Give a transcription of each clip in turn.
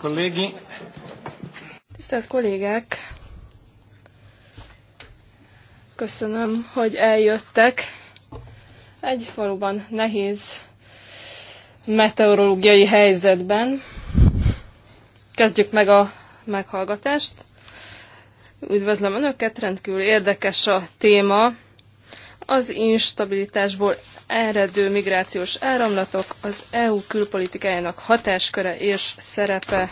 kollégi! Tisztelt kollégák! Köszönöm, hogy eljöttek. Egy valóban nehéz meteorológiai helyzetben. Kezdjük meg a meghallgatást. Üdvözlöm Önöket, rendkívül érdekes a téma az instabilitásból eredő migrációs áramlatok, az EU külpolitikájának hatásköre és szerepe.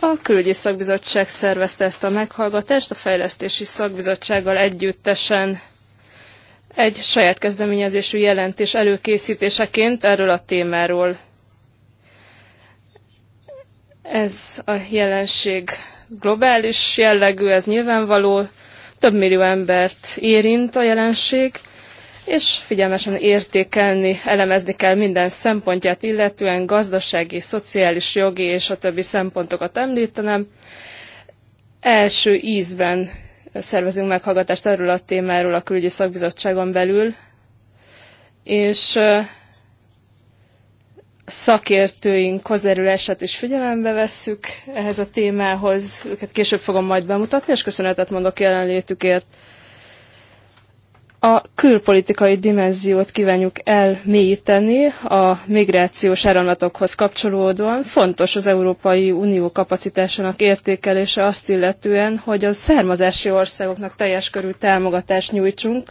A külügyi szakbizottság szervezte ezt a meghallgatást a fejlesztési szakbizottsággal együttesen egy saját kezdeményezésű jelentés előkészítéseként erről a témáról. Ez a jelenség globális jellegű, ez nyilvánvaló, több millió embert érint a jelenség, és figyelmesen értékelni, elemezni kell minden szempontját, illetően gazdasági, szociális, jogi és a többi szempontokat említenem. Első ízben szervezünk meghallgatást erről a témáról a külügyi szakbizottságon belül, és szakértőink hozzájárulását is figyelembe vesszük ehhez a témához. Őket később fogom majd bemutatni, és köszönetet mondok jelenlétükért. A külpolitikai dimenziót kívánjuk elmélyíteni a migrációs áramlatokhoz kapcsolódóan. Fontos az Európai Unió kapacitásának értékelése azt illetően, hogy a származási országoknak teljes körű támogatást nyújtsunk,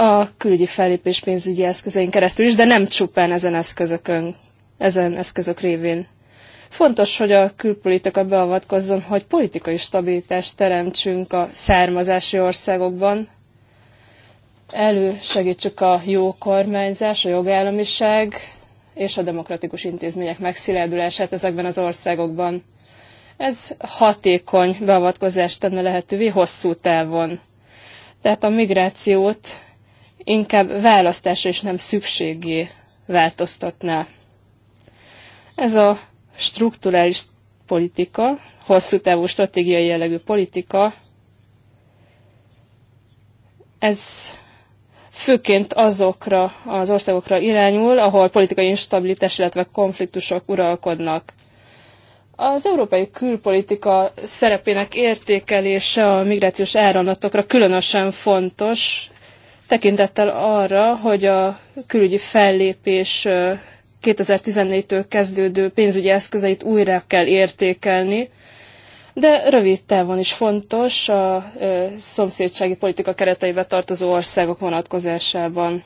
a külügyi fellépés pénzügyi eszközein keresztül is, de nem csupán ezen eszközökön, ezen eszközök révén. Fontos, hogy a külpolitika beavatkozzon, hogy politikai stabilitást teremtsünk a származási országokban, elősegítsük a jó kormányzás, a jogállamiság és a demokratikus intézmények megszilárdulását ezekben az országokban. Ez hatékony beavatkozást tenne lehetővé hosszú távon. Tehát a migrációt inkább választásra és nem szükségé változtatná. Ez a strukturális politika, hosszú távú stratégiai jellegű politika, ez főként azokra az országokra irányul, ahol politikai instabilitás, illetve konfliktusok uralkodnak. Az európai külpolitika szerepének értékelése a migrációs áramlatokra különösen fontos, tekintettel arra, hogy a külügyi fellépés 2014-től kezdődő pénzügyi eszközeit újra kell értékelni, de rövid távon is fontos a szomszédsági politika kereteibe tartozó országok vonatkozásában.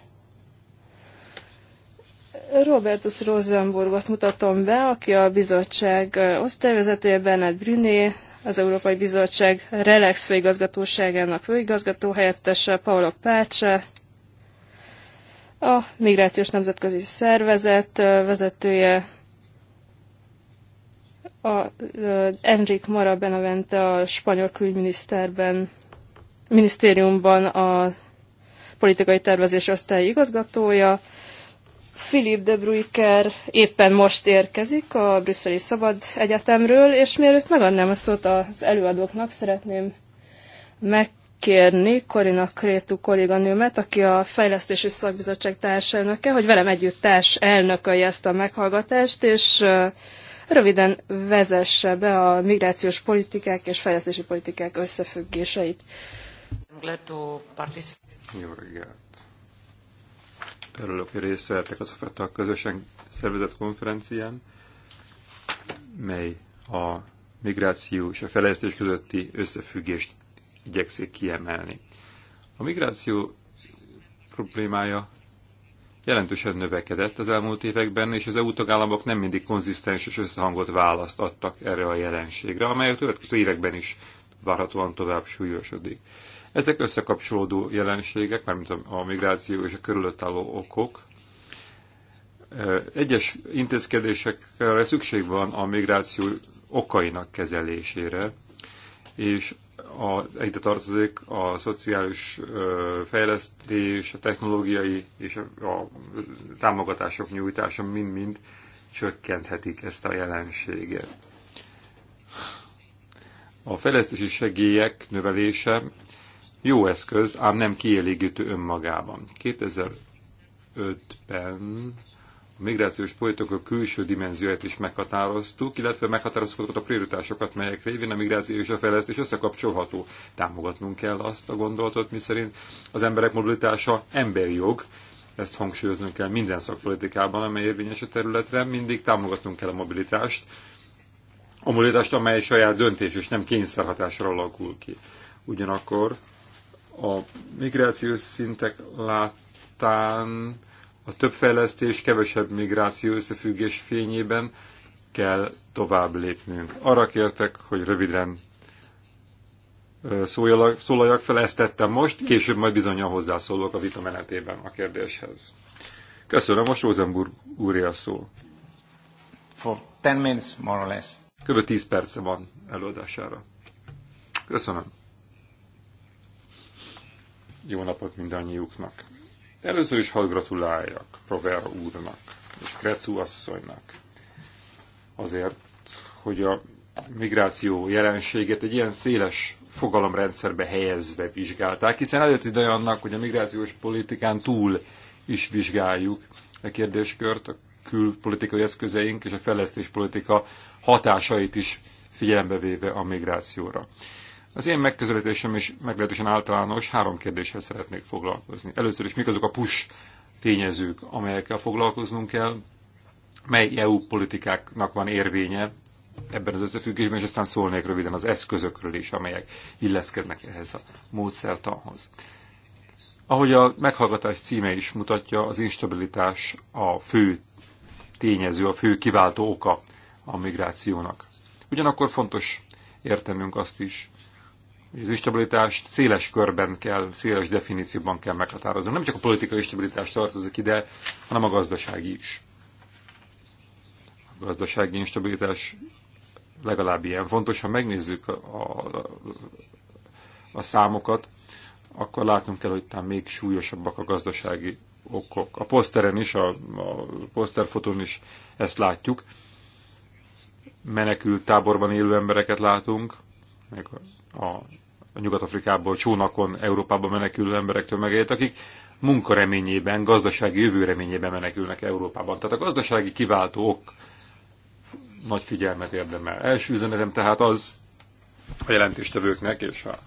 Robertus Rosenborgot mutatom be, aki a bizottság osztályvezetője, Bernard Brüné, az Európai Bizottság Relax főigazgatóságának főigazgató helyettese Paolo Pácse, a Migrációs Nemzetközi Szervezet vezetője, a Enric Mara Benavente a spanyol külügyminiszterben, minisztériumban a politikai tervezés osztály igazgatója, Philip de Bruyker éppen most érkezik a Brüsszeli Szabad Egyetemről, és mielőtt megadnám a szót az előadóknak, szeretném megkérni Korina Krétu kolléganőmet, aki a Fejlesztési Szakbizottság társelnöke, hogy velem együtt társ elnökölje ezt a meghallgatást, és röviden vezesse be a migrációs politikák és fejlesztési politikák összefüggéseit. Jó reggelt! Örülök, hogy részt vettek az a közösen szervezett konferencián, mely a migráció és a fejlesztés közötti összefüggést igyekszik kiemelni. A migráció problémája jelentősen növekedett az elmúlt években, és az EU tagállamok nem mindig konzisztens és összehangolt választ adtak erre a jelenségre, amely a következő években is várhatóan tovább súlyosodik. Ezek összekapcsolódó jelenségek, mármint a migráció és a körülött álló okok. Egyes intézkedésekre szükség van a migráció okainak kezelésére, és a, egyre tartozik a szociális fejlesztés, a technológiai és a, a támogatások nyújtása mind-mind csökkenthetik ezt a jelenséget. A fejlesztési segélyek növelése jó eszköz, ám nem kielégítő önmagában. 2005-ben a migrációs politika külső dimenzióját is meghatároztuk, illetve meghatároztuk a prioritásokat, melyek révén a migráció és a fejlesztés összekapcsolható. Támogatnunk kell azt a gondolatot, miszerint az emberek mobilitása emberi jog, ezt hangsúlyoznunk kell minden szakpolitikában, amely érvényes a területre, mindig támogatnunk kell a mobilitást, a mobilitást, amely saját döntés és nem kényszerhatásra alakul ki. Ugyanakkor a migrációs szintek láttán a több fejlesztés, kevesebb migráció összefüggés fényében kell tovább lépnünk. Arra kértek, hogy röviden szólaljak fel, ezt tettem most, később majd bizonyan hozzászólok a vita menetében a kérdéshez. Köszönöm, most Rosenburg úr a szó. For ten minutes, more or less. Kb. 10 perce van előadására. Köszönöm. Jó napot mindannyiuknak. Először is hadd gratuláljak Provera úrnak és Krecu asszonynak azért, hogy a migráció jelenséget egy ilyen széles fogalomrendszerbe helyezve vizsgálták, hiszen előtt ide annak, hogy a migrációs politikán túl is vizsgáljuk a e kérdéskört, a külpolitikai eszközeink és a fejlesztéspolitika hatásait is figyelembe véve a migrációra. Az én megközelítésem is meglehetősen általános, három kérdéssel szeretnék foglalkozni. Először is, mik azok a push tényezők, amelyekkel foglalkoznunk kell, mely EU politikáknak van érvénye ebben az összefüggésben, és aztán szólnék röviden az eszközökről is, amelyek illeszkednek ehhez a módszertanhoz. Ahogy a meghallgatás címe is mutatja, az instabilitás a fő tényező, a fő kiváltó oka a migrációnak. Ugyanakkor fontos értenünk azt is, az instabilitást széles körben kell, széles definícióban kell meghatározni. Nem csak a politikai instabilitás tartozik ide, hanem a gazdasági is. A gazdasági instabilitás legalább ilyen fontos. Ha megnézzük a, a, a számokat, akkor látnunk kell, hogy talán még súlyosabbak a gazdasági okok. A poszteren is, a, a poszterfotón is ezt látjuk. Menekült táborban élő embereket látunk, meg a, a a Nyugat-Afrikából csónakon Európába menekülő emberektől megélt, akik munkareményében, gazdasági jövőreményében menekülnek Európában. Tehát a gazdasági kiváltó ok nagy figyelmet érdemel. Első üzenetem tehát az a jelentéstevőknek és a,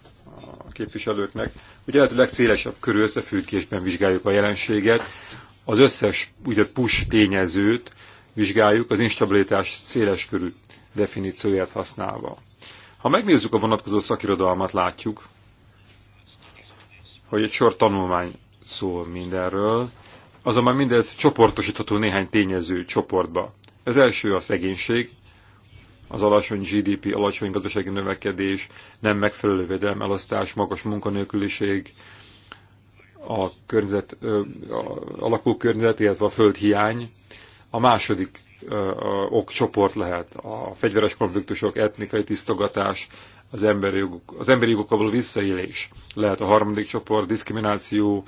képviselőknek, hogy lehető legszélesebb körű összefüggésben vizsgáljuk a jelenséget, az összes ugye push tényezőt vizsgáljuk, az instabilitás széles körű definícióját használva. Ha megnézzük a vonatkozó szakirodalmat, látjuk, hogy egy sor tanulmány szól mindenről, azonban mindez csoportosítható néhány tényező csoportba. Az első a szegénység, az alacsony GDP, alacsony gazdasági növekedés, nem megfelelő védelmelasztás, magas munkanélküliség, a, környezet, a alakú környezet, illetve a földhiány. A második okcsoport lehet. A fegyveres konfliktusok, etnikai tisztogatás, az emberi, jogok, az emberi jogokkal való visszaélés lehet a harmadik csoport, diszkrimináció,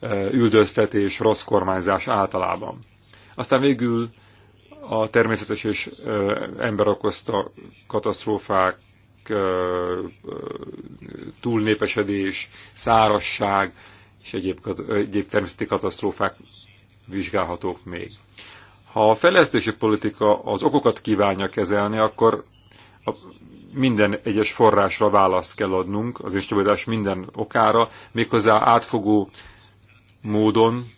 eh, üldöztetés, rossz kormányzás általában. Aztán végül a természetes és eh, ember okozta katasztrófák, eh, túlnépesedés, szárasság és egyéb, egyéb természeti katasztrófák vizsgálhatók még. Ha a fejlesztési politika az okokat kívánja kezelni, akkor a minden egyes forrásra választ kell adnunk, az instabilitás minden okára, méghozzá átfogó módon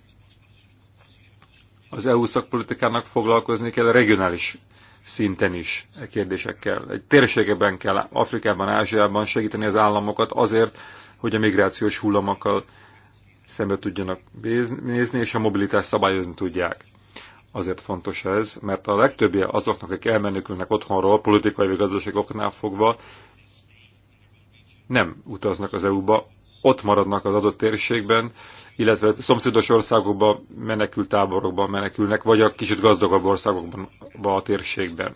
az EU szakpolitikának foglalkozni kell a regionális szinten is e kérdésekkel. Egy térségeben kell, Afrikában, Ázsiában segíteni az államokat azért, hogy a migrációs hullamokkal szembe tudjanak nézni, és a mobilitást szabályozni tudják. Azért fontos ez, mert a legtöbbje azoknak, akik elmenekülnek otthonról, politikai vagy gazdasági oknál fogva, nem utaznak az EU-ba, ott maradnak az adott térségben, illetve szomszédos országokba, menekült táborokban menekülnek, vagy a kicsit gazdagabb országokban a térségben.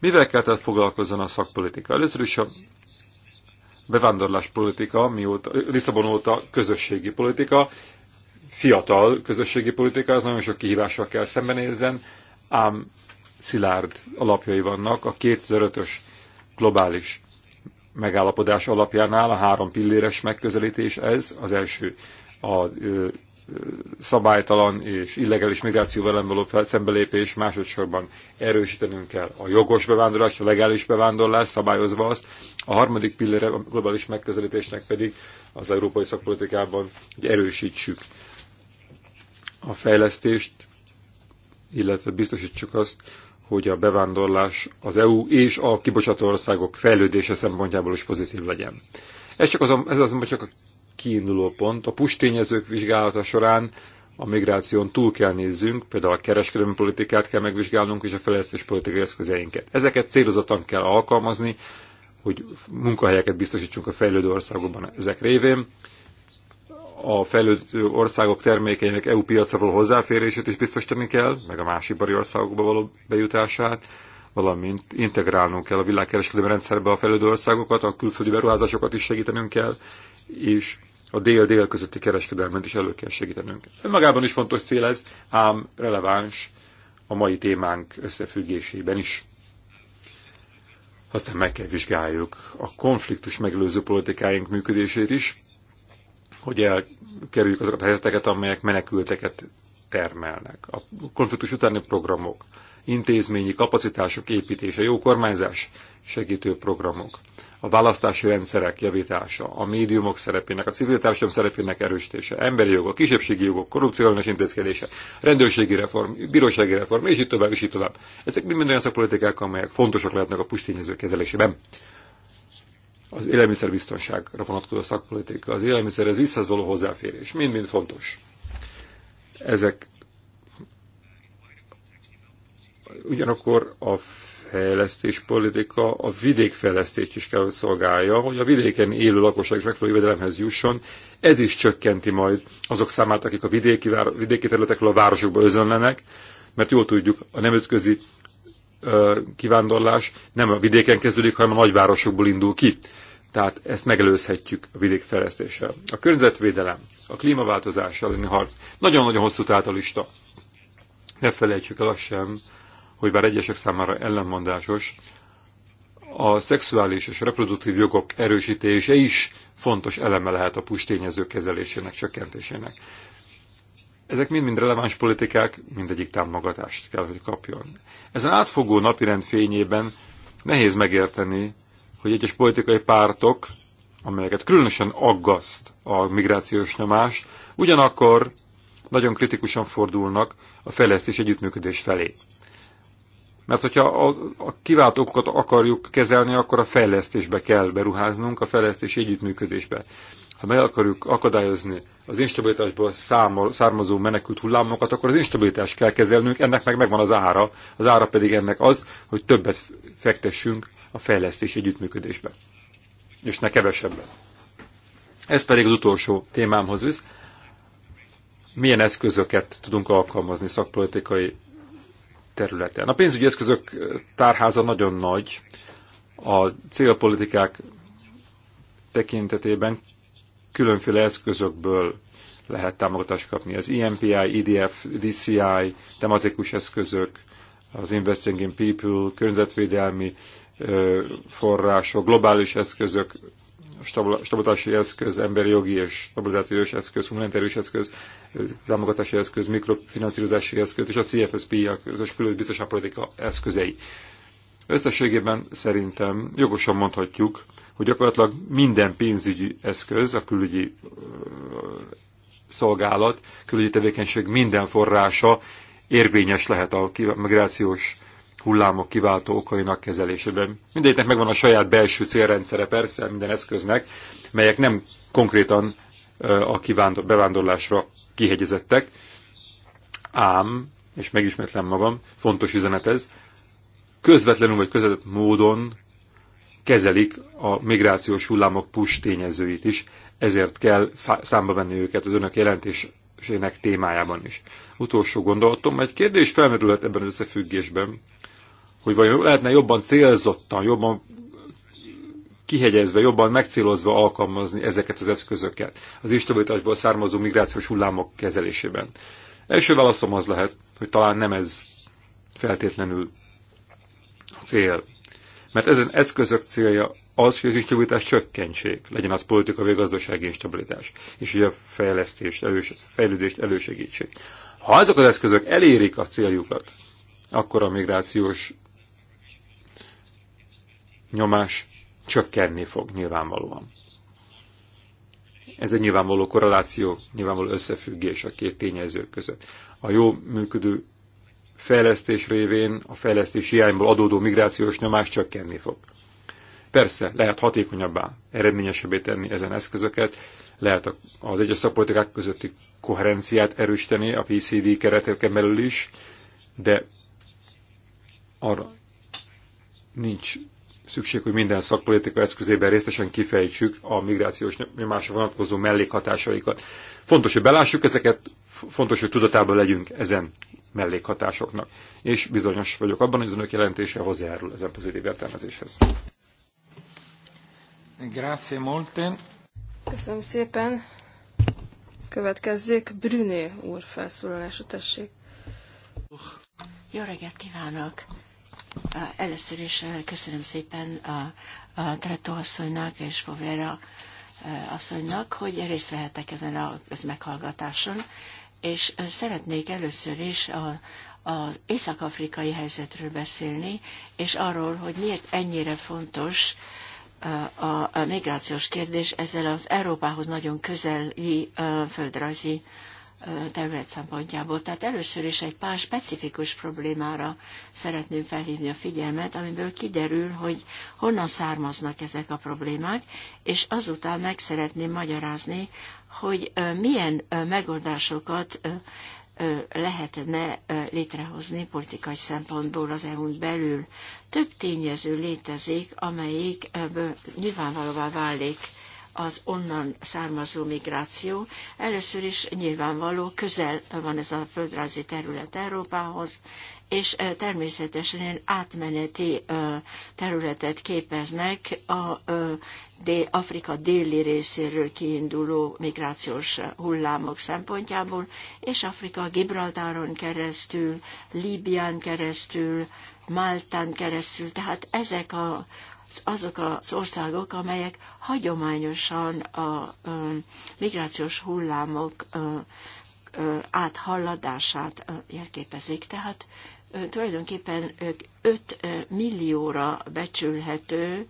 Mivel kell tehát foglalkozzon a szakpolitika? Először is a bevándorláspolitika, mióta, Lisszabon óta közösségi politika, fiatal közösségi politika, az nagyon sok kihívással kell szembenézzen, ám szilárd alapjai vannak a 2005-ös globális megállapodás alapjánál a három pilléres megközelítés ez, az első a ö, szabálytalan és illegális migrációval ellen való szembelépés, másodszorban erősítenünk kell a jogos bevándorlást, a legális bevándorlást, szabályozva azt. A harmadik pillére a globális megközelítésnek pedig az európai szakpolitikában, hogy erősítsük a fejlesztést, illetve biztosítsuk azt, hogy a bevándorlás az EU és a kibocsátó országok fejlődése szempontjából is pozitív legyen. Ez, csak azon, ez azonban csak a kiinduló pont. A pustényezők vizsgálata során a migráción túl kell nézzünk, például a kereskedelmi politikát kell megvizsgálnunk, és a fejlesztés politikai eszközeinket. Ezeket célozatlan kell alkalmazni, hogy munkahelyeket biztosítsunk a fejlődő országokban ezek révén, a fejlődő országok termékeinek EU piacra való hozzáférését is biztosítani kell, meg a másik bari országokba való bejutását, valamint integrálnunk kell a világkereskedelmi rendszerbe a fejlődő országokat, a külföldi beruházásokat is segítenünk kell, és a dél-dél közötti kereskedelmet is elő kell segítenünk. Magában is fontos cél ez, ám releváns a mai témánk összefüggésében is. Aztán meg kell vizsgáljuk a konfliktus megelőző politikáink működését is, hogy elkerüljük azokat a helyzeteket, amelyek menekülteket termelnek. A konfliktus utáni programok, intézményi kapacitások építése, jó kormányzás segítő programok, a választási rendszerek javítása, a médiumok szerepének, a civil társadalom szerepének erősítése, emberi jogok, kisebbségi jogok, korrupciós intézkedések, rendőrségi reform, bírósági reform, és így tovább, és így tovább. Ezek mind, mind olyan szakpolitikák, amelyek fontosak lehetnek a pustényező kezelésében az élelmiszerbiztonságra vonatkozó szakpolitika, az élelmiszerhez visszahoz való hozzáférés, mind-mind fontos. Ezek ugyanakkor a fejlesztéspolitika a vidékfejlesztést is kell, hogy szolgálja, hogy a vidéken élő lakosság is megfelelő jövedelemhez jusson. Ez is csökkenti majd azok számát, akik a vidéki, vidéki területekről a városokba özönlenek, mert jól tudjuk, a nemzetközi kivándorlás nem a vidéken kezdődik, hanem a nagyvárosokból indul ki. Tehát ezt megelőzhetjük a vidékfejlesztéssel. A környezetvédelem, a klímaváltozás elleni harc. Nagyon-nagyon hosszú tehát a lista. Ne felejtsük el azt sem, hogy bár egyesek számára ellenmondásos, a szexuális és reproduktív jogok erősítése is fontos eleme lehet a pustényezők kezelésének, csökkentésének. Ezek mind-mind releváns politikák, mindegyik támogatást kell, hogy kapjon. Ezen átfogó napirend fényében nehéz megérteni, hogy egyes politikai pártok, amelyeket különösen aggaszt a migrációs nyomás, ugyanakkor nagyon kritikusan fordulnak a fejlesztés együttműködés felé. Mert hogyha a, a okokat akarjuk kezelni, akkor a fejlesztésbe kell beruháznunk, a fejlesztés együttműködésbe. Ha meg akarjuk akadályozni az instabilitásból számol, származó menekült hullámokat, akkor az instabilitást kell kezelnünk, ennek meg megvan az ára. Az ára pedig ennek az, hogy többet fektessünk a fejlesztés együttműködésbe, és ne kevesebben. Ez pedig az utolsó témámhoz visz. Milyen eszközöket tudunk alkalmazni szakpolitikai területen? A pénzügyi eszközök tárháza nagyon nagy. A célpolitikák tekintetében különféle eszközökből lehet támogatást kapni. Az EMPI, EDF, DCI, tematikus eszközök, az Investing in People, környezetvédelmi források, globális eszközök, stabilitási eszköz, emberi jogi és stabilizációs eszköz, humanitárius eszköz, támogatási eszköz, mikrofinanszírozási eszköz és a CFSP, a közös külön biztosan politika eszközei. Összességében szerintem jogosan mondhatjuk, hogy gyakorlatilag minden pénzügyi eszköz, a külügyi szolgálat, külügyi tevékenység minden forrása érvényes lehet a migrációs hullámok kiváltó okainak kezelésében. Mindegyiknek megvan a saját belső célrendszere persze minden eszköznek, melyek nem konkrétan a bevándorlásra kihegyezettek, ám, és megismétlem magam, fontos üzenet ez, közvetlenül vagy közvetett módon kezelik a migrációs hullámok push tényezőit is, ezért kell számba venni őket az önök jelentésének témájában is. Utolsó gondolatom, egy kérdés felmerülhet ebben az összefüggésben, hogy vajon lehetne jobban célzottan, jobban kihegyezve, jobban megcélozva alkalmazni ezeket az eszközöket az istabilitásból származó migrációs hullámok kezelésében. Első válaszom az lehet, hogy talán nem ez feltétlenül a cél. Mert ezen eszközök célja az, hogy az instabilitás csökkentsék, legyen az politika vagy gazdasági instabilitás, és hogy a fejlesztést, elős, fejlődést elősegítsék. Ha ezek az eszközök elérik a céljukat, akkor a migrációs nyomás csökkenni fog nyilvánvalóan. Ez egy nyilvánvaló korreláció, nyilvánvaló összefüggés a két tényező között. A jó működő fejlesztés révén a fejlesztés hiányból adódó migrációs nyomás csökkenni fog. Persze, lehet hatékonyabbá, eredményesebbé tenni ezen eszközöket, lehet az egyes szakpolitikák közötti koherenciát erősíteni a PCD kereteken belül is, de arra nincs szükség, hogy minden szakpolitika eszközében részesen kifejtsük a migrációs nyomásra vonatkozó mellékhatásaikat. Fontos, hogy belássuk ezeket, fontos, hogy tudatában legyünk ezen mellékhatásoknak. És bizonyos vagyok abban, hogy az önök jelentése hozzájárul ezen pozitív értelmezéshez. Grazie molte. Köszönöm szépen. Következzék Brüné úr felszólalása, tessék. Jó reggelt kívánok! Először is köszönöm szépen a, a Tretó asszonynak és Povera asszonynak, hogy részt vehetek ezen a meghallgatáson és szeretnék először is a, az észak-afrikai helyzetről beszélni, és arról, hogy miért ennyire fontos a, a, migrációs kérdés ezzel az Európához nagyon közeli földrajzi terület szempontjából. Tehát először is egy pár specifikus problémára szeretném felhívni a figyelmet, amiből kiderül, hogy honnan származnak ezek a problémák, és azután meg szeretném magyarázni, hogy milyen megoldásokat lehetne létrehozni politikai szempontból az EU-n belül. Több tényező létezik, amelyik nyilvánvalóvá válik az onnan származó migráció. Először is nyilvánvaló, közel van ez a földrajzi terület Európához, és természetesen átmeneti területet képeznek a Afrika déli részéről kiinduló migrációs hullámok szempontjából, és Afrika Gibraltáron keresztül, Líbián keresztül, Máltán keresztül, tehát ezek a, azok az országok, amelyek hagyományosan a migrációs hullámok áthalladását jelképezik. Tehát tulajdonképpen 5 millióra becsülhető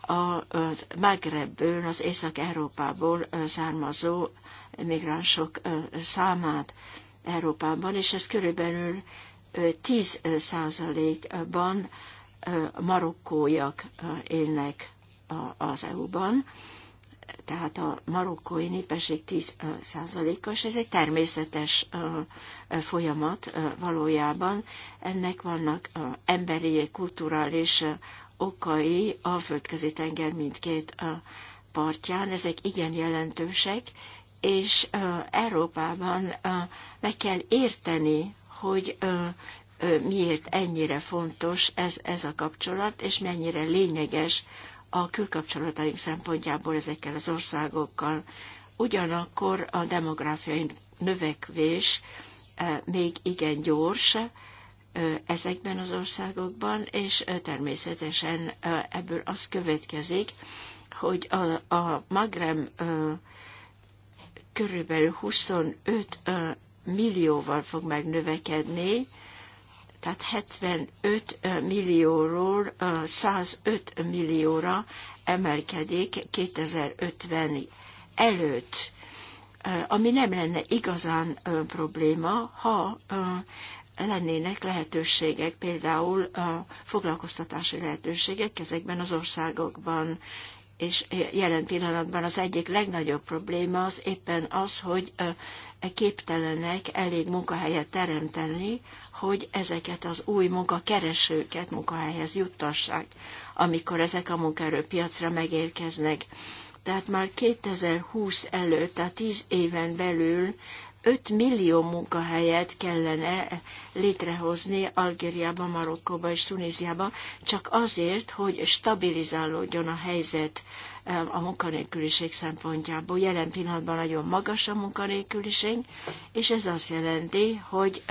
a Magrebből, az Észak-Európából származó migránsok számát Európában, és ez körülbelül 10 százalékban marokkóiak élnek az EU-ban, tehát a marokkói népesség 10%-os, ez egy természetes folyamat valójában. Ennek vannak emberi, kulturális okai a földközi tenger mindkét partján, ezek igen jelentősek, és Európában meg kell érteni, hogy miért ennyire fontos ez, ez a kapcsolat, és mennyire lényeges a külkapcsolataink szempontjából ezekkel az országokkal. Ugyanakkor a demográfiai növekvés még igen gyors ezekben az országokban, és természetesen ebből az következik, hogy a, a Magrem körülbelül 25 millióval fog megnövekedni, tehát 75 millióról 105 millióra emelkedik 2050 előtt, ami nem lenne igazán probléma, ha lennének lehetőségek, például a foglalkoztatási lehetőségek ezekben az országokban, és jelen pillanatban az egyik legnagyobb probléma az éppen az, hogy képtelenek elég munkahelyet teremteni hogy ezeket az új munkakeresőket munkahelyhez juttassák, amikor ezek a munkaerőpiacra megérkeznek. Tehát már 2020 előtt, tehát 10 éven belül 5 millió munkahelyet kellene létrehozni Algériában, Marokkóban és Tunéziában, csak azért, hogy stabilizálódjon a helyzet a munkanélküliség szempontjából. Jelen pillanatban nagyon magas a munkanélküliség, és ez azt jelenti, hogy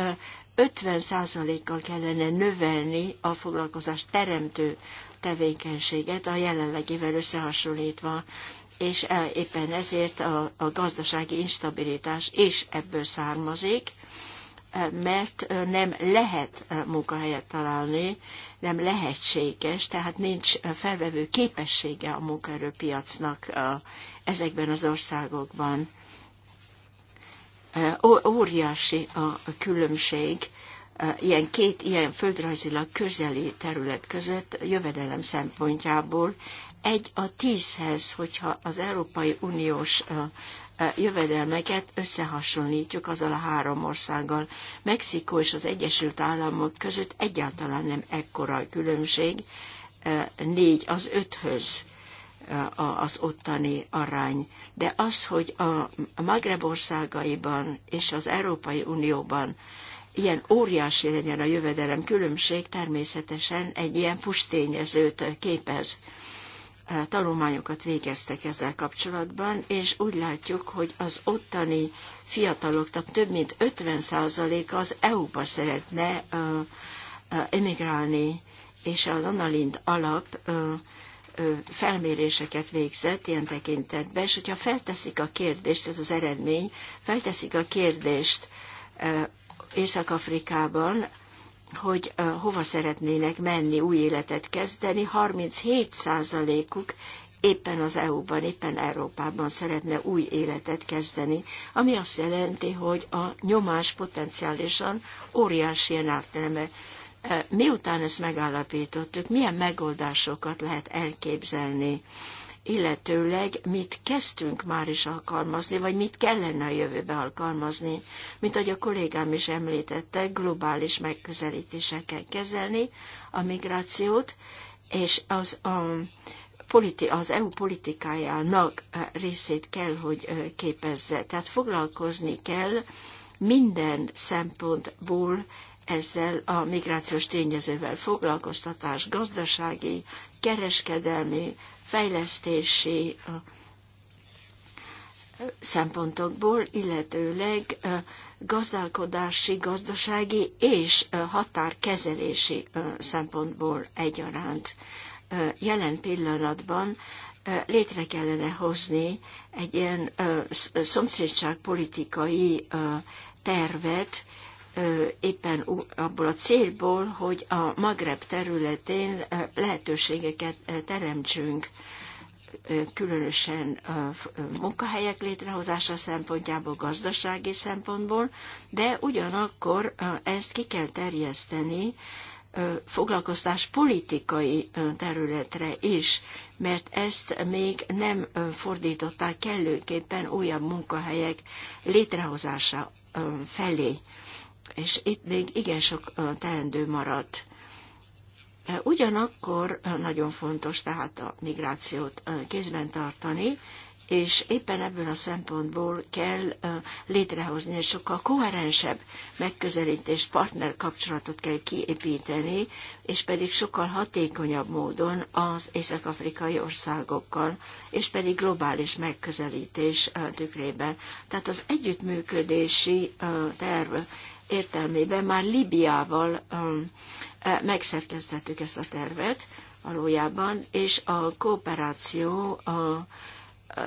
50%-kal kellene növelni a foglalkozás teremtő tevékenységet a jelenlegivel összehasonlítva, és e, éppen ezért a, a gazdasági instabilitás is ebből származik, e, mert e, nem lehet munkahelyet találni, nem lehetséges, tehát nincs felvevő képessége a munkaerőpiacnak ezekben az országokban óriási a különbség e, ilyen két ilyen földrajzilag közeli terület között jövedelem szempontjából. Egy a tízhez, hogyha az Európai Uniós e, e, jövedelmeket összehasonlítjuk azzal a három országgal. Mexikó és az Egyesült Államok között egyáltalán nem ekkora a különbség, négy az öthöz az ottani arány. De az, hogy a Magreb országaiban és az Európai Unióban ilyen óriási legyen a jövedelem különbség, természetesen egy ilyen pustényezőt képez. E, tanulmányokat végeztek ezzel kapcsolatban, és úgy látjuk, hogy az ottani tehát több mint 50%-a az EU-ba szeretne e, e, emigrálni, és az Analind alap felméréseket végzett ilyen tekintetben, és hogyha felteszik a kérdést, ez az eredmény, felteszik a kérdést Észak-Afrikában, hogy hova szeretnének menni, új életet kezdeni, 37%-uk éppen az EU-ban, éppen Európában szeretne új életet kezdeni, ami azt jelenti, hogy a nyomás potenciálisan óriási ilyen E, miután ezt megállapítottuk, milyen megoldásokat lehet elképzelni, illetőleg mit kezdtünk már is alkalmazni, vagy mit kellene a jövőbe alkalmazni, mint ahogy a kollégám is említette, globális megközelítésekkel kezelni a migrációt, és az, a, politi- az EU politikájának e, részét kell, hogy e, képezze. Tehát foglalkozni kell minden szempontból ezzel a migrációs tényezővel foglalkoztatás, gazdasági, kereskedelmi, fejlesztési szempontokból, illetőleg gazdálkodási, gazdasági és határkezelési szempontból egyaránt. Jelen pillanatban létre kellene hozni egy ilyen szomszédságpolitikai tervet, éppen abból a célból, hogy a Magreb területén lehetőségeket teremtsünk, különösen munkahelyek létrehozása szempontjából, gazdasági szempontból, de ugyanakkor ezt ki kell terjeszteni foglalkoztás politikai területre is, mert ezt még nem fordították kellőképpen újabb munkahelyek létrehozása felé és itt még igen sok teendő maradt. Ugyanakkor nagyon fontos tehát a migrációt kézben tartani, és éppen ebből a szempontból kell létrehozni egy sokkal koherensebb megközelítést, partnerkapcsolatot kell kiépíteni, és pedig sokkal hatékonyabb módon az észak-afrikai országokkal, és pedig globális megközelítés tükrében. Tehát az együttműködési terv értelmében már Libiával um, e, megszerkeztettük ezt a tervet valójában, és a kooperáció a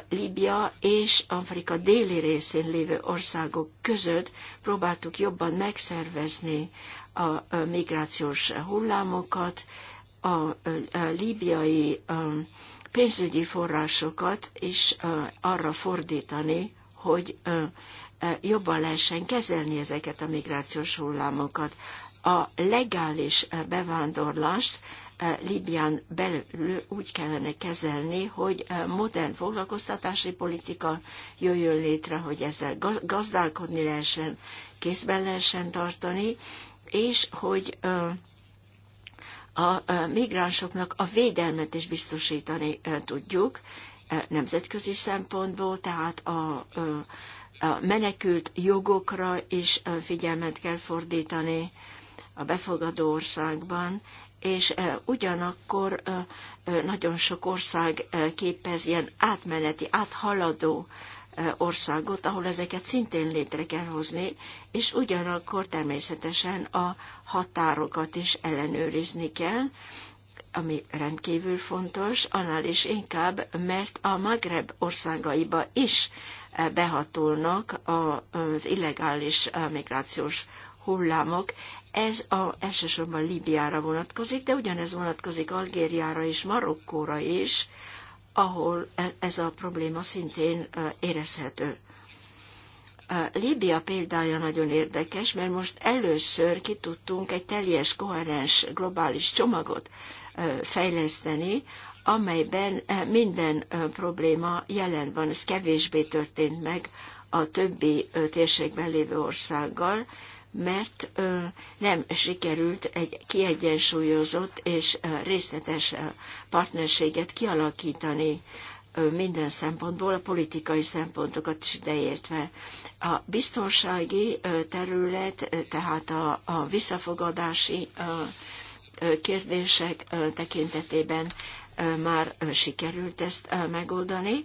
Libia és Afrika déli részén lévő országok között próbáltuk jobban megszervezni a migrációs hullámokat, a líbiai um, pénzügyi forrásokat is uh, arra fordítani, hogy uh, E, jobban lehessen kezelni ezeket a migrációs hullámokat. A legális e, bevándorlást e, Libyán belül úgy kellene kezelni, hogy modern foglalkoztatási politika jöjjön létre, hogy ezzel gazdálkodni lehessen, készben lehessen tartani, és hogy a migránsoknak a védelmet is biztosítani tudjuk nemzetközi szempontból, tehát a a menekült jogokra is figyelmet kell fordítani a befogadó országban, és ugyanakkor nagyon sok ország képez ilyen átmeneti, áthaladó országot, ahol ezeket szintén létre kell hozni, és ugyanakkor természetesen a határokat is ellenőrizni kell, ami rendkívül fontos, annál is inkább, mert a Magreb országaiba is behatolnak az illegális migrációs hullámok. Ez a, elsősorban Líbiára vonatkozik, de ugyanez vonatkozik Algériára és Marokkóra is, ahol e, ez a probléma szintén érezhető. Líbia példája nagyon érdekes, mert most először ki tudtunk egy teljes, koherens globális csomagot fejleszteni, amelyben eh, minden eh, probléma jelen van. Ez kevésbé történt meg a többi eh, térségben lévő országgal, mert nem sikerült egy kiegyensúlyozott és részletes partnerséget kialakítani minden szempontból, a politikai szempontokat is ideértve. A biztonsági terület, tehát a, a visszafogadási kérdések tekintetében már sikerült ezt megoldani,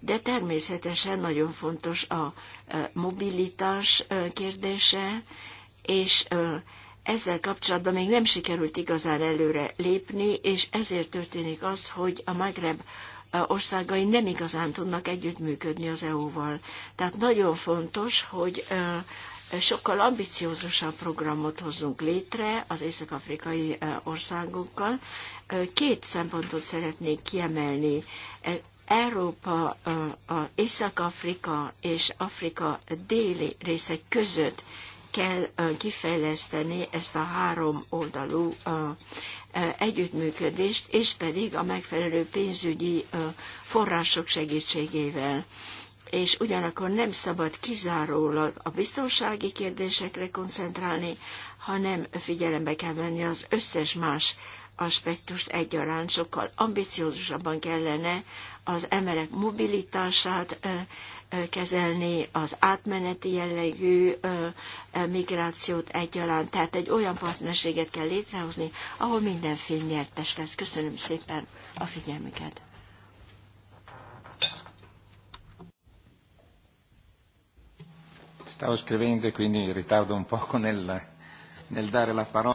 de természetesen nagyon fontos a mobilitás kérdése, és ezzel kapcsolatban még nem sikerült igazán előre lépni, és ezért történik az, hogy a Magreb országai nem igazán tudnak együttműködni az EU-val. Tehát nagyon fontos, hogy sokkal ambiciózusabb programot hozzunk létre az észak-afrikai országokkal. Két szempontot szeretnék kiemelni. Európa, Észak-Afrika és Afrika déli része között kell kifejleszteni ezt a három oldalú együttműködést, és pedig a megfelelő pénzügyi források segítségével és ugyanakkor nem szabad kizárólag a biztonsági kérdésekre koncentrálni, hanem figyelembe kell venni az összes más aspektust egyaránt, sokkal ambiciózusabban kellene az emberek mobilitását kezelni, az átmeneti jellegű migrációt egyaránt. Tehát egy olyan partnerséget kell létrehozni, ahol minden nyertes lesz. Köszönöm szépen a figyelmüket! Stavo scrivendo e quindi ritardo un poco nel, nel dare la parola.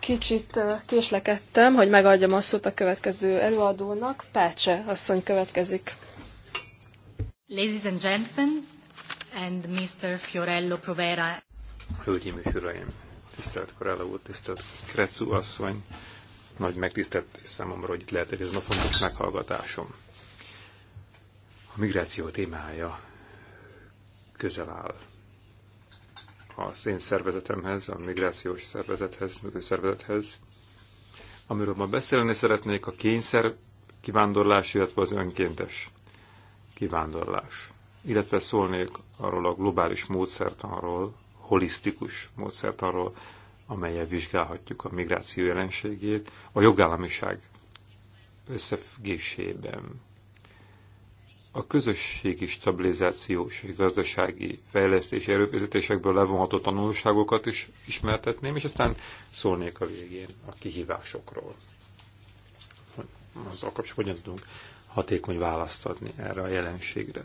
Kicsit eh, késlekedtem, hogy megadjam a szót a következő előadónak. Pácse asszony következik. Ladies and gentlemen, and Mr. Fiorello Provera. Hölgyeim és uraim, tisztelt Corella úr, tisztelt Krecu asszony, nagy megtiszteltetés számomra, hogy itt lehet egy ez a fontos meghallgatásom. A migráció témája közel áll az én szervezetemhez, a migrációs szervezethez, szervezethez. Amiről ma beszélni szeretnék, a kényszer kivándorlás, illetve az önkéntes kivándorlás. Illetve szólnék arról a globális módszertanról, holisztikus módszertanról, amelyel vizsgálhatjuk a migráció jelenségét, a jogállamiság összefüggésében a közösségi stabilizációs és gazdasági fejlesztési erőfeszítésekből levonható tanulságokat is ismertetném, és aztán szólnék a végén a kihívásokról. Azzal kapcsolatban hogyan tudunk hatékony választ adni erre a jelenségre.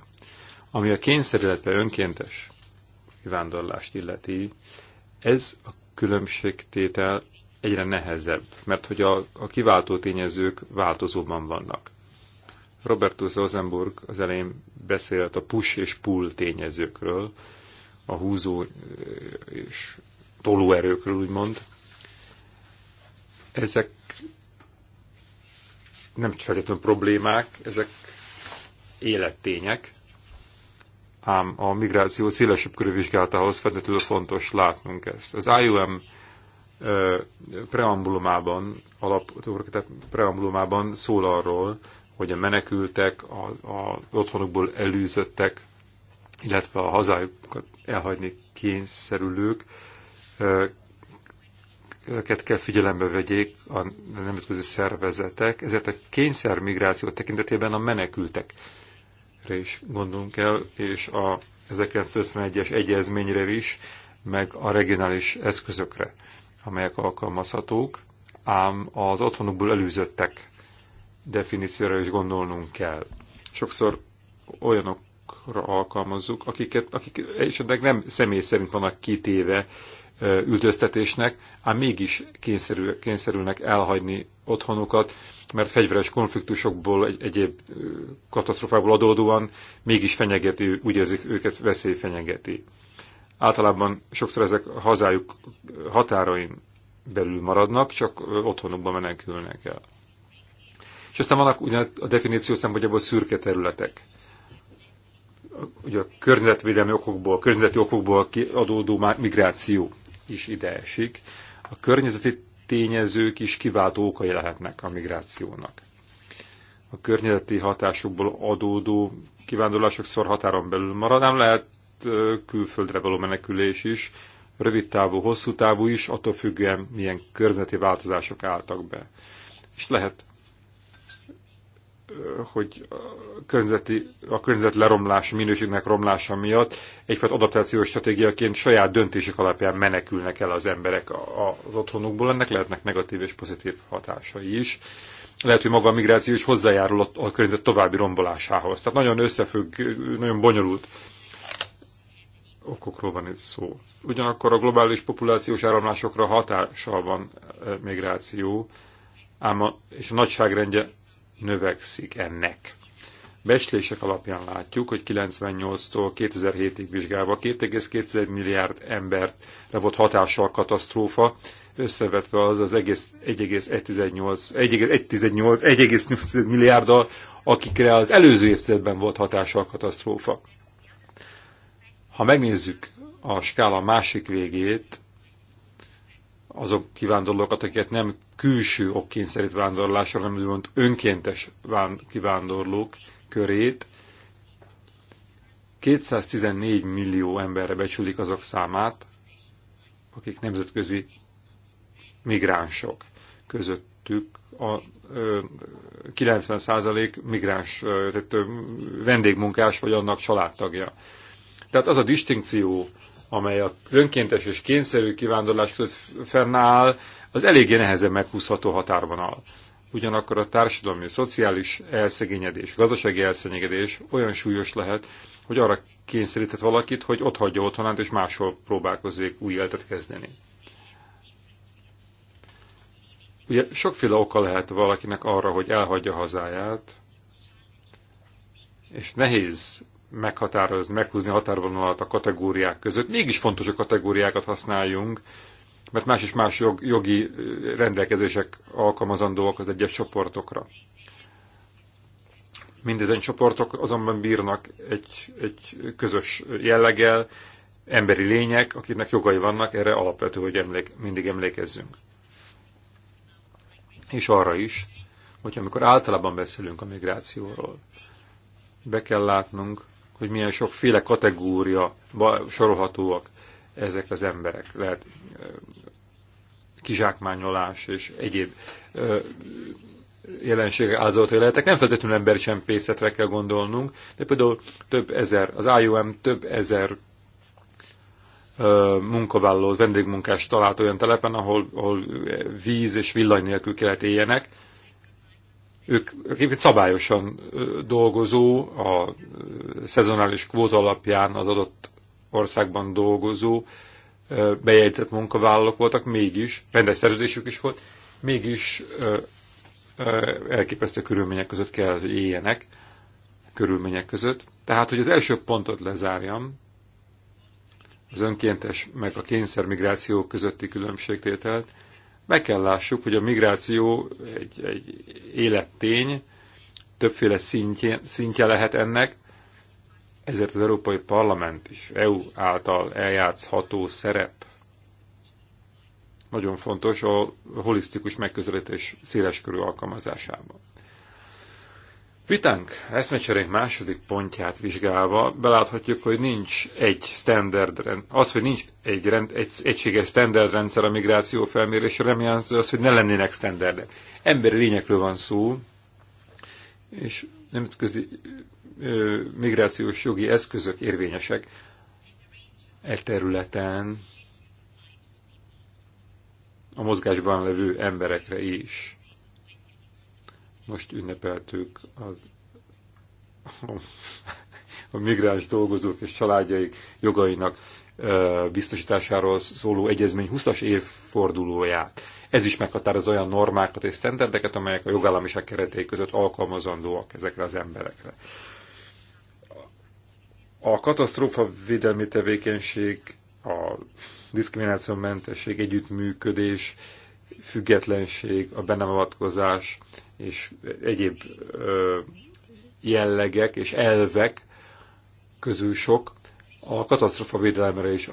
Ami a kényszer, illetve önkéntes kivándorlást illeti, ez a különbségtétel egyre nehezebb, mert hogy a, a kiváltó tényezők változóban vannak Robertus Rosenburg az elején beszélt a push és pull tényezőkről, a húzó és tolóerőkről, úgymond. Ezek nem feltétlenül problémák, ezek élettények, ám a migráció szélesebb körű vizsgálatához feltétlenül fontos látnunk ezt. Az IOM preambulumában, alap preambulumában szól arról, hogy a menekültek, az otthonukból elűzöttek, illetve a hazájukat elhagyni kényszerülők, őket kell figyelembe vegyék a nemzetközi szervezetek, ezért a kényszermigráció tekintetében a menekültekre is gondolunk el, és a 1951-es egyezményre is, meg a regionális eszközökre, amelyek alkalmazhatók, ám az otthonukból elűzöttek definícióra is gondolnunk kell. Sokszor olyanokra alkalmazzuk, akiket, akik esetleg nem személy szerint vannak kitéve üldöztetésnek, ám mégis kényszerül, kényszerülnek elhagyni otthonukat, mert fegyveres konfliktusokból, egy, egyéb katasztrofából adódóan mégis fenyegeti, úgy érzik őket veszély fenyegeti. Általában sokszor ezek hazájuk határain belül maradnak, csak otthonukba menekülnek el. És aztán vannak ugyan a definíció szempontjából szürke területek. Ugye a környezetvédelmi okokból, környezeti okokból adódó migráció is ide esik. A környezeti tényezők is kiváltó okai lehetnek a migrációnak. A környezeti hatásokból adódó kivándorlások szor határon belül marad, nem lehet külföldre való menekülés is, rövid távú, hosszú távú is, attól függően milyen környezeti változások álltak be. És lehet hogy a, környezeti, a környezet leromlás minőségnek romlása miatt egyfajta adaptációs stratégiaként saját döntések alapján menekülnek el az emberek az otthonukból. Ennek lehetnek negatív és pozitív hatásai is. Lehet, hogy maga a migráció is hozzájárul a környezet további rombolásához. Tehát nagyon összefügg, nagyon bonyolult okokról van itt szó. Ugyanakkor a globális populációs áramlásokra hatással van eh, migráció, ám a, és a nagyságrendje növekszik ennek. Beslések alapján látjuk, hogy 98-tól 2007-ig vizsgálva 2,2 milliárd emberre volt hatással a katasztrófa, összevetve az az egész 1,8 milliárddal, akikre az előző évtizedben volt hatással a katasztrófa. Ha megnézzük a skála másik végét, azok kivándorlókat, akiket nem külső okkényszerít vándorlásra, hanem úgymond önkéntes kivándorlók körét. 214 millió emberre becsülik azok számát, akik nemzetközi migránsok közöttük a 90% migráns, tehát vendégmunkás vagy annak családtagja. Tehát az a distinkció, amely a önkéntes és kényszerű kivándorlás között fennáll, az eléggé nehezen meghúzható határvonal. Ugyanakkor a társadalmi, a szociális elszegényedés, gazdasági elszegényedés olyan súlyos lehet, hogy arra kényszerített valakit, hogy ott hagyja otthonát, és máshol próbálkozzék új életet kezdeni. Ugye sokféle oka lehet valakinek arra, hogy elhagyja hazáját, és nehéz meghatározni, meghúzni a határvonalat a kategóriák között. Mégis fontos, hogy kategóriákat használjunk, mert más és más jog, jogi rendelkezések alkalmazandóak az egyes csoportokra. Mindezen csoportok azonban bírnak egy, egy közös jelleggel, emberi lények, akiknek jogai vannak, erre alapvető, hogy emlék, mindig emlékezzünk. És arra is, hogy amikor általában beszélünk a migrációról, be kell látnunk, hogy milyen sokféle kategória sorolhatóak ezek az emberek. Lehet kizsákmányolás és egyéb jelenségek áldozatai lehetek. Nem feltétlenül embercsempészetre kell gondolnunk, de például több ezer, az IOM több ezer munkavállalót, vendégmunkást talált olyan telepen, ahol, ahol víz és villany nélkül kellett éljenek, ők egyébként szabályosan dolgozó, a szezonális kvóta alapján az adott országban dolgozó, bejegyzett munkavállalók voltak, mégis, rendes szerződésük is volt, mégis elképesztő körülmények között kell, hogy éljenek, körülmények között. Tehát, hogy az első pontot lezárjam, az önkéntes meg a kényszermigráció közötti különbségtételt, meg kell lássuk, hogy a migráció egy, egy élettény, többféle szintje, szintje lehet ennek, ezért az Európai Parlament is EU által eljátszható szerep nagyon fontos a holisztikus megközelítés széleskörű alkalmazásában. Vitánk eszmecserénk második pontját vizsgálva beláthatjuk, hogy nincs egy standard, az, hogy nincs egy, rend, egy egységes standard rendszer a migráció felmérésre, nem jelenti az, hogy ne lennének standardek. Emberi lényekről van szó, és nemzetközi ö, migrációs jogi eszközök érvényesek e területen a mozgásban levő emberekre is most ünnepeltük az, a, a migráns dolgozók és családjaik jogainak biztosításáról szóló egyezmény 20-as évfordulóját. Ez is meghatároz olyan normákat és sztenderdeket, amelyek a jogállamiság keretei között alkalmazandóak ezekre az emberekre. A katasztrófa védelmi tevékenység, a diszkriminációmentesség, együttműködés, függetlenség, a benemavatkozás és egyéb jellegek és elvek közül sok a katasztrofa védelemre is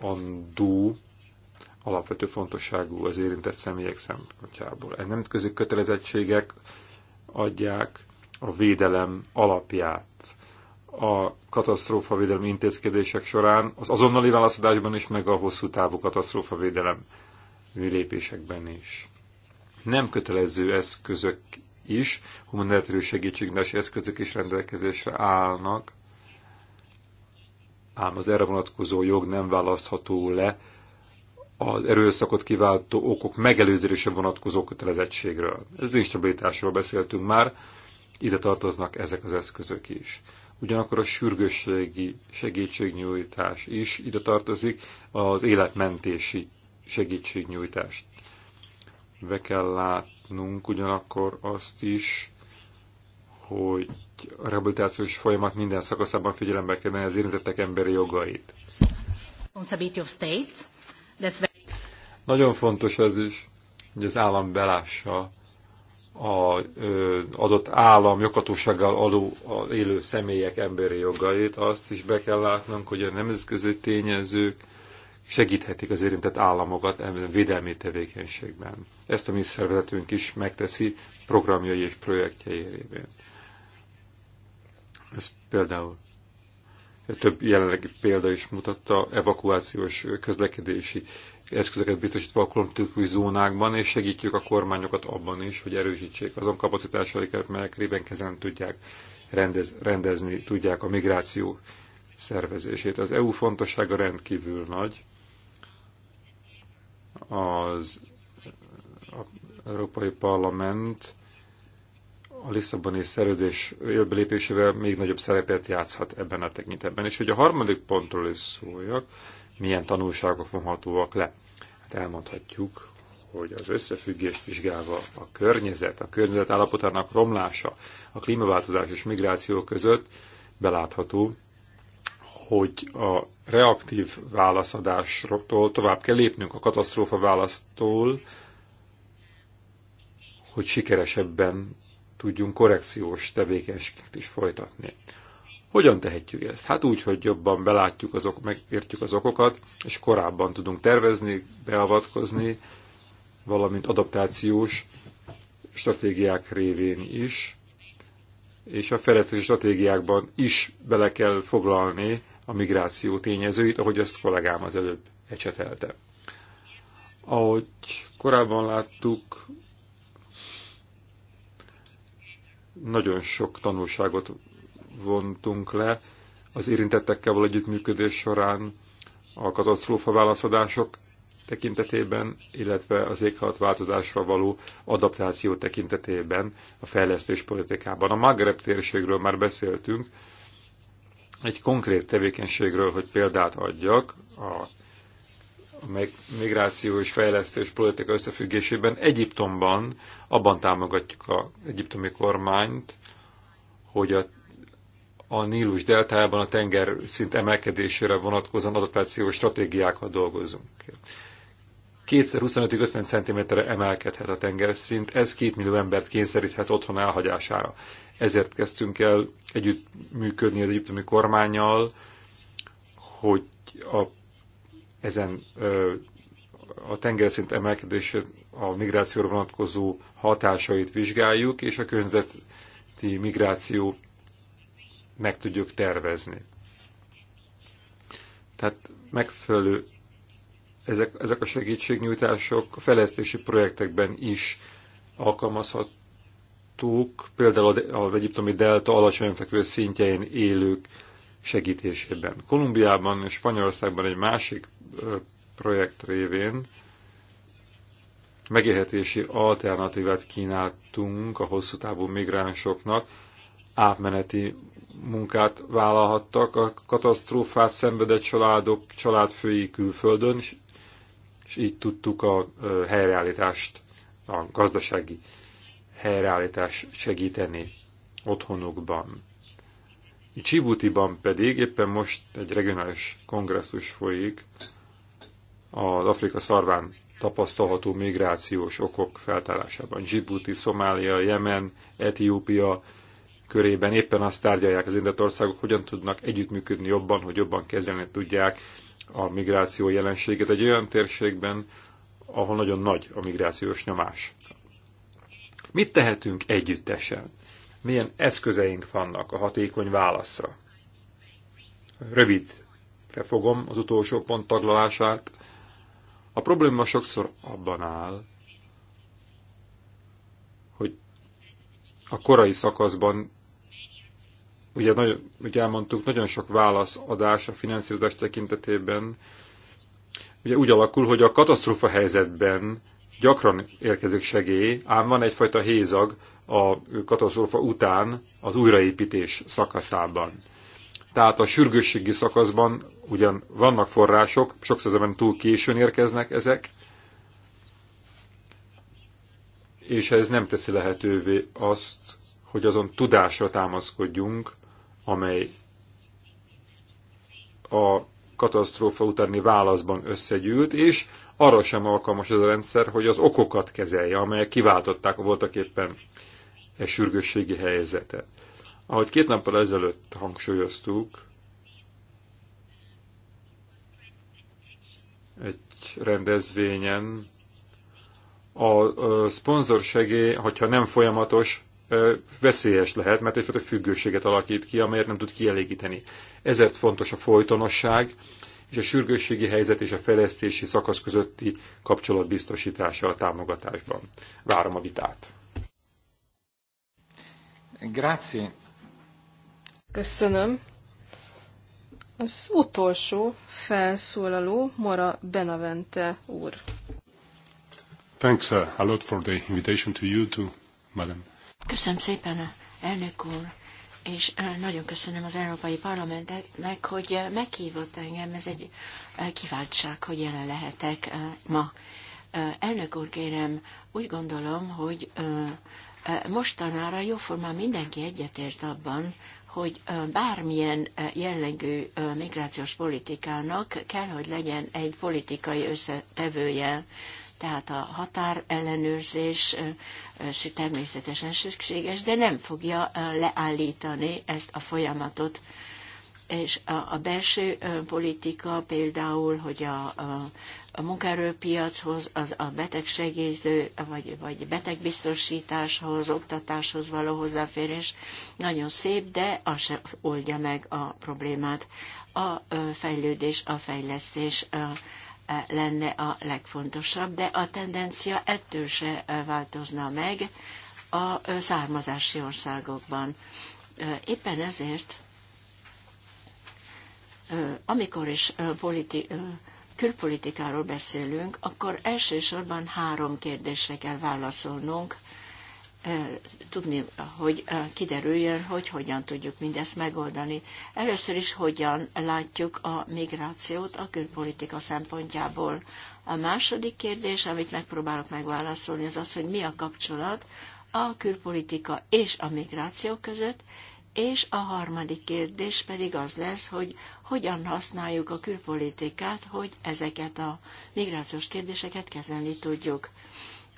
andú alapvető fontosságú az érintett személyek szempontjából. E nemzetközi kötelezettségek adják a védelem alapját a katasztrófavédelem intézkedések során, az azonnali válaszadásban is, meg a hosszú távú katasztrófavédelem lépésekben is nem kötelező eszközök is, humanitárius segítségnyújtási eszközök is rendelkezésre állnak, ám az erre vonatkozó jog nem választható le az erőszakot kiváltó okok megelőzésre vonatkozó kötelezettségről. Ez instabilitásról beszéltünk már, ide tartoznak ezek az eszközök is. Ugyanakkor a sürgősségi segítségnyújtás is ide tartozik, az életmentési segítségnyújtást be kell látnunk ugyanakkor azt is, hogy a rehabilitációs folyamat minden szakaszában figyelembe kell venni az érintettek emberi jogait. Nagyon fontos ez is, hogy az állam belássa az adott állam joghatósággal adó élő személyek emberi jogait. Azt is be kell látnunk, hogy a nemzetközi tényezők segíthetik az érintett államokat ebben védelmi tevékenységben. Ezt a mi szervezetünk is megteszi programjai és projektjei révén. Ez például több jelenlegi példa is mutatta evakuációs közlekedési eszközöket biztosítva a konfliktus zónákban, és segítjük a kormányokat abban is, hogy erősítsék azon kapacitásaikat, melyek rében kezelni tudják rendez, rendezni tudják a migráció szervezését. Az EU fontossága rendkívül nagy, az Európai Parlament a Lisszaboni szerződés lépésével még nagyobb szerepet játszhat ebben a tekintetben. És hogy a harmadik pontról is szóljak, milyen tanulságok vonhatóak le. Hát elmondhatjuk, hogy az összefüggést vizsgálva a környezet, a környezet állapotának romlása, a klímaváltozás és migráció között belátható, hogy a reaktív válaszadásról tovább kell lépnünk a katasztrófa választól, hogy sikeresebben tudjunk korrekciós tevékenységet is folytatni. Hogyan tehetjük ezt? Hát úgy, hogy jobban belátjuk az ok, megértjük az okokat, és korábban tudunk tervezni, beavatkozni, valamint adaptációs stratégiák révén is, és a fejlesztési stratégiákban is bele kell foglalni a migráció tényezőit, ahogy ezt kollégám az előbb ecsetelte. Ahogy korábban láttuk, nagyon sok tanulságot vontunk le az érintettekkel való együttműködés során a katasztrófa válaszadások tekintetében, illetve az változásra való adaptáció tekintetében a fejlesztés politikában. A Maghreb térségről már beszéltünk, egy konkrét tevékenységről, hogy példát adjak, a amely migráció és fejlesztés politika összefüggésében Egyiptomban abban támogatjuk az egyiptomi kormányt, hogy a, a Nílus deltájában a tenger szint emelkedésére vonatkozóan adaptációs stratégiákat dolgozunk. 2025-ig 50 cm-re emelkedhet a tengerszint, ez két millió embert kényszeríthet otthon elhagyására. Ezért kezdtünk el együtt működni az egyiptomi kormányjal, hogy a, ezen a tengerszint emelkedése, a migrációra vonatkozó hatásait vizsgáljuk, és a környezeti migráció meg tudjuk tervezni. Tehát megfelelő ezek, ezek a segítségnyújtások a fejlesztési projektekben is alkalmazhat láttuk, például az egyiptomi delta alacsony fekvő szintjein élők segítésében. Kolumbiában és Spanyolországban egy másik projekt révén megélhetési alternatívát kínáltunk a hosszú távú migránsoknak, átmeneti munkát vállalhattak a katasztrófát szenvedett családok, családfői külföldön, és így tudtuk a helyreállítást, a gazdasági helyreállítás segíteni otthonukban. Csibutiban pedig éppen most egy regionális kongresszus folyik az Afrika szarván tapasztalható migrációs okok feltárásában. Djibouti, Szomália, Jemen, Etiópia körében éppen azt tárgyalják az indett országok, hogyan tudnak együttműködni jobban, hogy jobban kezelni tudják a migráció jelenséget egy olyan térségben, ahol nagyon nagy a migrációs nyomás Mit tehetünk együttesen? Milyen eszközeink vannak a hatékony válaszra? Rövidre fogom az utolsó pont taglalását. A probléma sokszor abban áll, hogy a korai szakaszban ugye, nagyon, ugye elmondtuk, nagyon sok válaszadás a finanszírozás tekintetében, ugye úgy alakul, hogy a katasztrófa helyzetben gyakran érkezik segély, ám van egyfajta hézag a katasztrófa után az újraépítés szakaszában. Tehát a sürgősségi szakaszban ugyan vannak források, sokszor ezen túl későn érkeznek ezek, és ez nem teszi lehetővé azt, hogy azon tudásra támaszkodjunk, amely a katasztrófa utáni válaszban összegyűlt, és arra sem alkalmas ez a rendszer, hogy az okokat kezelje, amelyek kiváltották voltak éppen e sürgősségi helyzetet. Ahogy két nappal ezelőtt hangsúlyoztuk, egy rendezvényen a, a segély, hogyha nem folyamatos, veszélyes lehet, mert egyfajta függőséget alakít ki, amelyet nem tud kielégíteni. Ezért fontos a folytonosság, és a sürgősségi helyzet és a fejlesztési szakasz közötti kapcsolat biztosítása a támogatásban. Várom a vitát. Grazie. Köszönöm. Az utolsó felszólaló Mora Benavente úr. Thanks uh, a lot for the invitation to you too, madam. Köszönöm szépen, elnök úr és eh, nagyon köszönöm az Európai Parlamentnek, hogy eh, meghívott engem. Ez egy eh, kiváltság, hogy jelen lehetek ma. Elnök úr, kérem, úgy gondolom, hogy mostanára jóformán mindenki egyetért abban, hogy bármilyen jellegű migrációs politikának kell, hogy legyen egy politikai összetevője tehát a határellenőrzés természetesen szükséges, de nem fogja leállítani ezt a folyamatot. És a, a belső politika például, hogy a, a, a munkaerőpiachoz, az a betegsegélyző, vagy, vagy betegbiztosításhoz, oktatáshoz való hozzáférés nagyon szép, de az se oldja meg a problémát. A fejlődés, a fejlesztés, a, lenne a legfontosabb, de a tendencia ettől se változna meg a származási országokban. Éppen ezért, amikor is politi- külpolitikáról beszélünk, akkor elsősorban három kérdésre kell válaszolnunk tudni, hogy eh, kiderüljön, hogy hogyan tudjuk mindezt megoldani. Először is hogyan látjuk a migrációt a külpolitika szempontjából. A második kérdés, amit megpróbálok megválaszolni, az az, hogy mi a kapcsolat a külpolitika és a migráció között, és a harmadik kérdés pedig az lesz, hogy hogyan használjuk a külpolitikát, hogy ezeket a migrációs kérdéseket kezelni tudjuk.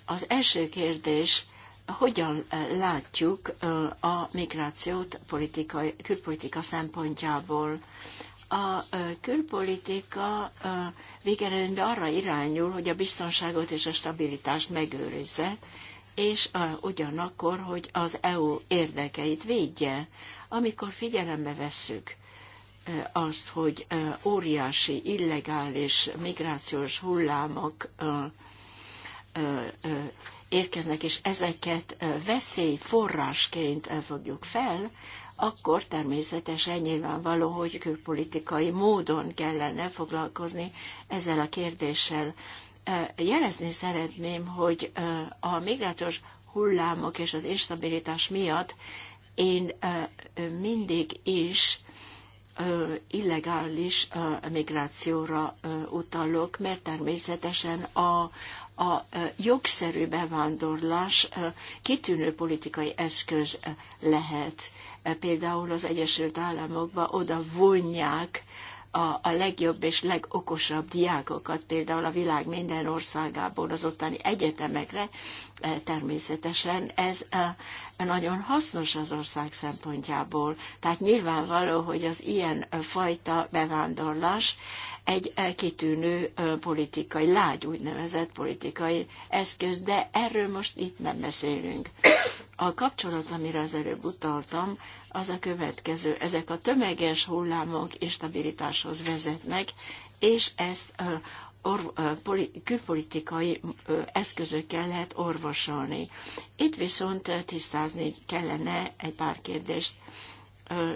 Az első kérdés hogyan eh, látjuk eh, a migrációt politikai, külpolitika szempontjából. A eh, külpolitika végeredményben arra irányul, hogy a biztonságot és a stabilitást megőrizze, és ugyanakkor, hogy az EU érdekeit védje. Amikor figyelembe vesszük azt, hogy óriási illegális migrációs hullámok érkeznek, és ezeket veszélyforrásként fogjuk fel, akkor természetesen nyilvánvaló, hogy külpolitikai módon kellene foglalkozni ezzel a kérdéssel. Jelezni szeretném, hogy a migrációs hullámok és az instabilitás miatt én mindig is illegális migrációra utalok, mert természetesen a, a jogszerű bevándorlás kitűnő politikai eszköz lehet. Például az Egyesült Államokba oda vonják a, a legjobb és legokosabb diákokat, például a világ minden országából az ottani egyetemekre, eh, természetesen ez eh, nagyon hasznos az ország szempontjából. Tehát nyilvánvaló, hogy az ilyen eh, fajta bevándorlás egy kitűnő politikai, lágy úgynevezett politikai eszköz, de erről most itt nem beszélünk. A kapcsolat, amire az előbb utaltam, az a következő. Ezek a tömeges hullámok instabilitáshoz vezetnek, és ezt or, poli, külpolitikai eszközökkel lehet orvosolni. Itt viszont tisztázni kellene egy pár kérdést,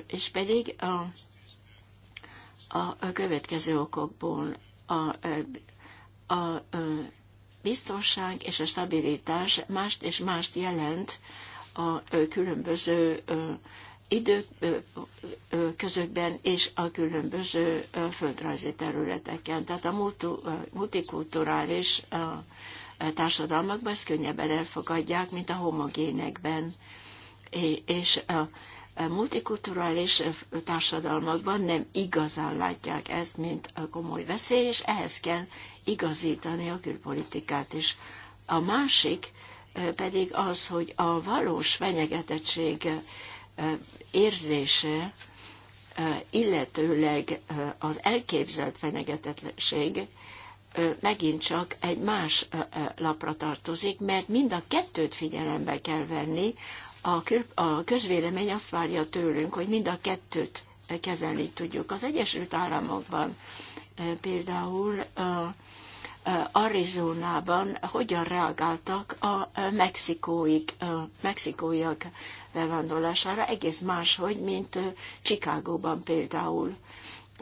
és pedig a, a következő okokból a, a, a biztonság és a stabilitás mást és mást jelent a különböző idők és a különböző földrajzi területeken. Tehát a multikulturális társadalmakban ezt könnyebben elfogadják, mint a homogénekben. És a multikulturális társadalmakban nem igazán látják ezt, mint a komoly veszély, és ehhez kell igazítani a külpolitikát is. A másik pedig az, hogy a valós fenyegetettség érzése, illetőleg az elképzelt fenyegetettség megint csak egy más lapra tartozik, mert mind a kettőt figyelembe kell venni. A, közvélemény azt várja tőlünk, hogy mind a kettőt kezelni tudjuk. Az Egyesült Államokban például Eh, Arizonában hogyan reagáltak a eh, mexikóig, a eh, mexikóiak bevándorlására, egész máshogy, mint Csikágóban például.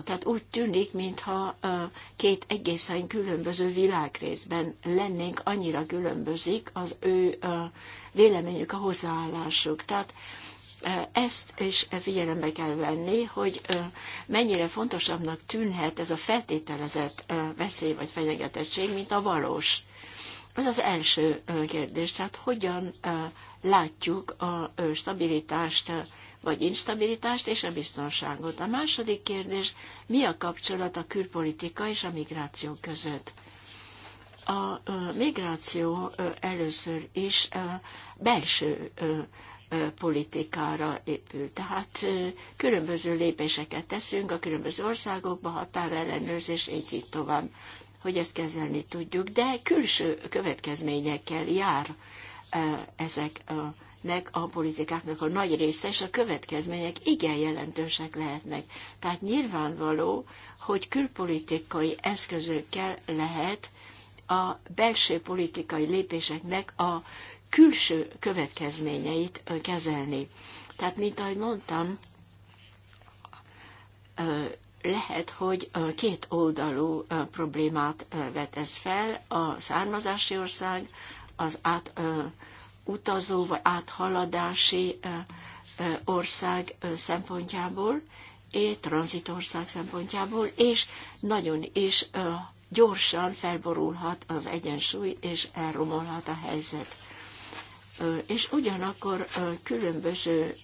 Tehát úgy tűnik, mintha két egészen különböző világrészben lennénk, annyira különbözik az ő véleményük, a hozzáállásuk. Tehát ezt is figyelembe kell venni, hogy mennyire fontosabbnak tűnhet ez a feltételezett veszély vagy fenyegetettség, mint a valós. Ez az első kérdés, tehát hogyan látjuk a stabilitást vagy instabilitást és a biztonságot. A második kérdés, mi a kapcsolat a külpolitika és a migráció között? A migráció először is belső politikára épül. Tehát különböző lépéseket teszünk a különböző országokba, határellenőrzés, így így tovább, hogy ezt kezelni tudjuk, de külső következményekkel jár ezeknek a politikáknak a nagy része, és a következmények igen jelentősek lehetnek. Tehát nyilvánvaló, hogy külpolitikai eszközökkel lehet a belső politikai lépéseknek a külső következményeit kezelni. Tehát, mint ahogy mondtam, lehet, hogy két oldalú problémát vet ez fel, a származási ország, az átutazó vagy áthaladási ország szempontjából, és tranzitország szempontjából, és nagyon is gyorsan felborulhat az egyensúly, és elromolhat a helyzet és ugyanakkor különböző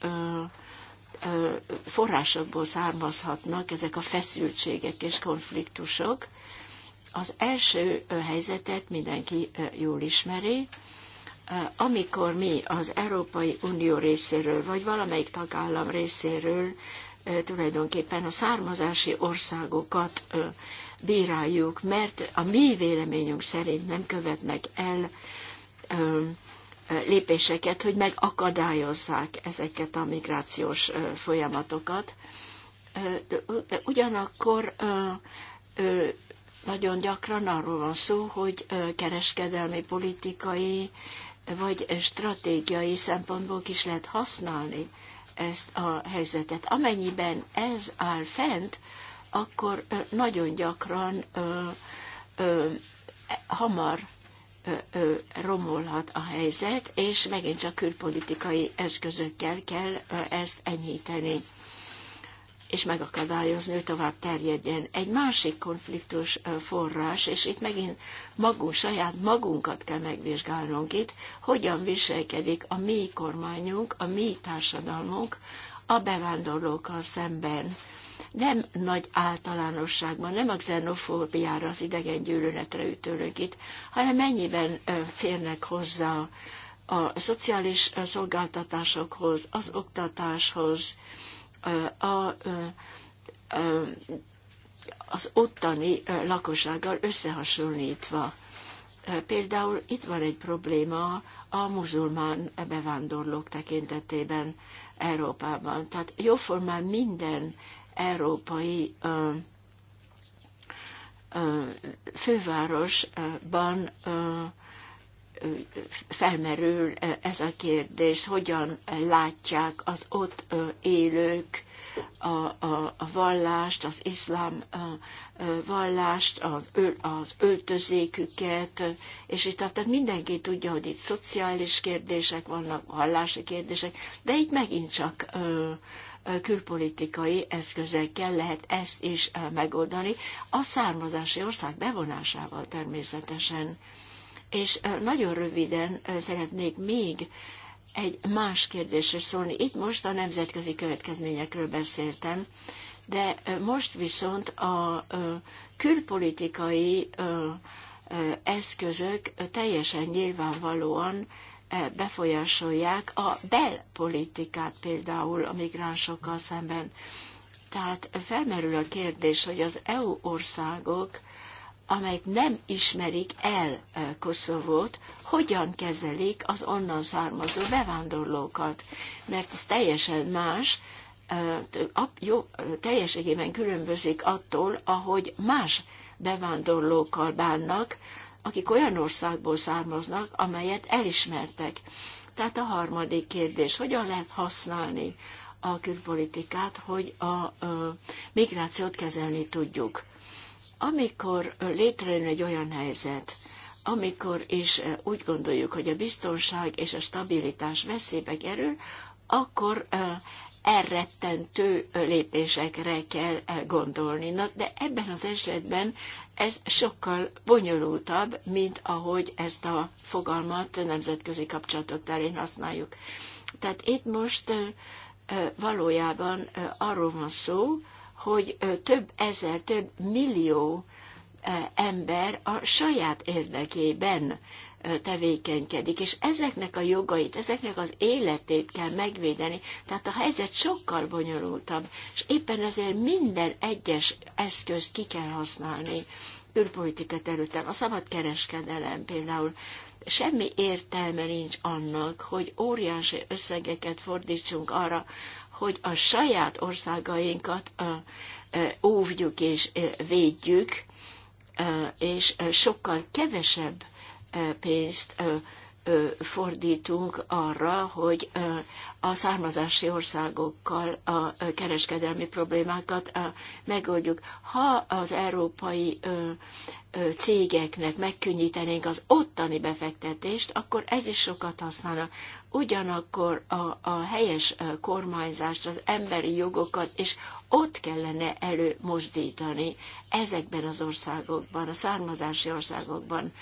forrásokból származhatnak ezek a feszültségek és konfliktusok. Az első helyzetet mindenki jól ismeri, amikor mi az Európai Unió részéről, vagy valamelyik tagállam részéről tulajdonképpen a származási országokat bíráljuk, mert a mi véleményünk szerint nem követnek el lépéseket, hogy megakadályozzák ezeket a migrációs folyamatokat. De ugyanakkor nagyon gyakran arról van szó, hogy kereskedelmi, politikai vagy stratégiai szempontból is lehet használni ezt a helyzetet. Amennyiben ez áll fent, akkor nagyon gyakran e, hamar romolhat a helyzet, és megint csak külpolitikai eszközökkel kell ezt enyhíteni és megakadályozni, hogy tovább terjedjen. Egy másik konfliktus forrás, és itt megint magunk, saját magunkat kell megvizsgálnunk itt, hogyan viselkedik a mi kormányunk, a mi társadalmunk a bevándorlókkal szemben nem nagy általánosságban, nem a xenofóbiára, az idegen gyűlöletre ütőlünk itt, hanem mennyiben férnek hozzá a szociális szolgáltatásokhoz, az oktatáshoz, a, a, a, az ottani lakossággal összehasonlítva. Például itt van egy probléma a muzulmán bevándorlók tekintetében Európában. Tehát jóformán minden európai fővárosban felmerül ez a kérdés, hogyan látják az ott élők a, a, a vallást, az iszlám a, a vallást, az, öl, az öltözéküket, és itt tehát mindenki tudja, hogy itt szociális kérdések vannak, vallási kérdések, de itt megint csak ö, külpolitikai eszközekkel lehet ezt is megoldani, a származási ország bevonásával természetesen. És nagyon röviden szeretnék még egy más kérdésre szólni. Itt most a nemzetközi következményekről beszéltem, de most viszont a külpolitikai eszközök teljesen nyilvánvalóan E, befolyásolják a belpolitikát például a migránsokkal szemben. Tehát felmerül a kérdés, hogy az EU országok, amelyek nem ismerik el e, Koszovót, hogyan kezelik az onnan származó bevándorlókat, mert ez teljesen más, e, jó, teljeségében különbözik attól, ahogy más bevándorlókkal bánnak, akik olyan országból származnak, amelyet elismertek. Tehát a harmadik kérdés, hogyan lehet használni a külpolitikát, hogy a, migrációt kezelni tudjuk. Amikor létrejön egy olyan helyzet, amikor is úgy gondoljuk, hogy a biztonság és a stabilitás veszélybe kerül, akkor elrettentő lépésekre kell eh, gondolni. Na, de ebben az esetben ez sokkal bonyolultabb, mint ahogy ezt a fogalmat nemzetközi kapcsolatok terén használjuk. Tehát itt most eh, eh, valójában arról van szó, hogy több ezer, több millió ember a saját érdekében tevékenykedik, és ezeknek a jogait, ezeknek az életét kell megvédeni. Tehát a helyzet sokkal bonyolultabb, és éppen ezért minden egyes eszközt ki kell használni külpolitika területen. A kereskedelem például semmi értelme nincs annak, hogy óriási összegeket fordítsunk arra, hogy a saját országainkat óvjuk és védjük, és sokkal kevesebb pénzt fordítunk arra, hogy a származási országokkal a kereskedelmi problémákat megoldjuk. Ha az európai cégeknek megkönnyítenénk az ottani befektetést, akkor ez is sokat használna ugyanakkor a, a helyes kormányzást, az emberi jogokat, és ott kellene előmozdítani ezekben az országokban, a származási országokban.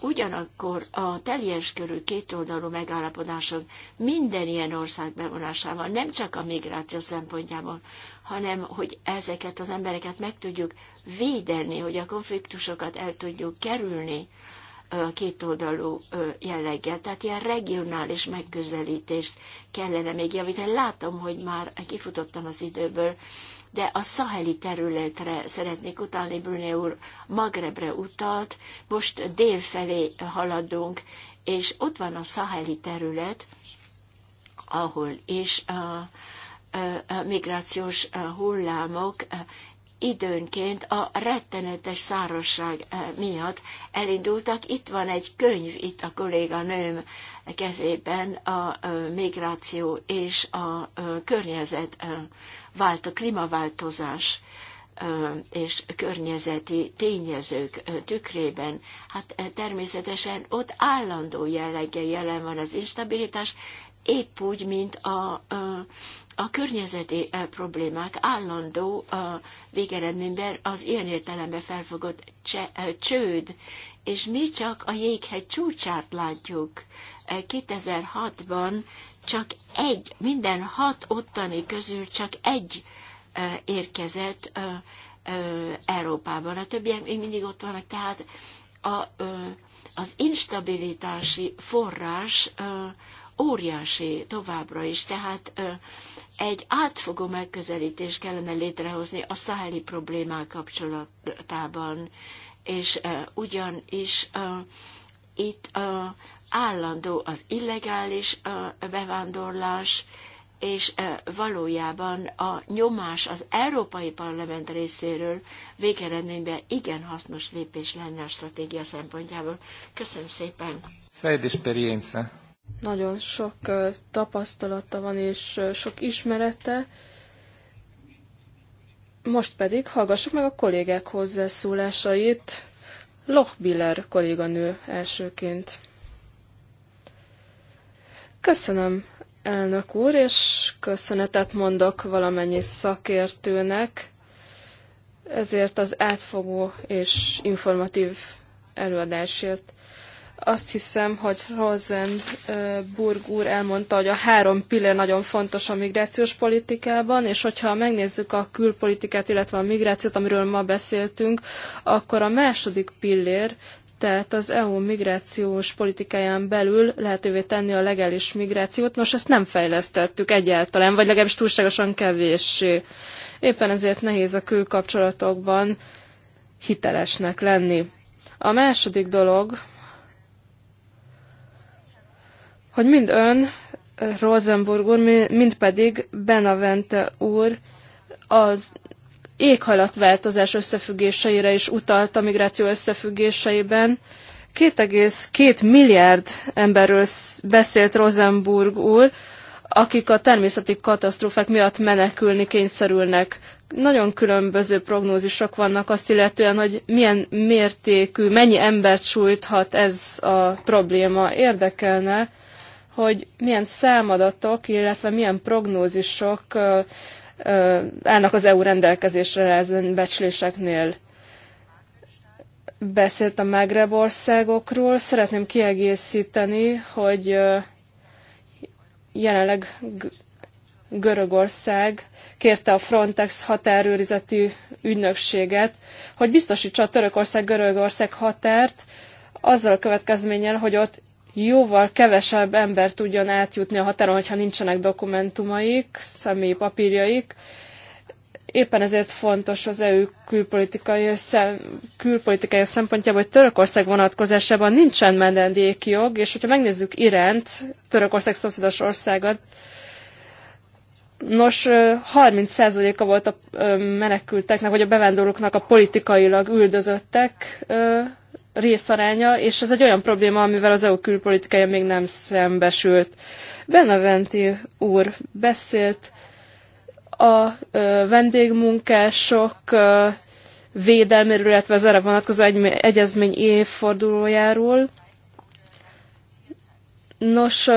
Ugyanakkor a teljes körű kétoldalú megállapodások minden ilyen ország bevonásával, nem csak a migráció szempontjából, hanem hogy ezeket az embereket meg tudjuk védeni, hogy a konfliktusokat el tudjuk kerülni, kétoldalú jelleggel, tehát ilyen regionális megközelítést kellene még javítani. Látom, hogy már kifutottam az időből, de a szaheli területre szeretnék utalni, Brunei úr Magrebre utalt, most délfelé haladunk, és ott van a szaheli terület, ahol is a, a, a migrációs hullámok időnként a rettenetes szárosság eh, miatt elindultak. Itt van egy könyv, itt a kolléganőm kezében a eh, migráció és a eh, környezet, vált a klímaváltozás és környezeti tényezők tükrében, hát természetesen ott állandó jellege jelen van az instabilitás, épp úgy, mint a, a környezeti eh, problémák állandó a eh, végeredményben az ilyen értelemben felfogott eh, csőd, és mi csak a jéghegy csúcsát látjuk. 2006-ban csak egy, minden hat ottani közül csak egy érkezett Európában. A többiek még mindig ott vannak, tehát a, az instabilitási forrás óriási továbbra is. Tehát egy átfogó megközelítést kellene létrehozni a száheli problémák kapcsolatában, és ugyanis itt állandó az illegális bevándorlás, és valójában a nyomás az Európai Parlament részéről végeredményben igen hasznos lépés lenne a stratégia szempontjából. Köszönöm szépen! Fejleszperienza. Nagyon sok tapasztalata van és sok ismerete. Most pedig hallgassuk meg a kollégák hozzászólásait. Lochbiller kolléganő elsőként. Köszönöm, elnök úr, és köszönetet mondok valamennyi szakértőnek ezért az átfogó és informatív előadásért. Azt hiszem, hogy Rosenburg úr elmondta, hogy a három pillér nagyon fontos a migrációs politikában, és hogyha megnézzük a külpolitikát, illetve a migrációt, amiről ma beszéltünk, akkor a második pillér, tehát az EU migrációs politikáján belül lehetővé tenni a legális migrációt. Nos, ezt nem fejlesztettük egyáltalán, vagy legalábbis túlságosan kevéssé. Éppen ezért nehéz a külkapcsolatokban hitelesnek lenni. A második dolog, hogy mind ön, eh, Rosenburg úr, mind pedig Benavente úr az éghajlatváltozás összefüggéseire is utalt a migráció összefüggéseiben. 2,2 milliárd emberről beszélt Rosenburg úr, akik a természeti katasztrófák miatt menekülni kényszerülnek. Nagyon különböző prognózisok vannak azt illetően, hogy milyen mértékű, mennyi embert sújthat ez a probléma. Érdekelne, hogy milyen számadatok, illetve milyen prognózisok állnak az EU rendelkezésre ezen becsléseknél. Beszélt a Magreb országokról. Szeretném kiegészíteni, hogy jelenleg Görögország kérte a Frontex határőrizeti ügynökséget, hogy biztosítsa a Törökország-Görögország határt, azzal a következménnyel, hogy ott jóval kevesebb ember tudjon átjutni a határon, hogyha nincsenek dokumentumaik, személyi papírjaik. Éppen ezért fontos az EU külpolitikai, szem, külpolitikai szempontjából, hogy Törökország vonatkozásában nincsen jog, és hogyha megnézzük Iránt, Törökország szomszédos országot, Nos, 30%-a volt a menekülteknek, vagy a bevándorlóknak a politikailag üldözöttek részaránya, és ez egy olyan probléma, amivel az EU külpolitikája még nem szembesült. Benaventi úr beszélt a ö, vendégmunkások ö, védelméről, illetve az erre vonatkozó egy, egyezmény évfordulójáról. Nos,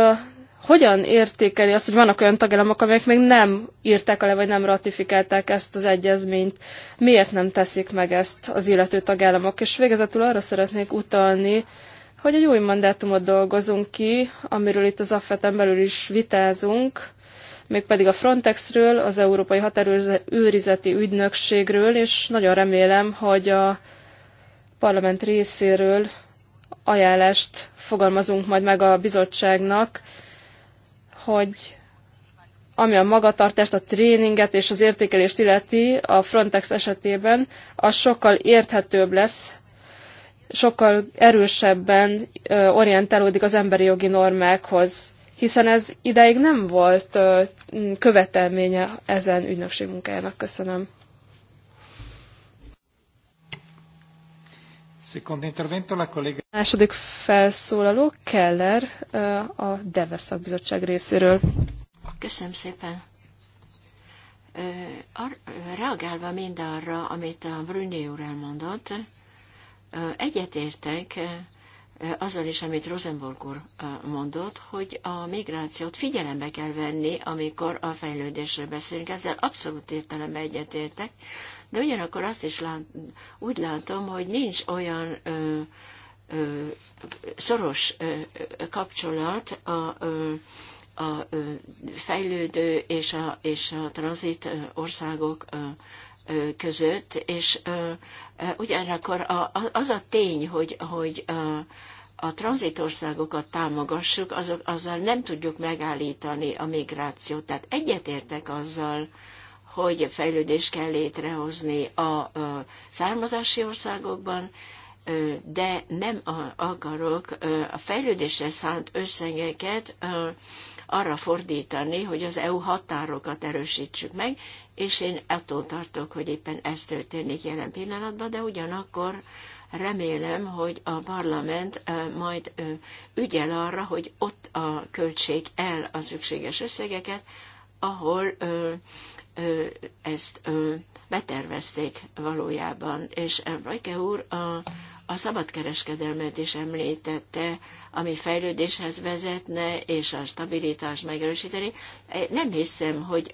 hogyan értékeli azt, hogy vannak olyan tagállamok, amelyek még nem írták le, vagy nem ratifikálták ezt az egyezményt? Miért nem teszik meg ezt az illető tagállamok? És végezetül arra szeretnék utalni, hogy egy új mandátumot dolgozunk ki, amiről itt az AFET-en belül is vitázunk, mégpedig a Frontexről, az Európai Határőrizeti Ügynökségről, és nagyon remélem, hogy a parlament részéről ajánlást fogalmazunk majd meg a bizottságnak, hogy ami a magatartást, a tréninget és az értékelést illeti a Frontex esetében, az sokkal érthetőbb lesz, sokkal erősebben orientálódik az emberi jogi normákhoz, hiszen ez ideig nem volt követelménye ezen ügynökség munkájának. Köszönöm. Második felszólaló Keller a Deves szakbizottság részéről. Köszönöm szépen. Reagálva mindarra, amit a Brüné úr elmondott, egyetértek azzal is, amit Rosenborg úr mondott, hogy a migrációt figyelembe kell venni, amikor a fejlődésről beszélünk. Ezzel abszolút értelemben egyetértek de ugyanakkor azt is lát, úgy látom, hogy nincs olyan ö, ö, szoros ö, kapcsolat a ö, a fejlődő és a, és a tranzit országok között, és ugyanakkor az a tény, hogy, hogy a tranzitországokat támogassuk, azok, azzal nem tudjuk megállítani a migrációt. Tehát egyetértek azzal, hogy fejlődést kell létrehozni a származási országokban, de nem akarok a fejlődésre szánt összegeket arra fordítani, hogy az EU határokat erősítsük meg, és én attól tartok, hogy éppen ez történik jelen pillanatban, de ugyanakkor remélem, hogy a parlament majd ügyel arra, hogy ott a költség el a szükséges összegeket, ahol ezt betervezték valójában, és Rajke úr a, a szabadkereskedelmet is említette, ami fejlődéshez vezetne, és a stabilitást megerősíteni. Nem hiszem, hogy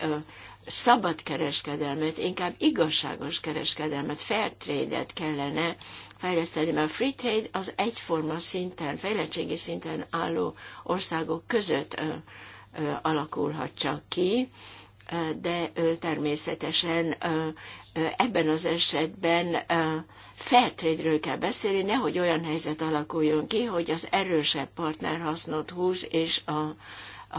szabad kereskedelmet, inkább igazságos kereskedelmet, fair trade-et kellene fejleszteni, mert a free trade az egyforma szinten, fejlettségi szinten álló országok között alakulhat csak ki, de természetesen ebben az esetben feltrédről kell beszélni, nehogy olyan helyzet alakuljon ki, hogy az erősebb partner hasznot húz, és a,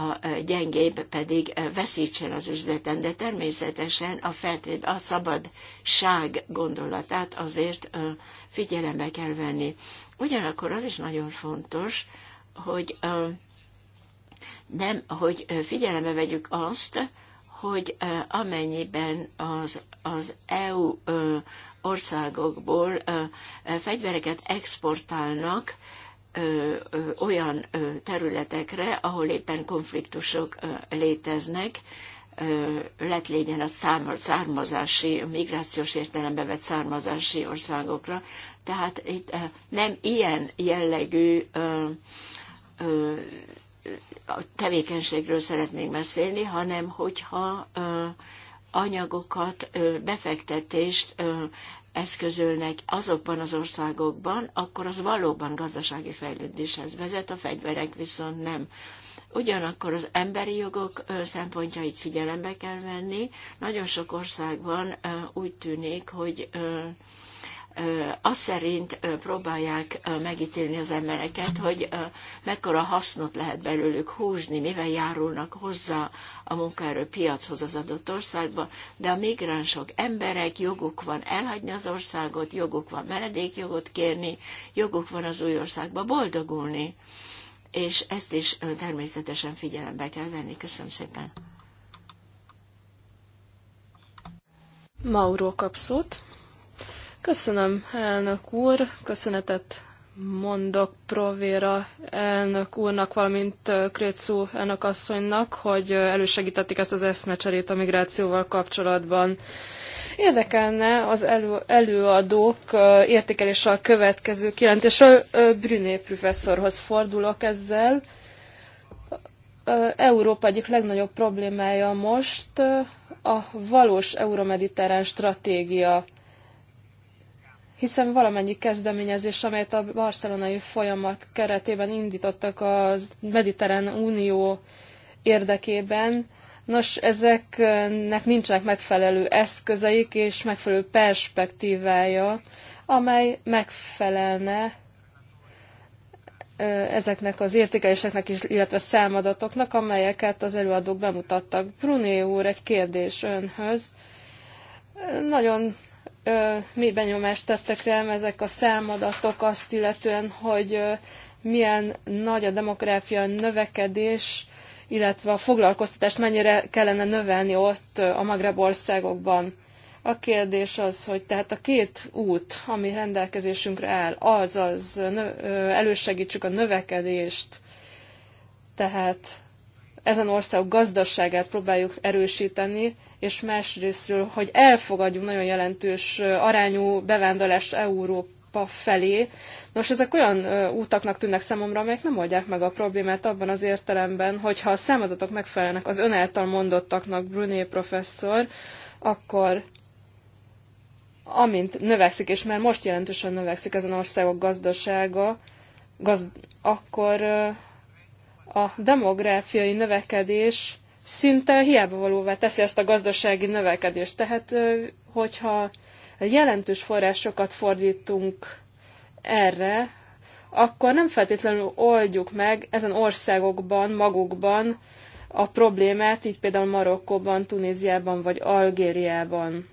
a gyengébb pedig veszítsen az üzleten. De természetesen a feltrét, a szabadság gondolatát azért figyelembe kell venni. Ugyanakkor az is nagyon fontos, hogy nem, hogy figyelembe vegyük azt, hogy amennyiben az, az EU országokból fegyvereket exportálnak olyan területekre, ahol éppen konfliktusok léteznek, lett legyen a származási, a migrációs értelembe vett származási országokra. Tehát itt nem ilyen jellegű a tevékenységről szeretnék beszélni, hanem hogyha anyagokat, befektetést eszközölnek azokban az országokban, akkor az valóban gazdasági fejlődéshez vezet, a fegyverek viszont nem. Ugyanakkor az emberi jogok szempontjait figyelembe kell venni. Nagyon sok országban úgy tűnik, hogy az szerint próbálják megítélni az embereket, hogy mekkora hasznot lehet belőlük húzni, mivel járulnak hozzá a munkaerőpiachoz az adott országba, de a migránsok emberek, joguk van elhagyni az országot, joguk van menedékjogot kérni, joguk van az új országba boldogulni. És ezt is természetesen figyelembe kell venni. Köszönöm szépen. Mauro Köszönöm, elnök úr, köszönetet mondok Provéra elnök úrnak, valamint Krécu elnök asszonynak, hogy elősegítették ezt az eszmecserét a migrációval kapcsolatban. Érdekelne az elő, előadók értékelése a következő kijelentésről. Brüné professzorhoz fordulok ezzel. Európa egyik legnagyobb problémája most a valós euromediterrán stratégia hiszen valamennyi kezdeményezés, amelyet a barcelonai folyamat keretében indítottak a Mediterrán Unió érdekében, nos, ezeknek nincsenek megfelelő eszközeik és megfelelő perspektívája, amely megfelelne ezeknek az értékeléseknek is, illetve számadatoknak, amelyeket az előadók bemutattak. Bruné úr, egy kérdés önhöz. Nagyon ö, mi benyomást tettek rám ezek a számadatok azt illetően, hogy ö, milyen nagy a demográfia növekedés, illetve a foglalkoztatást mennyire kellene növelni ott a Magreb országokban. A kérdés az, hogy tehát a két út, ami rendelkezésünkre áll, azaz az elősegítsük a növekedést, tehát ezen ország gazdaságát próbáljuk erősíteni, és másrésztről, hogy elfogadjunk nagyon jelentős arányú bevándorlás Európa felé. Nos, ezek olyan útaknak tűnnek számomra, amelyek nem oldják meg a problémát abban az értelemben, hogyha a számadatok megfelelnek az ön által mondottaknak, Bruné professzor, akkor amint növekszik, és mert most jelentősen növekszik ezen országok gazdasága, gazd- akkor a demográfiai növekedés szinte hiába valóvá teszi ezt a gazdasági növekedést. Tehát, hogyha jelentős forrásokat fordítunk erre, akkor nem feltétlenül oldjuk meg ezen országokban, magukban a problémát, így például Marokkóban, Tunéziában vagy Algériában.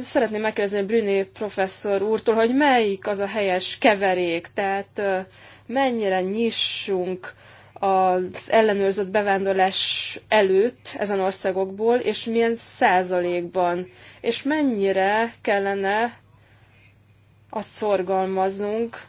Szeretném megkérdezni Brüné professzor úrtól, hogy melyik az a helyes keverék, tehát mennyire nyissunk az ellenőrzött bevándorlás előtt ezen országokból, és milyen százalékban, és mennyire kellene azt szorgalmaznunk,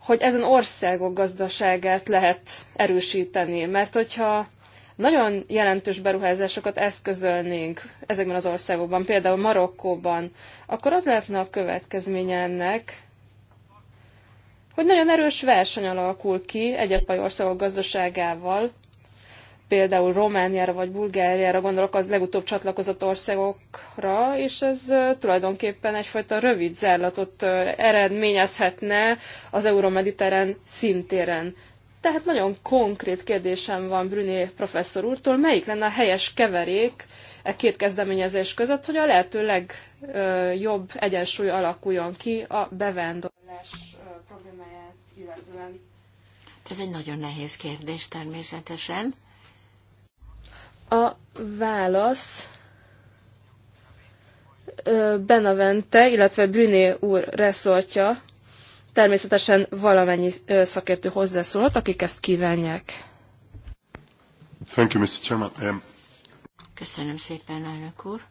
hogy ezen országok gazdaságát lehet erősíteni. Mert hogyha nagyon jelentős beruházásokat eszközölnénk ezekben az országokban, például Marokkóban, akkor az lehetne a következménye ennek, hogy nagyon erős verseny alakul ki egyetpai országok gazdaságával, például Romániára vagy Bulgáriára gondolok, az legutóbb csatlakozott országokra, és ez tulajdonképpen egyfajta rövid zárlatot eredményezhetne az euromediterrán szintéren. Tehát nagyon konkrét kérdésem van Brüné professzor úrtól, melyik lenne a helyes keverék e két kezdeményezés között, hogy a lehető legjobb egyensúly alakuljon ki a bevándorlás Hát ez egy nagyon nehéz kérdés természetesen. A válasz Benavente, illetve Brüné úr reszortja, természetesen valamennyi szakértő hozzászólott, akik ezt kívánják. Thank you, Mr. Chairman. Um... Köszönöm szépen, elnök úr.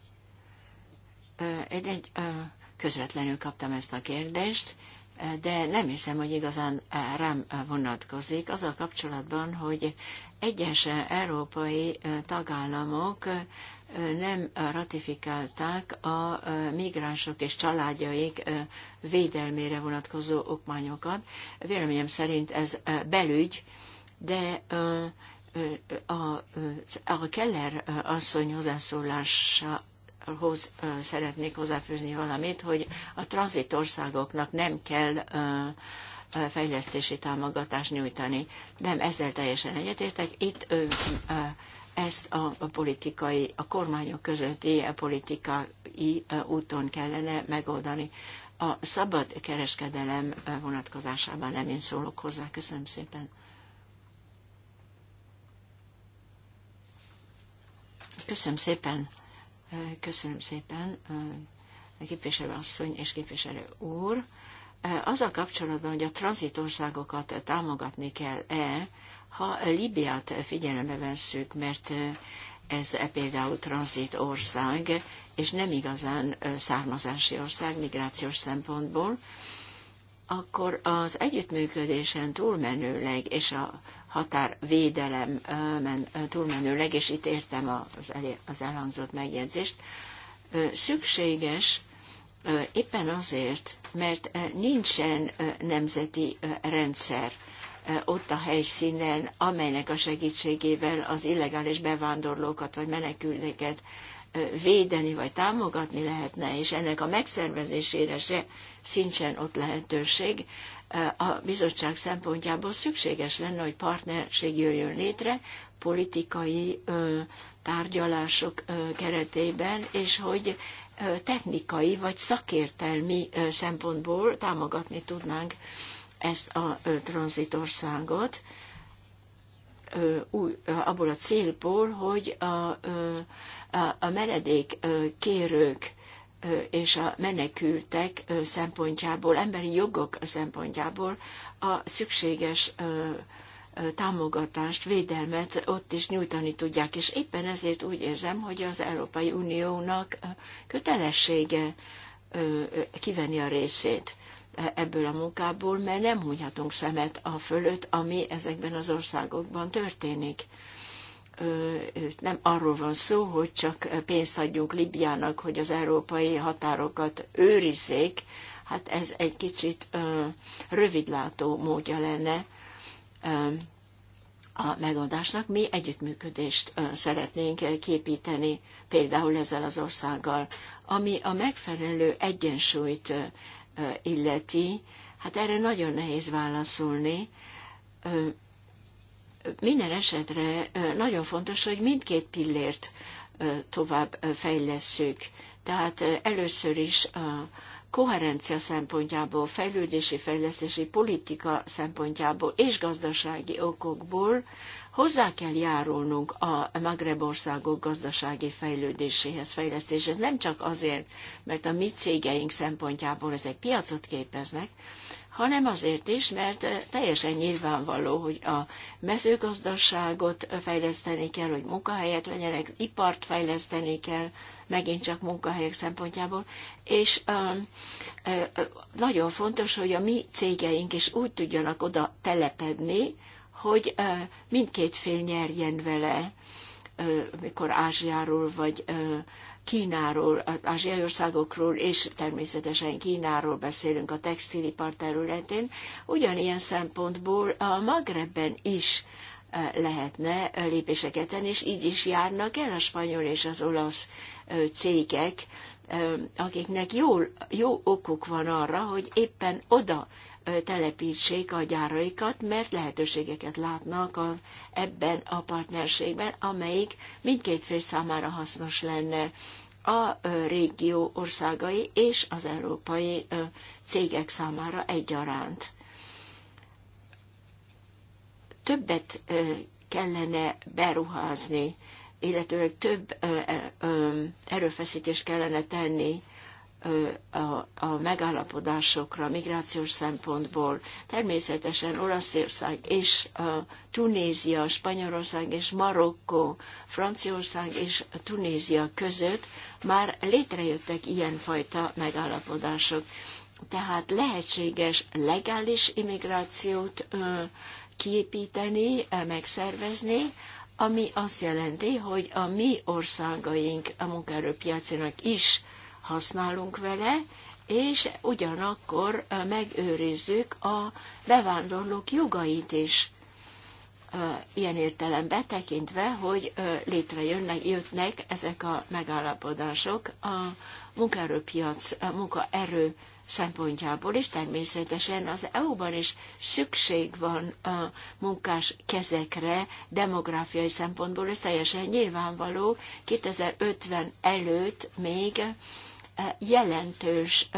Egy, egy, közvetlenül kaptam ezt a kérdést, de nem hiszem, hogy igazán eh, rám eh, vonatkozik, azzal kapcsolatban, hogy egyes eh, európai tagállamok nem ratifikálták a migránsok és családjaik védelmére vonatkozó okmányokat. Véleményem szerint ez belügy, de a, Keller asszony hozzászólása hoz szeretnék hozzáfűzni valamit, hogy a tranzitországoknak nem kell fejlesztési támogatást nyújtani. Nem, ezzel teljesen egyetértek. Itt ezt a, a politikai, a kormányok közötti a politikai úton kellene megoldani. A szabad kereskedelem vonatkozásában nem én szólok hozzá. Köszönöm szépen. Köszönöm szépen. Köszönöm szépen, képviselő asszony és képviselő úr. a kapcsolatban, hogy a tranzitországokat támogatni kell-e, ha Libiát figyelembe vesszük, mert ez e például tranzitország, és nem igazán származási ország migrációs szempontból, akkor az együttműködésen túlmenőleg és a határvédelemen túlmenőleg, és itt értem az, az elhangzott megjegyzést, szükséges éppen azért, mert nincsen nemzeti rendszer ott a helyszínen, amelynek a segítségével az illegális bevándorlókat vagy menekülteket védeni vagy támogatni lehetne, és ennek a megszervezésére se sincsen ott lehetőség, a bizottság szempontjából szükséges lenne, hogy partnerség jöjjön létre politikai tárgyalások keretében, és hogy technikai vagy szakértelmi szempontból támogatni tudnánk ezt a tranzitországot abból a célból, hogy a, a, a menedék kérők és a menekültek szempontjából, emberi jogok szempontjából a szükséges támogatást, védelmet ott is nyújtani tudják. És éppen ezért úgy érzem, hogy az Európai Uniónak kötelessége kivenni a részét e, ebből a munkából, mert nem hunyhatunk szemet a fölött, ami ezekben az országokban történik nem arról van szó, hogy csak pénzt adjunk Libyának, hogy az európai határokat őrizzék, hát ez egy kicsit rövidlátó módja lenne a megoldásnak. Mi együttműködést szeretnénk képíteni például ezzel az országgal, ami a megfelelő egyensúlyt illeti, hát erre nagyon nehéz válaszolni minden esetre nagyon fontos, hogy mindkét pillért tovább fejlesszük. Tehát először is a koherencia szempontjából, fejlődési, fejlesztési politika szempontjából és gazdasági okokból hozzá kell járulnunk a Magreb országok gazdasági fejlődéséhez, fejlesztéshez. Nem csak azért, mert a mi cégeink szempontjából ezek piacot képeznek, hanem azért is, mert eh, teljesen nyilvánvaló, hogy a mezőgazdaságot eh, fejleszteni kell, hogy munkahelyek legyenek, ipart fejleszteni kell, megint csak munkahelyek szempontjából, és um, eh, nagyon fontos, hogy a mi cégeink is úgy tudjanak oda telepedni, hogy mindkét fél nyerjen vele mikor Ázsiáról vagy Kínáról, az ázsiai országokról, és természetesen Kínáról beszélünk a textilipar területén, ugyanilyen szempontból a Magrebben is eh, lehetne eh, lépéseket tenni, és így is járnak el a spanyol és az olasz eh, cégek, akiknek jó, jó okuk van arra, hogy éppen oda telepítsék a gyáraikat, mert lehetőségeket látnak a, ebben a partnerségben, amelyik mindkét fél számára hasznos lenne a régió országai és az európai cégek számára egyaránt. Többet kellene beruházni, illetőleg több erőfeszítést kellene tenni a, a megállapodásokra migrációs szempontból. Természetesen Olaszország és a Tunézia, Spanyolország és Marokkó, Franciaország és Tunézia között már létrejöttek ilyenfajta megállapodások. Tehát lehetséges legális immigrációt ö, kiépíteni, megszervezni, ami azt jelenti, hogy a mi országaink a munkaerőpiacának is használunk vele, és ugyanakkor megőrizzük a bevándorlók jogait is ilyen értelemben tekintve, hogy létrejönnek, jöttnek ezek a megállapodások a munkaerőpiac, a munkaerő szempontjából is, természetesen az EU-ban is szükség van a munkás kezekre, demográfiai szempontból, ez teljesen nyilvánvaló, 2050 előtt még jelentős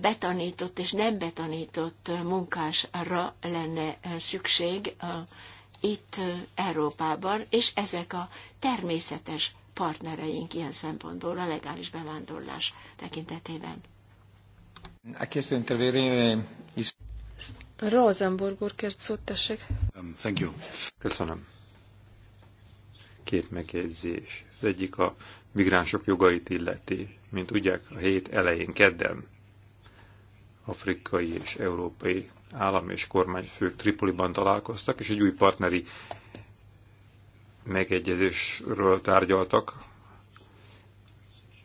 betanított és nem betanított munkásra lenne szükség itt Európában, és ezek a természetes partnereink ilyen szempontból a legális bevándorlás tekintetében. Rosenborg úr kért szót, tessék. Um, thank you. Köszönöm. Két megjegyzés. Az egyik a migránsok jogait illeti, mint ugye a hét elején, kedden afrikai és európai állam és kormányfők Tripoliban találkoztak, és egy új partneri megegyezésről tárgyaltak,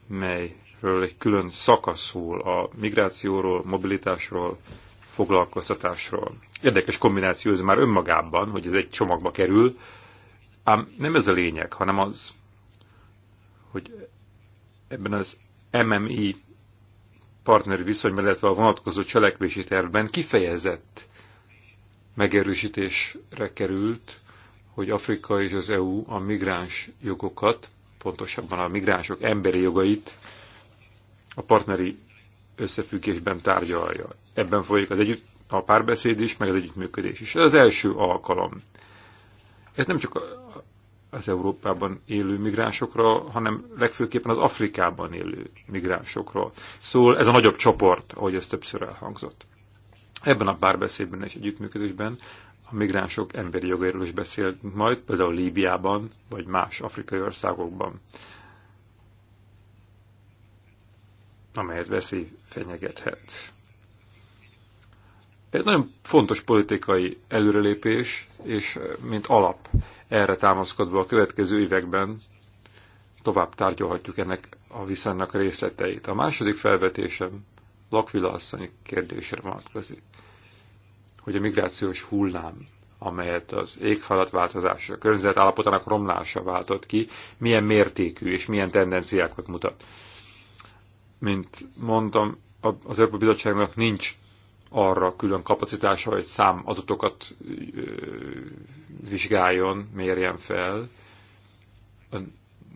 melyről egy külön szakasz szól a migrációról, mobilitásról, foglalkoztatásról. Érdekes kombináció ez már önmagában, hogy ez egy csomagba kerül, Ám nem ez a lényeg, hanem az, hogy ebben az MMI partneri viszonyban, illetve a vonatkozó cselekvési tervben kifejezett megerősítésre került, hogy Afrika és az EU a migráns jogokat, pontosabban a migránsok emberi jogait a partneri összefüggésben tárgyalja. Ebben folyik az együtt, a párbeszéd is, meg az együttműködés is. Ez az első alkalom. Ez nem csak az Európában élő migránsokra, hanem legfőképpen az Afrikában élő migránsokra. Szóval ez a nagyobb csoport, ahogy ez többször elhangzott. Ebben a párbeszédben és együttműködésben a migránsok emberi jogairól is beszélünk majd, például Líbiában, vagy más afrikai országokban, amelyet veszély fenyegethet. Ez nagyon fontos politikai előrelépés, és eh, mint alap erre támaszkodva a következő években tovább tárgyalhatjuk ennek a viszonynak részleteit. A második felvetésem Lakvila asszony kérdésre vonatkozik, hogy a migrációs hullám, amelyet az változása, a környezet állapotának romlása váltott ki, milyen mértékű és milyen tendenciákat mutat. Mint mondtam, az Európai Bizottságnak nincs arra külön kapacitása, hogy szám adatokat vizsgáljon, mérjen fel. A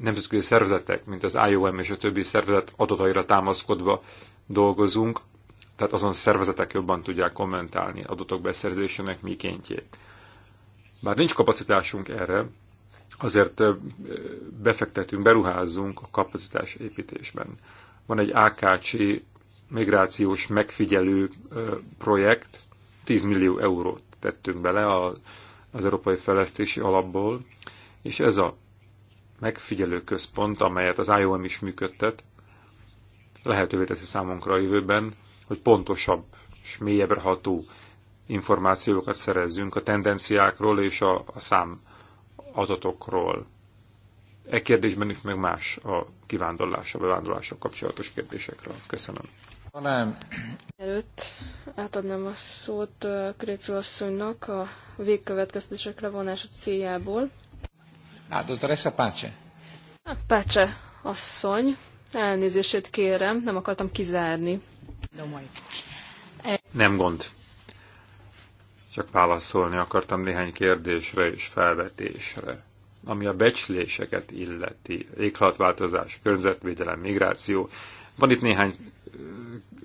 nemzetközi szervezetek, mint az IOM és a többi szervezet adataira támaszkodva dolgozunk, tehát azon szervezetek jobban tudják kommentálni adatok beszerzésének mikéntjét. Bár nincs kapacitásunk erre, azért befektetünk, beruházzunk a kapacitás építésben. Van egy AKC migrációs megfigyelő projekt, 10 millió eurót tettünk bele az Európai Fejlesztési Alapból, és ez a megfigyelő központ, amelyet az IOM is működtet, lehetővé teszi számunkra a jövőben, hogy pontosabb és mélyebbre ható információkat szerezzünk a tendenciákról és a, a szám adatokról. E kérdésben is meg más a kivándorlással, bevándorlással kapcsolatos kérdésekről. Köszönöm. Nem. Előtt átadnám a szót Krécu asszonynak a végkövetkeztetésekre vonása céljából. Hát, doktoressa Pácse. Pácse asszony, elnézését kérem, nem akartam kizárni. Nem gond. Csak válaszolni akartam néhány kérdésre és felvetésre ami a becsléseket illeti, éghajlatváltozás, környezetvédelem, migráció, van itt néhány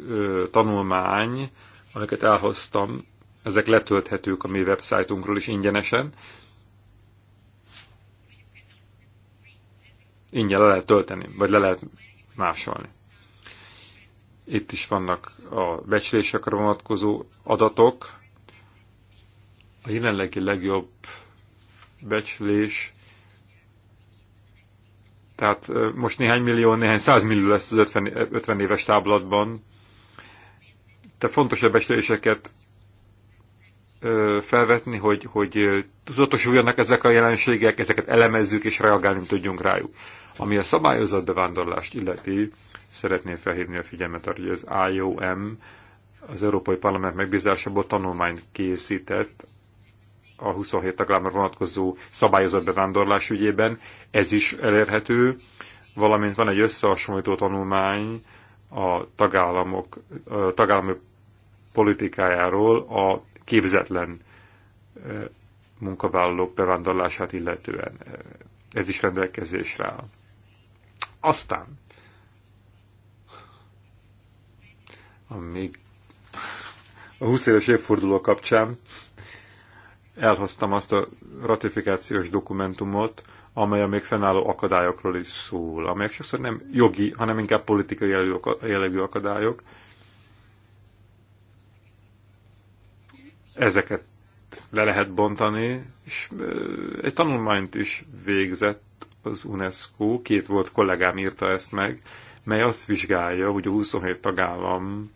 ö, tanulmány, amiket elhoztam, ezek letölthetők a mi websájtunkról is ingyenesen. Ingyen le lehet tölteni, vagy le lehet másolni. Itt is vannak a becslésekre vonatkozó adatok. A jelenlegi legjobb becslés tehát most néhány millió, néhány százmillió lesz az 50, 50 éves táblatban. Tehát fontos a becsléseket felvetni, hogy, hogy tudatosuljanak ezek a jelenségek, ezeket elemezzük és reagálni tudjunk rájuk. Ami a szabályozott bevándorlást illeti, szeretném felhívni a figyelmet arra, hogy az IOM, az Európai Parlament megbízásából tanulmányt készített a 27 tagállamra vonatkozó szabályozott bevándorlás ügyében, ez is elérhető, valamint van egy összehasonlító tanulmány a tagállamok, a tagállami politikájáról a képzetlen munkavállalók bevándorlását illetően. Ez is rendelkezésre áll. Aztán, amíg a 20 éves évforduló kapcsán elhoztam azt a ratifikációs dokumentumot, amely a még fennálló akadályokról is szól, amelyek sokszor nem jogi, hanem inkább politikai jellegű akadályok. Ezeket le lehet bontani, és egy tanulmányt is végzett az UNESCO, két volt kollégám írta ezt meg, mely azt vizsgálja, hogy a 27 tagállamban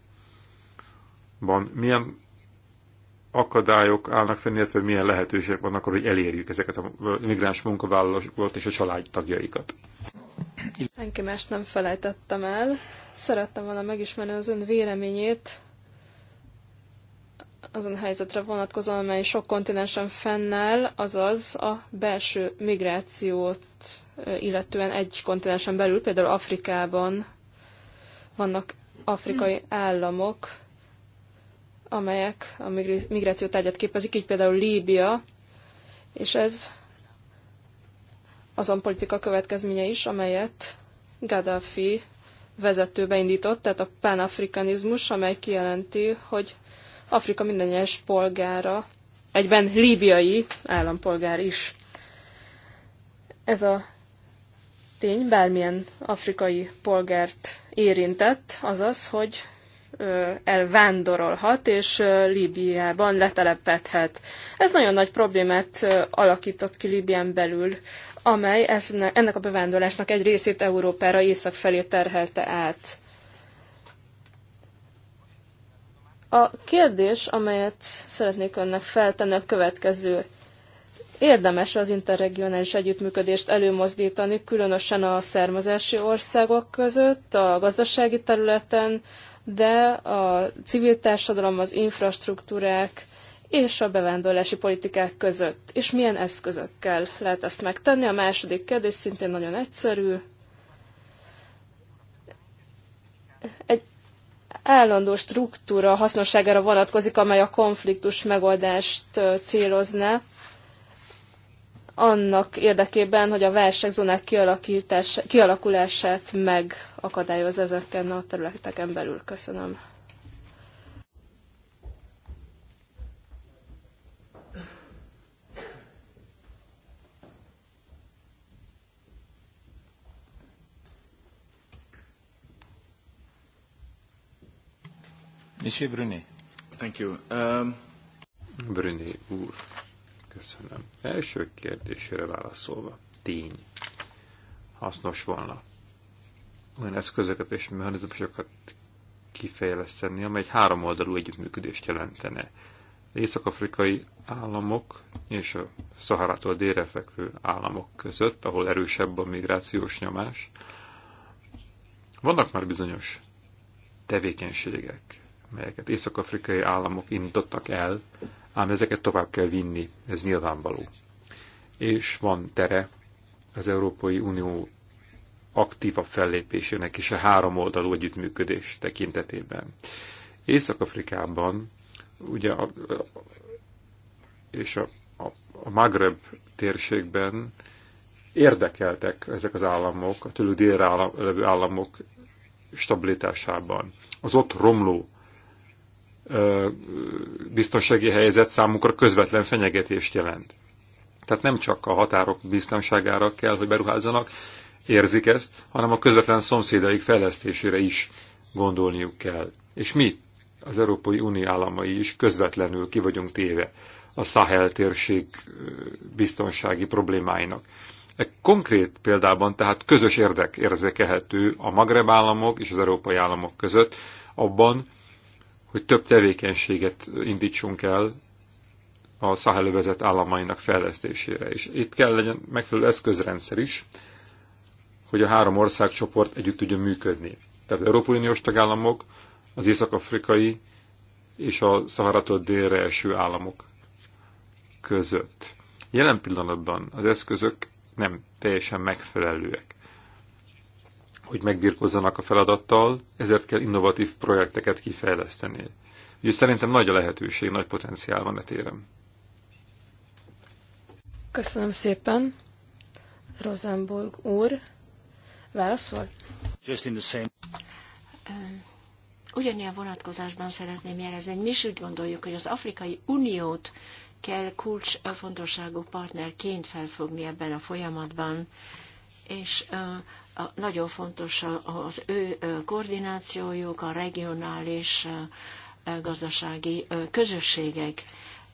milyen akadályok állnak fenn, illetve milyen lehetőségek vannak arra, hogy elérjük ezeket a migráns munkavállalókat és a családtagjaikat. Senki más nem felejtettem el. Szerettem volna megismerni az ön véleményét azon helyzetre vonatkozóan, amely sok kontinensen fennáll, azaz a belső migrációt, illetően egy kontinensen belül, például Afrikában vannak afrikai államok, amelyek a migráció tárgyat képezik, így például Líbia, és ez azon politika következménye is, amelyet Gaddafi vezető beindított, tehát a panafrikanizmus, amely kijelenti, hogy Afrika minden egyes polgára, egyben líbiai állampolgár is. Ez a tény bármilyen afrikai polgárt érintett, azaz, hogy elvándorolhat, és Líbiában letelepedhet. Ez nagyon nagy problémát alakított ki Líbián belül, amely ennek a bevándorlásnak egy részét Európára észak felé terhelte át. A kérdés, amelyet szeretnék önnek feltenni, a következő. Érdemes az interregionális együttműködést előmozdítani, különösen a származási országok között, a gazdasági területen, de a civil társadalom, az infrastruktúrák és a bevándorlási politikák között. És milyen eszközökkel lehet ezt megtenni? A második kérdés szintén nagyon egyszerű. Egy állandó struktúra hasznosságára vonatkozik, amely a konfliktus megoldást célozna annak érdekében, hogy a válságzónák kialakulását megakadályoz ezeken a területeken belül. Köszönöm. Monsieur Brunet. Thank you. Um... Brunet ooh. Köszönöm. Első kérdésére válaszolva. Tény. Hasznos volna olyan eszközöket és mechanizmusokat kifejleszteni, amely egy oldalú együttműködést jelentene. Észak-afrikai államok és a Szaharától délre fekvő államok között, ahol erősebb a migrációs nyomás, vannak már bizonyos tevékenységek, melyeket észak-afrikai államok indítottak el ám ezeket tovább kell vinni, ez nyilvánvaló. És van tere az Európai Unió aktívabb fellépésének és a három oldalú együttműködés tekintetében. Észak-Afrikában ugye a, és a, a, a Magreb térségben érdekeltek ezek az államok, a tőlük délre levő államok stabilitásában. Az ott romló biztonsági helyzet számukra közvetlen fenyegetést jelent. Tehát nem csak a határok biztonságára kell, hogy beruházzanak, érzik ezt, hanem a közvetlen szomszédaik fejlesztésére is gondolniuk kell. És mi, az Európai Unió államai is közvetlenül ki vagyunk téve a Sahel térség biztonsági problémáinak. E konkrét példában tehát közös érdek érzékelhető a Magreb államok és az európai államok között abban, hogy több tevékenységet indítsunk el a Szahelövezet államainak fejlesztésére. És itt kell legyen megfelelő eszközrendszer is, hogy a három országcsoport együtt tudjon működni. Tehát az Európai Uniós tagállamok, az észak-afrikai és a Szaharatól délre eső államok között. Jelen pillanatban az eszközök nem teljesen megfelelőek hogy megbirkozzanak a feladattal, ezért kell innovatív projekteket kifejleszteni. Úgyhogy szerintem nagy a lehetőség, nagy potenciál van a e téren. Köszönöm szépen. Rosenborg úr, válaszol? Just in the same. Ugyanilyen vonatkozásban szeretném jelezni, mi is úgy gondoljuk, hogy az Afrikai Uniót kell kulcsfontosságú partnerként felfogni ebben a folyamatban és nagyon fontos az ő koordinációjuk, a regionális gazdasági közösségek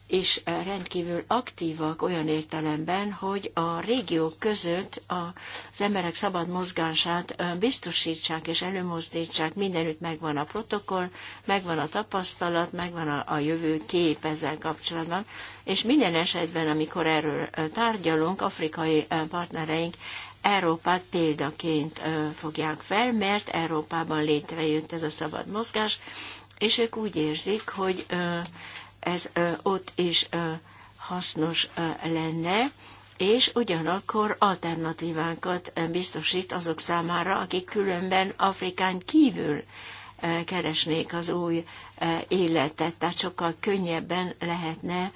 és rendkívül aktívak olyan értelemben, hogy a régiók között az emberek szabad mozgását biztosítsák és előmozdítsák, mindenütt megvan a protokoll, megvan a tapasztalat, megvan a, a jövő kép ezzel kapcsolatban, és minden esetben, amikor erről tárgyalunk, afrikai partnereink Európát példaként fogják fel, mert Európában létrejött ez a szabad mozgás, és ők úgy érzik, hogy ez ott is hasznos lenne, és ugyanakkor alternatívákat biztosít azok számára, akik különben Afrikán kívül keresnék az új életet, tehát sokkal könnyebben lehetne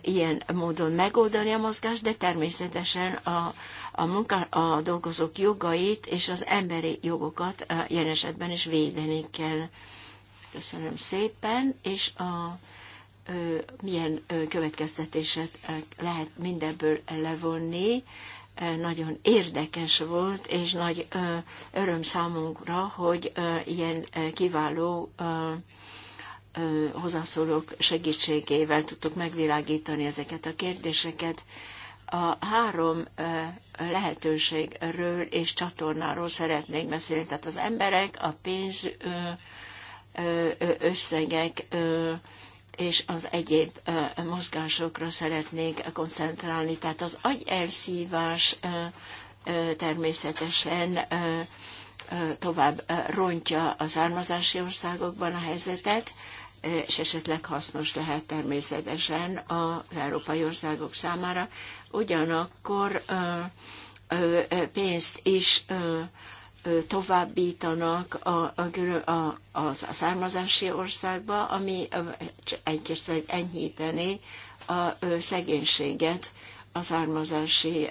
ilyen módon megoldani a mozgást, de természetesen a, a, munka, a dolgozók jogait és az emberi jogokat eh, jelen esetben is védeni kell. Köszönöm szépen, és a, ö, milyen ö, következtetéset lehet mindebből levonni. Nagyon érdekes volt, és nagy ö, öröm számunkra, hogy ö, ilyen ö, kiváló ö, hozzászólók segítségével tudtuk megvilágítani ezeket a kérdéseket a három lehetőségről és csatornáról szeretnék beszélni. Tehát az emberek, a pénz összegek és az egyéb mozgásokra szeretnék koncentrálni. Tehát az agyelszívás természetesen tovább rontja a származási országokban a helyzetet, és esetleg hasznos lehet természetesen az európai országok számára, ugyanakkor pénzt is továbbítanak a, a, a, a származási országba, ami egyrészt enyhíteni a szegénységet a származási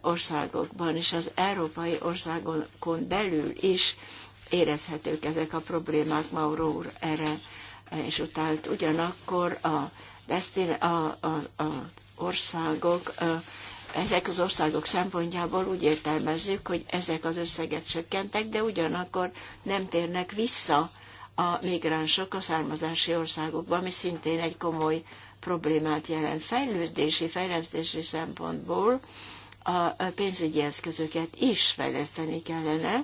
országokban, és az európai országokon belül is érezhetők ezek a problémák, Mauro úr erre és utált. Ugyanakkor a, a, a, a országok, ezek az országok szempontjából úgy értelmezzük, hogy ezek az összegek csökkentek, de ugyanakkor nem térnek vissza a migránsok a származási országokba, ami szintén egy komoly problémát jelent. Fejlődési, fejlesztési szempontból a pénzügyi eszközöket is fejleszteni kellene,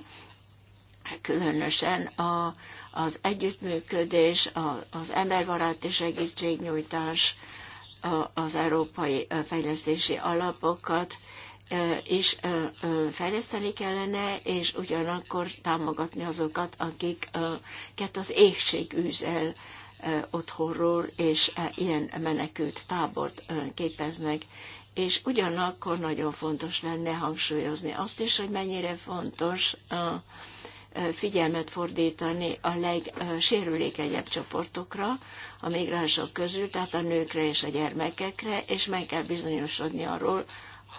különösen a, az együttműködés, a, az emberbaráti segítségnyújtás, az európai fejlesztési alapokat is fejleszteni kellene, és ugyanakkor támogatni azokat, akiket az éhség űzel otthonról, és ilyen menekült tábort képeznek. És ugyanakkor nagyon fontos lenne hangsúlyozni azt is, hogy mennyire fontos figyelmet fordítani a legsérülékenyebb csoportokra, a migránsok közül, tehát a nőkre és a gyermekekre, és meg kell bizonyosodni arról,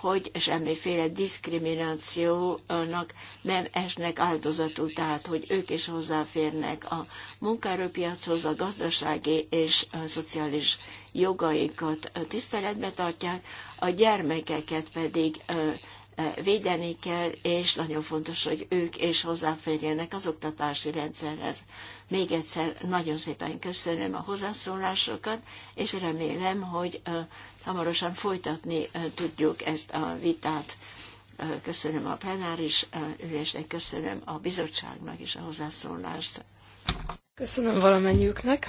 hogy semmiféle diszkriminációnak nem esnek áldozatul, tehát hogy ők is hozzáférnek a munkaerőpiachoz, a gazdasági és a szociális jogaikat tiszteletbe tartják, a gyermekeket pedig védeni kell, és nagyon fontos, hogy ők és hozzáférjenek az oktatási rendszerhez. Még egyszer nagyon szépen köszönöm a hozzászólásokat, és remélem, hogy hamarosan folytatni tudjuk ezt a vitát. Köszönöm a plenáris ülésnek, köszönöm a bizottságnak is a hozzászólást. Köszönöm valamennyiüknek.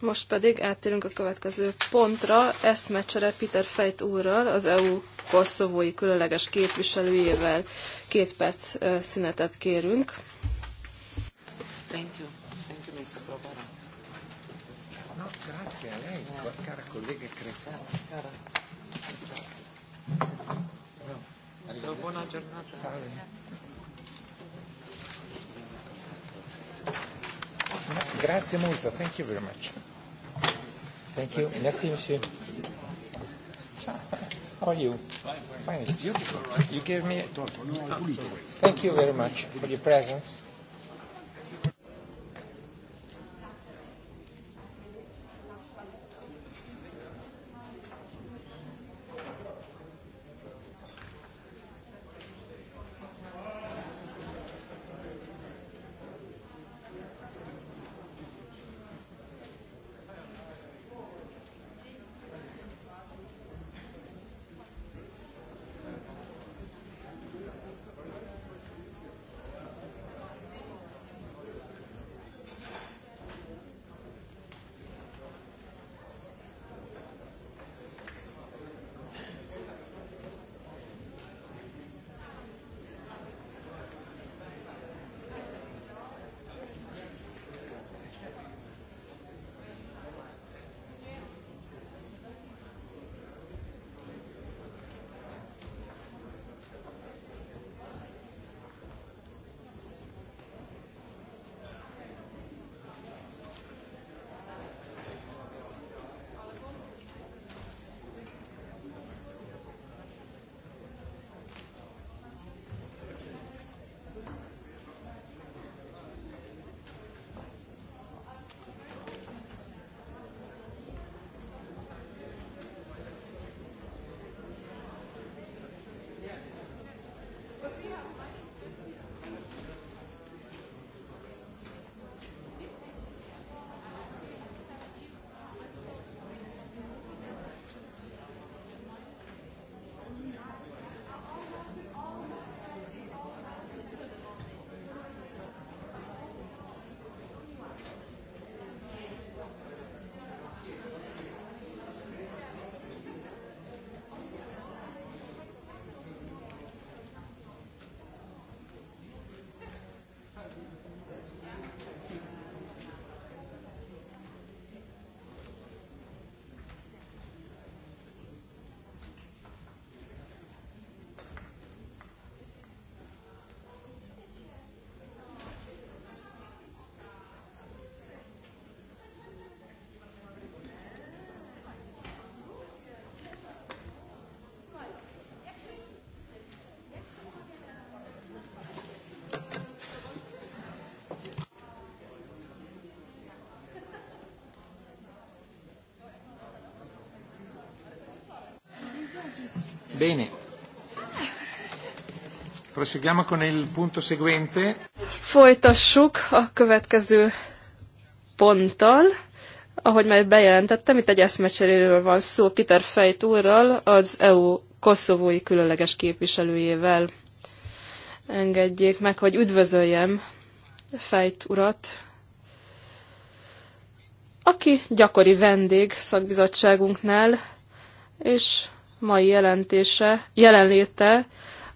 Most pedig áttérünk a következő pontra, eszmecsere Peter Fejt úrral, az EU koszovói különleges képviselőjével két perc szünetet kérünk. Thank you. Thank you, Mr. No, grazie a lei, cara collega Buona giornata. Salve. Grazie molto, thank you very much. Thank you. Merci, monsieur. How are you? Fine. you gave me. Thank you very much for your presence. Bene. Proseguiamo con il punto seguente. Folytassuk a következő ponttal. Ahogy már bejelentettem, itt egy eszmecseréről van szó Peter Fejt úrral, az EU koszovói különleges képviselőjével. Engedjék meg, hogy üdvözöljem Fejt urat, aki gyakori vendég szakbizottságunknál, és mai jelentése, jelenléte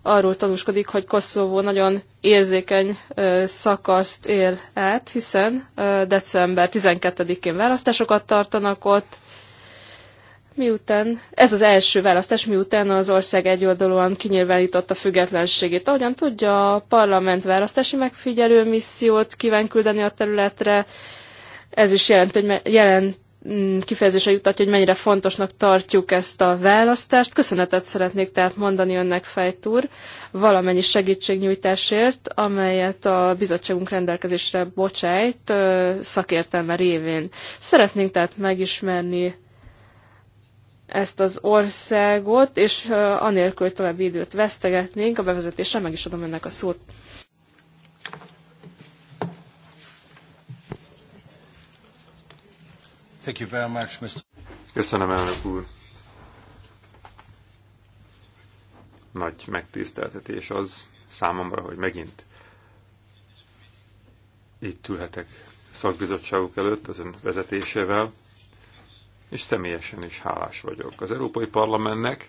arról tanúskodik, hogy Koszovó nagyon érzékeny szakaszt él át, hiszen december 12-én választásokat tartanak ott, miután, ez az első választás, miután az ország egyoldalúan kinyilvánította függetlenségét. Ahogyan tudja, a parlament választási megfigyelő missziót kíván küldeni a területre, ez is jelent, hogy, jelent, Mm, kifejezése jutatja, hogy mennyire fontosnak tartjuk ezt a választást. Köszönetet szeretnék tehát mondani önnek, Fejtúr, valamennyi segítségnyújtásért, amelyet a bizottságunk rendelkezésre bocsájt szakértelme révén. Szeretnénk tehát megismerni ezt az országot, és anélkül további időt vesztegetnénk, a bevezetésre meg is adom önnek a szót. Thank you very much, Mr. Köszönöm, elnök úr. Nagy megtiszteltetés az számomra, hogy megint itt ülhetek szakbizottságuk előtt az ön vezetésével, és személyesen is hálás vagyok. Az Európai Parlamentnek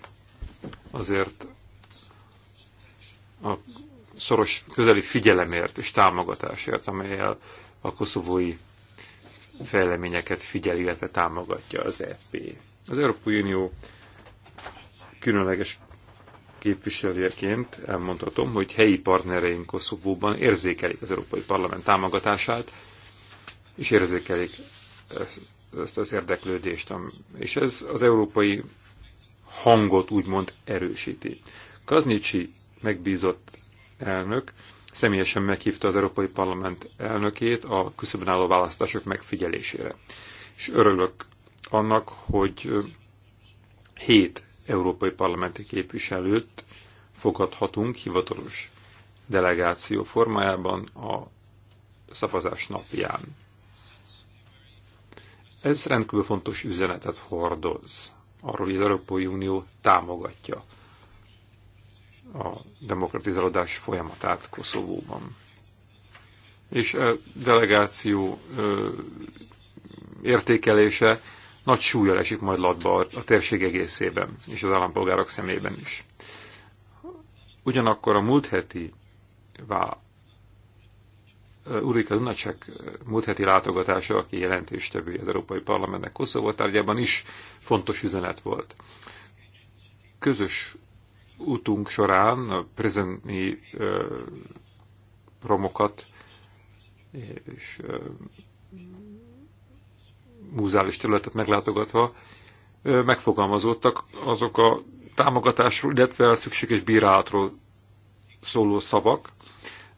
azért a szoros közeli figyelemért és támogatásért, amelyel a koszovói fejleményeket figyel, illetve támogatja az EP. Az Európai Unió különleges képviselőjeként elmondhatom, hogy helyi partnereink Koszovóban érzékelik az Európai Parlament támogatását, és érzékelik ezt az érdeklődést, és ez az európai hangot úgymond erősíti. Kaznicsi megbízott elnök személyesen meghívta az Európai Parlament elnökét a küszöbben álló választások megfigyelésére. És örülök annak, hogy hét európai parlamenti képviselőt fogadhatunk hivatalos delegáció formájában a szavazás napján. Ez rendkívül fontos üzenetet hordoz arról, hogy az Európai Unió támogatja a demokratizálódás folyamatát Koszovóban. És a delegáció értékelése nagy súlya esik majd latba a térség egészében, és az állampolgárok szemében is. Ugyanakkor a múlt heti vá, Ulrika Dunacek múlt heti látogatása, aki jelentéstevő az Európai Parlamentnek Koszovó tárgyában is fontos üzenet volt. Közös útunk során a prezentni romokat és múzális területet meglátogatva megfogalmazódtak azok a támogatásról, illetve a szükséges bírálatról szóló szavak,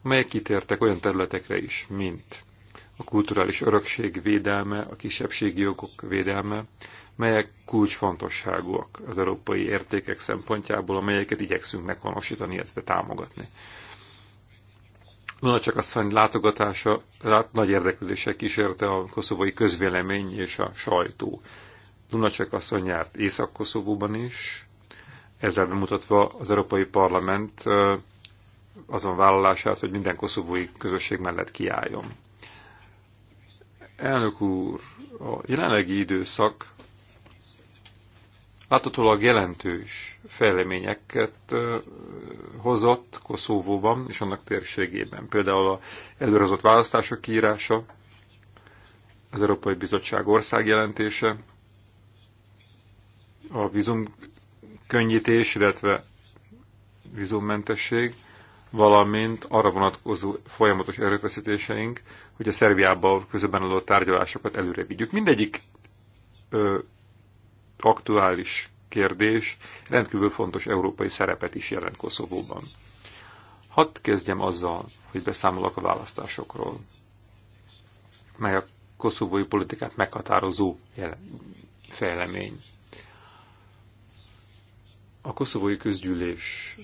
melyek kitértek olyan területekre is, mint a kulturális örökség védelme, a kisebbségi jogok védelme, melyek kulcsfontosságúak az európai értékek szempontjából, amelyeket igyekszünk meghonosítani, illetve támogatni. Lunacsak asszony látogatása lát, nagy érdeklődéssel kísérte a koszovói közvélemény és a sajtó. Lunacsak asszony járt Észak-Koszovóban is, ezzel bemutatva az Európai Parlament azon vállalását, hogy minden koszovói közösség mellett kiálljon. Elnök úr, a jelenlegi időszak láthatólag jelentős fejleményeket hozott Koszovóban és annak térségében. Például a előrehozott választások kiírása, az Európai Bizottság országjelentése, a vízum könnyítés, illetve vízummentesség, valamint arra vonatkozó folyamatos erőfeszítéseink, hogy a Szerbiában közben adott tárgyalásokat előre vigyük. Mindegyik ö, aktuális kérdés rendkívül fontos európai szerepet is jelent Koszovóban. Hadd kezdjem azzal, hogy beszámolok a választásokról, mely a koszovói politikát meghatározó fejlemény. A koszovói közgyűlés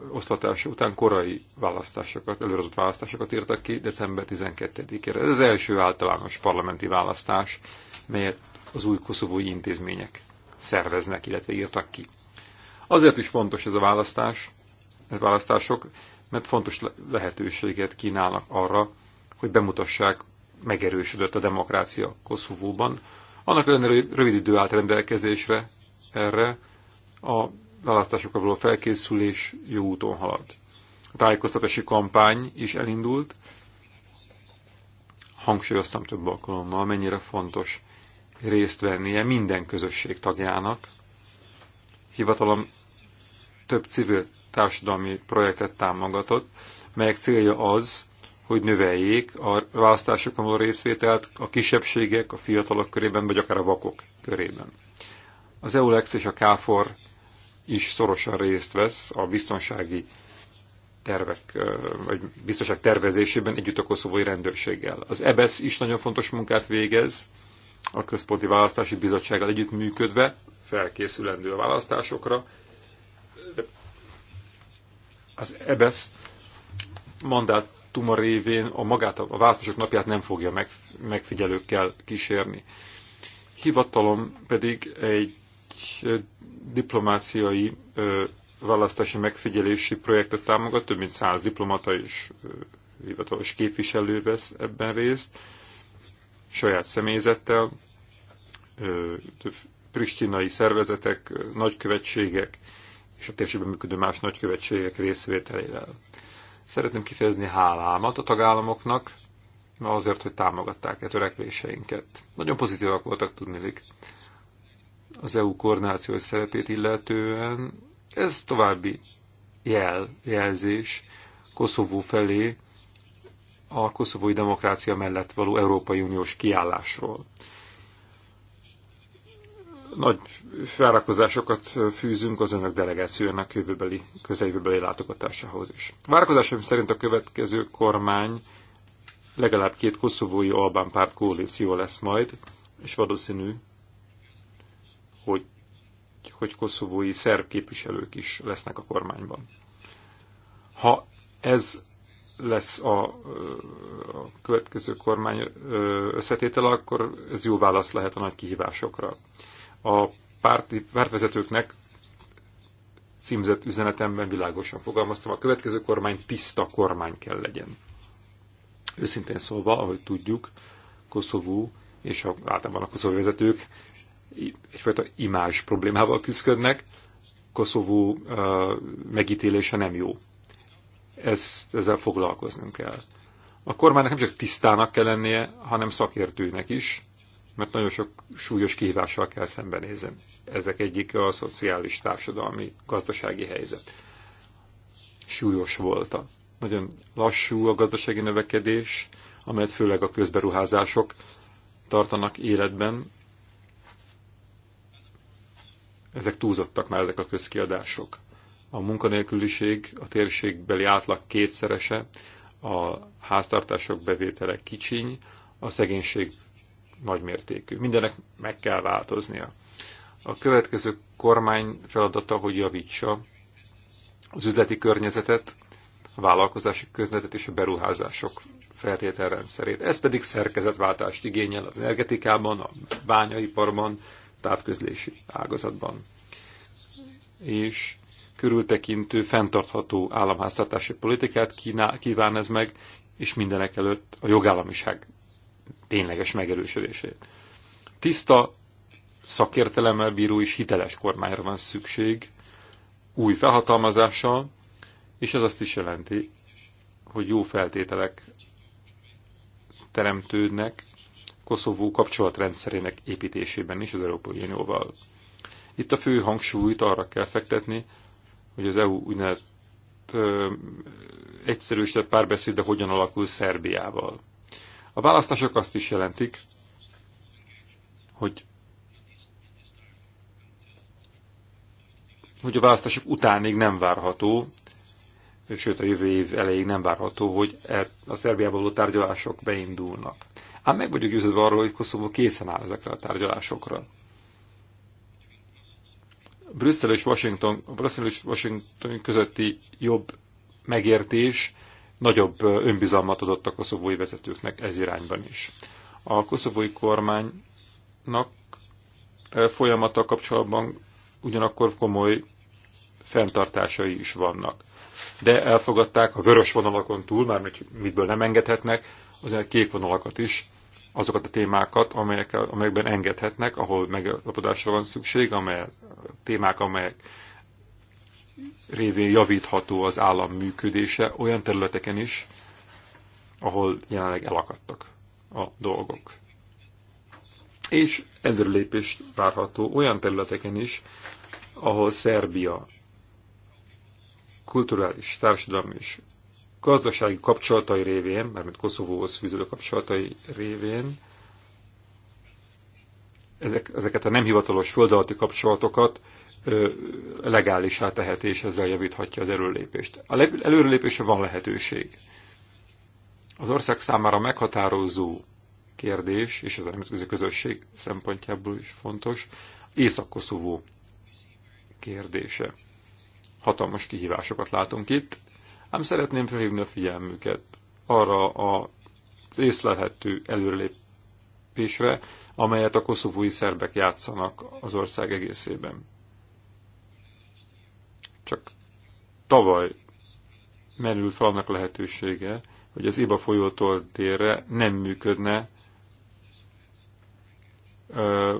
felosztatása után korai választásokat, előrehozott választásokat írtak ki december 12-ére. Ez az első általános parlamenti választás, melyet az új koszovói intézmények szerveznek, illetve írtak ki. Azért is fontos ez a választás, ez a választások, mert fontos lehetőséget kínálnak arra, hogy bemutassák, megerősödött a demokrácia Koszovóban. Annak ellenére, hogy rövid idő állt rendelkezésre erre, a választásokra való felkészülés jó úton halad. A tájékoztatási kampány is elindult. Hangsúlyoztam több alkalommal, mennyire fontos részt vennie minden közösség tagjának. Hivatalom több civil társadalmi projektet támogatott, melyek célja az, hogy növeljék a választásokon való részvételt a kisebbségek, a fiatalok körében, vagy akár a vakok körében. Az EULEX és a KFOR is szorosan részt vesz a biztonsági tervek, vagy biztonság tervezésében együtt a koszovói rendőrséggel. Az EBESZ is nagyon fontos munkát végez, a Központi Választási Bizottsággal együttműködve, felkészülendő a választásokra. De az EBESZ mandátuma révén a magát a választások napját nem fogja meg, megfigyelőkkel kísérni. Hivatalom pedig egy diplomáciai ö, választási megfigyelési projektet támogat, több mint száz diplomata és ö, hivatalos képviselő vesz ebben részt saját személyzettel, pristinai szervezetek, nagykövetségek és a térségben működő más nagykövetségek részvételével. Szeretném kifejezni hálámat a tagállamoknak, mert azért, hogy támogatták e törekvéseinket. Nagyon pozitívak voltak tudnilik az EU koordinációs szerepét illetően. Ez további jel, jelzés Koszovó felé, a koszovói demokrácia mellett való Európai Uniós kiállásról. Nagy várakozásokat fűzünk az önök delegációjának jövőbeli, közeljövőbeli látogatásához is. Várakozásom szerint a következő kormány legalább két koszovói albán párt koalíció lesz majd, és valószínű, hogy, hogy koszovói szerb képviselők is lesznek a kormányban. Ha ez lesz a, a következő kormány összetétele, akkor ez jó válasz lehet a nagy kihívásokra. A párti, pártvezetőknek címzett üzenetemben világosan fogalmaztam, a következő kormány tiszta kormány kell legyen. Őszintén szólva, ahogy tudjuk, Koszovó és a, általában a koszovó vezetők egyfajta imás problémával küzdködnek. Koszovó uh, megítélése nem jó ezt, ezzel foglalkoznunk kell. A kormánynak nem csak tisztának kell lennie, hanem szakértőnek is, mert nagyon sok súlyos kihívással kell szembenézni. Ezek egyik a szociális, társadalmi, gazdasági helyzet. Súlyos volt a. Nagyon lassú a gazdasági növekedés, amelyet főleg a közberuházások tartanak életben. Ezek túlzottak már ezek a közkiadások a munkanélküliség a térségbeli átlag kétszerese, a háztartások bevétele kicsiny, a szegénység nagymértékű. Mindenek meg kell változnia. A következő kormány feladata, hogy javítsa az üzleti környezetet, a vállalkozási környezetet és a beruházások feltételrendszerét. Ez pedig szerkezetváltást igényel az energetikában, a bányaiparban, távközlési ágazatban. És körültekintő, fenntartható államháztartási politikát kínál, kíván ez meg, és mindenek előtt a jogállamiság tényleges megerősödését. Tiszta, szakértelemmel bíró és hiteles kormányra van szükség, új felhatalmazással, és ez azt is jelenti, hogy jó feltételek teremtődnek Koszovó kapcsolatrendszerének építésében is az Európai Unióval. Itt a fő hangsúlyt arra kell fektetni, hogy az EU úgynevezett egyszerűsített párbeszéd, de hogyan alakul Szerbiával. A választások azt is jelentik, hogy, hogy a választások utánig nem várható, sőt a jövő év elejéig nem várható, hogy e- a Szerbiával való tárgyalások beindulnak. Ám meg vagyok győződve arról, hogy Koszovó készen áll ezekre a tárgyalásokra. Brüsszel és Washington, Brüsszel és Washington közötti jobb megértés nagyobb önbizalmat adott a koszovói vezetőknek ez irányban is. A koszovói kormánynak folyamata kapcsolatban ugyanakkor komoly fenntartásai is vannak. De elfogadták a vörös vonalakon túl, mármint mitből nem engedhetnek, azért kék vonalakat is, azokat a témákat, amelyek, amelyekben engedhetnek, ahol megalapodásra van szükség, amely témák, amelyek révén javítható az állam működése olyan területeken is, ahol jelenleg elakadtak a dolgok. És előrelépést várható olyan területeken is, ahol Szerbia kulturális, társadalmi és gazdasági kapcsolatai révén, mármint Koszovóhoz fűződő kapcsolatai révén, ezek, ezeket a nem hivatalos földalatti kapcsolatokat ö, legálisá teheti, és ezzel javíthatja az előlépést. A előrelépésre van lehetőség. Az ország számára meghatározó kérdés, és ez a nemzetközi közösség szempontjából is fontos, Észak-Koszovó kérdése. Hatalmas kihívásokat látunk itt, Ám szeretném felhívni a figyelmüket arra az észlelhető előlépésre, amelyet a koszovói szerbek játszanak az ország egészében. Csak tavaly merült fel annak lehetősége, hogy az Iba folyótól délre nem működne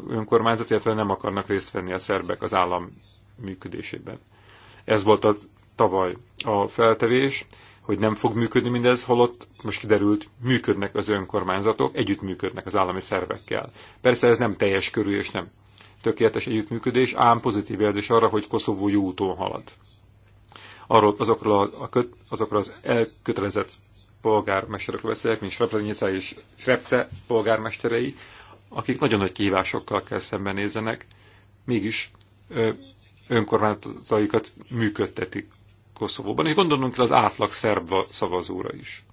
önkormányzat, illetve nem akarnak részt venni a szerbek az állam működésében. Ez volt az tavaly a feltevés, hogy nem fog működni mindez, holott most kiderült, működnek az önkormányzatok, együttműködnek az állami szervekkel. Persze ez nem teljes körű és nem tökéletes együttműködés, ám pozitív jelzés arra, hogy Koszovó jó úton halad. Arról, azokról, a, a köt, azokról az elkötelezett polgármesterek beszélek, mint Srebrenica és Srebce polgármesterei, akik nagyon nagy kihívásokkal kell szembenézzenek, mégis ö, önkormányzaikat működtetik Koszovóban, és gondolnunk kell az átlag szerb szavazóra is.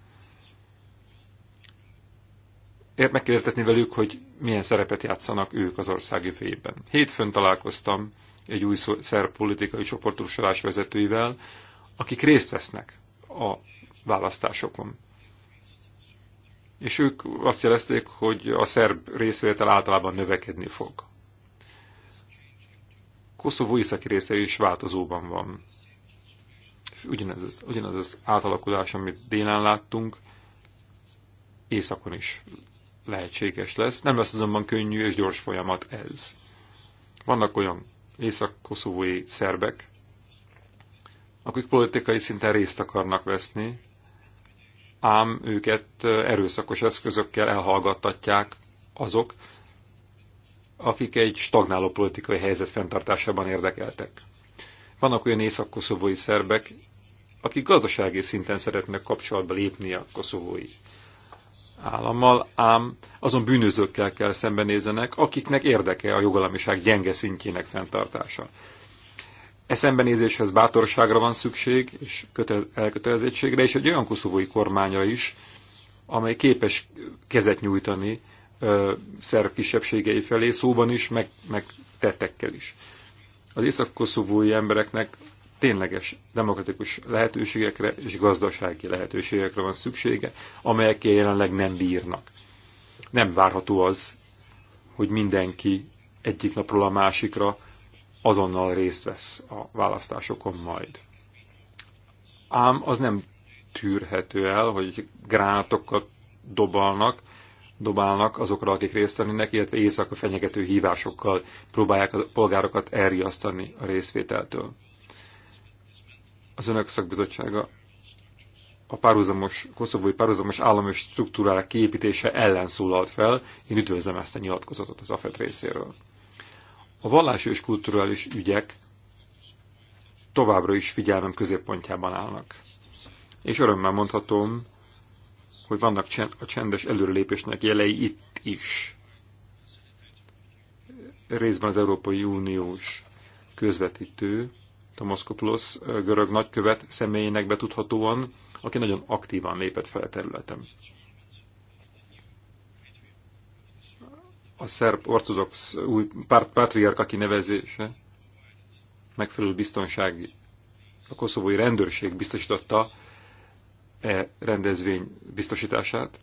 Ért megkérdetni velük, hogy milyen szerepet játszanak ők az ország jövőjében. Hétfőn találkoztam egy új szerb politikai csoportosulás vezetőivel, akik részt vesznek a választásokon. És ők azt jelezték, hogy a szerb részvétel általában növekedni fog. Koszovó északi része is változóban van ugyanez az, ugyanez az átalakulás, amit délen láttunk, északon is lehetséges lesz. Nem lesz azonban könnyű és gyors folyamat ez. Vannak olyan észak-koszovói szerbek, akik politikai szinten részt akarnak veszni, ám őket erőszakos eszközökkel elhallgattatják azok, akik egy stagnáló politikai helyzet fenntartásában érdekeltek. Vannak olyan észak-koszovói szerbek, akik gazdasági szinten szeretnek kapcsolatba lépni a koszovói állammal, ám azon bűnözőkkel kell szembenézenek, akiknek érdeke a jogalamiság gyenge szintjének fenntartása. E szembenézéshez bátorságra van szükség, és elkötelezettségre, és egy olyan koszovói kormánya is, amely képes kezet nyújtani ö, szerb kisebbségei felé, szóban is, meg, meg tettekkel is. Az észak-koszovói embereknek tényleges demokratikus lehetőségekre és gazdasági lehetőségekre van szüksége, amelyek jelenleg nem bírnak. Nem várható az, hogy mindenki egyik napról a másikra azonnal részt vesz a választásokon majd. Ám az nem tűrhető el, hogy gránátokat dobálnak, dobálnak azokra, akik részt vennének, illetve éjszaka fenyegető hívásokkal próbálják a polgárokat elriasztani a részvételtől az önök szakbizottsága a párhuzamos, koszovói párhuzamos állami struktúrák kiépítése ellen szólalt fel. Én üdvözlöm ezt a nyilatkozatot az AFET részéről. A vallási és kulturális ügyek továbbra is figyelmem középpontjában állnak. És örömmel mondhatom, hogy vannak a csendes előrelépésnek jelei itt is. Részben az Európai Uniós közvetítő, Tomoszkopoulos görög nagykövet személyének betudhatóan, aki nagyon aktívan lépett fel a területen. A szerb ortodox új párt, pátriárka kinevezése megfelelő biztonsági a koszovói rendőrség biztosította e rendezvény biztosítását.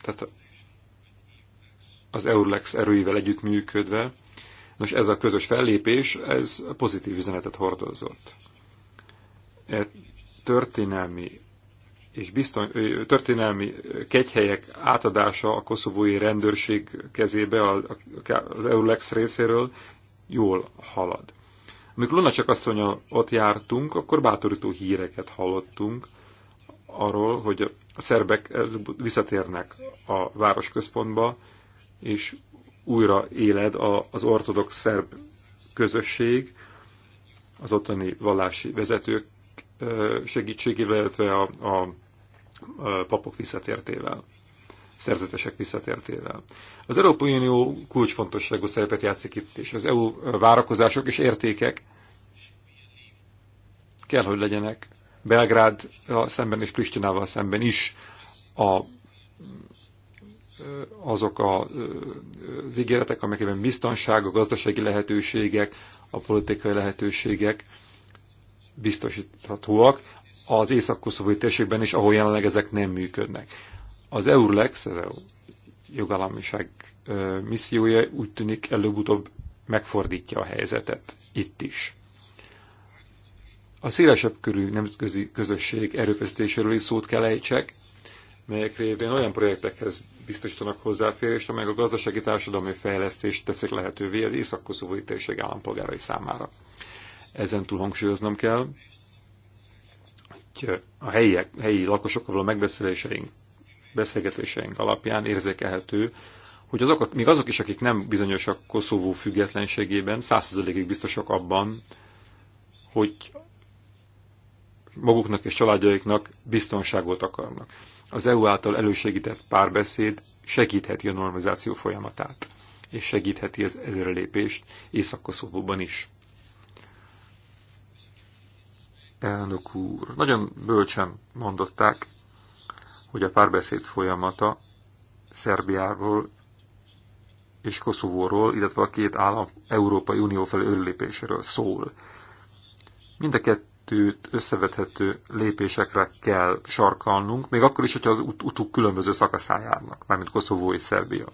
Tehát az Eurlex erőivel együttműködve Nos, ez a közös fellépés, ez pozitív üzenetet hordozott. E történelmi és bizton, történelmi kegyhelyek átadása a koszovói rendőrség kezébe az Eulex részéről jól halad. Amikor Lunacsak asszonyal ott jártunk, akkor bátorító híreket hallottunk arról, hogy a szerbek visszatérnek a városközpontba, és újra éled a, az ortodox szerb közösség, az ottani vallási vezetők segítségével, illetve a, a, a papok visszatértével, szerzetesek visszatértével. Az Európai Unió kulcsfontosságú szerepet játszik itt, és az EU várakozások és értékek kell, hogy legyenek Belgrád szemben és Pristinával szemben is a azok a, az ígéretek, amelyekben biztonság, a gazdasági lehetőségek, a politikai lehetőségek biztosíthatóak, az észak térségben is, ahol jelenleg ezek nem működnek. Az EURLEX, ez a jogállamiság missziója úgy tűnik előbb-utóbb megfordítja a helyzetet itt is. A szélesebb körű nemzetközi közösség erőfeszítéséről is szót kell ejtsek, melyek révén olyan projektekhez biztosítanak hozzáférést, amelyek a gazdasági társadalmi fejlesztést teszik lehetővé az észak-koszovói térség állampolgárai számára. Ezen túl hangsúlyoznom kell, hogy a helyiek, helyi lakosokkal való megbeszéléseink, beszélgetéseink alapján érzékelhető, hogy azok, még azok is, akik nem bizonyosak Koszovó függetlenségében, százszerzelékig biztosak abban, hogy maguknak és családjaiknak biztonságot akarnak az EU által elősegített párbeszéd segítheti a normalizáció folyamatát, és segítheti az előrelépést Észak-Koszovóban is. Elnök úr, nagyon bölcsen mondották, hogy a párbeszéd folyamata Szerbiáról és Koszovóról, illetve a két állam Európai Unió felé örülépéséről szól. Mind a kettő összevethető, összevethető lépésekre kell sarkalnunk, még akkor is, hogyha az ut utuk különböző szakaszán járnak, mármint Koszovó és Szerbia.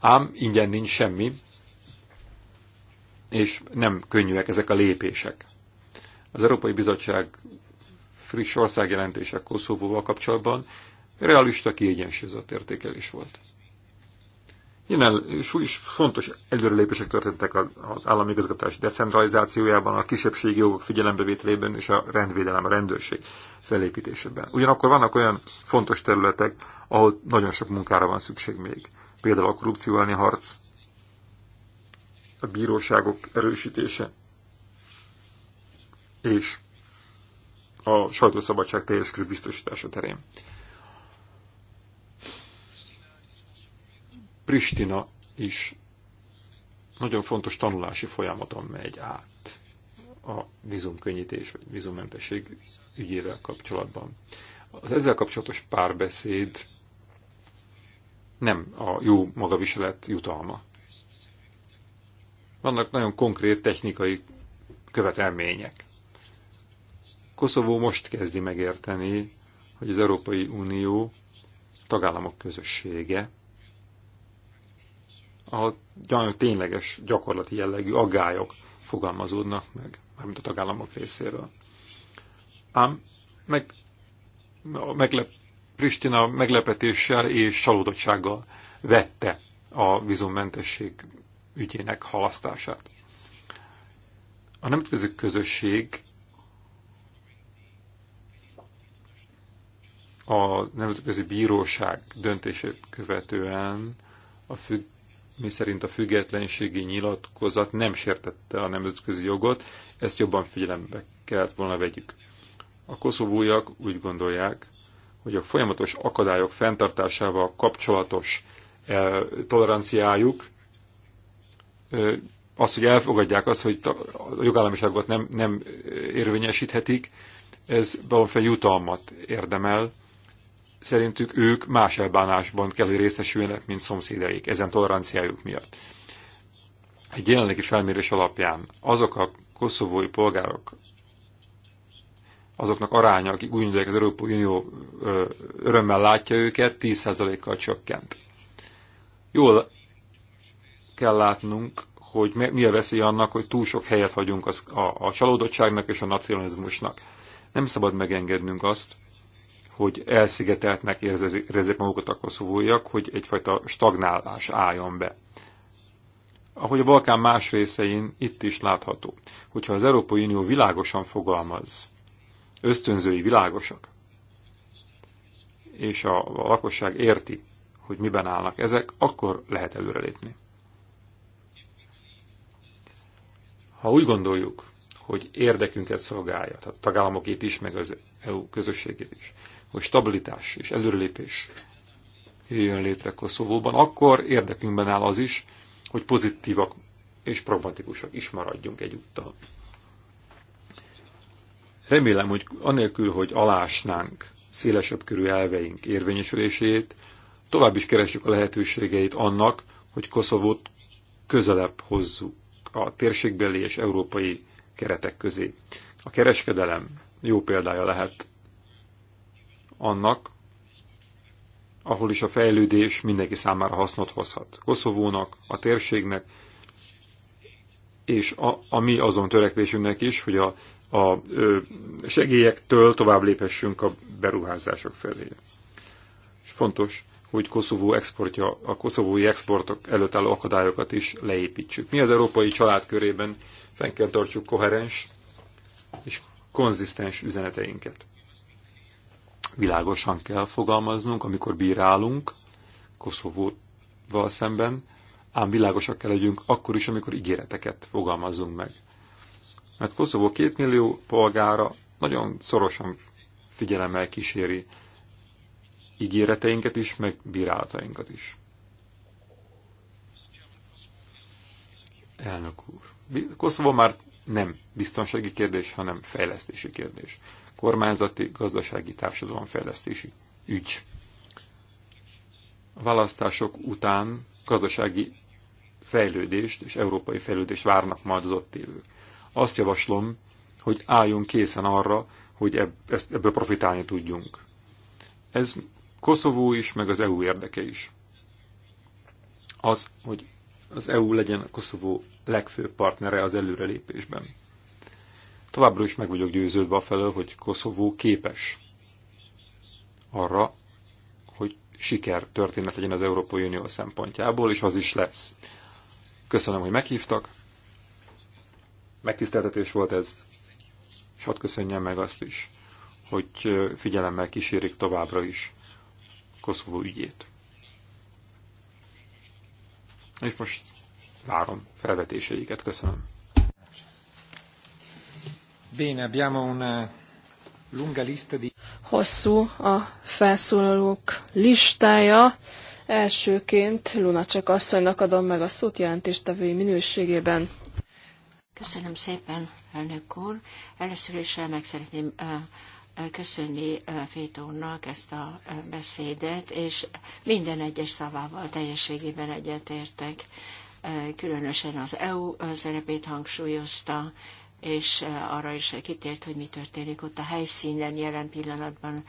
Ám ingyen nincs semmi, és nem könnyűek ezek a lépések. Az Európai Bizottság friss országjelentések Koszovóval kapcsolatban realista kiegyensúlyozott értékelés volt. Jelen súlyos, fontos előrelépések történtek az állami igazgatás decentralizációjában, a kisebbségi jogok figyelembevételében és a rendvédelem, a rendőrség felépítésében. Ugyanakkor vannak olyan fontos területek, ahol nagyon sok munkára van szükség még. Például a korrupció elleni harc, a bíróságok erősítése, és a sajtószabadság teljes biztosítása terén. Pristina is nagyon fontos tanulási folyamaton megy át a vízumkönnyítés vagy vízummentesség ügyével kapcsolatban. Az ezzel kapcsolatos párbeszéd nem a jó magaviselet jutalma. Vannak nagyon konkrét technikai követelmények. Koszovó most kezdi megérteni, hogy az Európai Unió tagállamok közössége, ahol tényleges gyakorlati jellegű aggályok fogalmazódnak meg, mármint a tagállamok részéről. Ám meg, meglep, Pristina meglepetéssel és csalódottsággal vette a vízummentesség ügyének halasztását. A nemzetközi közösség a Nemzetközi Bíróság döntését követően a függ miszerint a függetlenségi nyilatkozat nem sértette a nemzetközi jogot, ezt jobban figyelembe kellett volna vegyük. A koszovóiak úgy gondolják, hogy a folyamatos akadályok fenntartásával kapcsolatos eh, toleranciájuk, eh, az, hogy elfogadják azt, hogy a jogállamiságot nem, nem eh, érvényesíthetik, ez valamiféle jutalmat érdemel, szerintük ők más elbánásban kell, hogy részesüljenek, mint szomszédeik, ezen toleranciájuk miatt. Egy jelenlegi felmérés alapján azok a koszovói polgárok, azoknak aránya, akik úgy mondják, az Európai Unió örömmel látja őket, 10%-kal csökkent. Jól kell látnunk, hogy mi a veszély annak, hogy túl sok helyet hagyunk a, a, a csalódottságnak és a nacionalizmusnak. Nem szabad megengednünk azt, hogy elszigeteltnek érzik, magukat a koszovóiak, hogy egyfajta stagnálás álljon be. Ahogy a Balkán más részein itt is látható, hogyha az Európai Unió világosan fogalmaz, ösztönzői világosak, és a, a lakosság érti, hogy miben állnak ezek, akkor lehet előrelépni. Ha úgy gondoljuk, hogy érdekünket szolgálja, tehát a tagállamokét is, meg az EU közösségét is, hogy stabilitás és előrelépés jöjjön létre Koszovóban, akkor érdekünkben áll az is, hogy pozitívak és pragmatikusak is maradjunk egyúttal. Remélem, hogy anélkül, hogy alásnánk szélesebb körű elveink érvényesülését, tovább is keresjük a lehetőségeit annak, hogy Koszovót közelebb hozzuk a térségbeli és európai keretek közé. A kereskedelem jó példája lehet annak, ahol is a fejlődés mindenki számára hasznot hozhat. Koszovónak, a térségnek, és a, a mi azon törekvésünknek is, hogy a, a ö, segélyektől tovább léphessünk a beruházások felé. És fontos, hogy Koszovó exportja, a koszovói exportok előtt álló akadályokat is leépítsük. Mi az európai család körében fenn kell tartsuk koherens és konzisztens üzeneteinket. Világosan kell fogalmaznunk, amikor bírálunk Koszovóval szemben, ám világosak kell legyünk akkor is, amikor ígéreteket fogalmazunk meg. Mert Koszovó két millió polgára nagyon szorosan figyelemmel kíséri ígéreteinket is, meg bírálatainkat is. Elnök úr. Koszovó már nem biztonsági kérdés, hanem fejlesztési kérdés kormányzati, gazdasági, társadalomfejlesztési ügy. A választások után gazdasági fejlődést és európai fejlődést várnak majd az ott élők. Azt javaslom, hogy álljunk készen arra, hogy ebb, ezt, ebből profitálni tudjunk. Ez Koszovó is, meg az EU érdeke is. Az, hogy az EU legyen Koszovó legfőbb partnere az előrelépésben. Továbbra is meg vagyok győződve a felől, hogy Koszovó képes arra, hogy siker történet legyen az Európai Unió szempontjából, és az is lesz. Köszönöm, hogy meghívtak. Megtiszteltetés volt ez. És hadd köszönjem meg azt is, hogy figyelemmel kísérik továbbra is Koszovó ügyét. És most várom felvetéseiket. Köszönöm. Bene, abbiamo una lunga lista di... Hosszú a felszólalók listája. Elsőként Luna csak asszonynak adom meg a szót jelentéstevői minőségében. Köszönöm szépen, elnök úr. Először is eh, meg szeretném uh, köszönni Fétónak ezt a beszédet, és minden egyes szavával teljességében egyetértek. Különösen az EU szerepét hangsúlyozta, és eh, arra is kitért, hogy mi történik ott a helyszínen jelen pillanatban.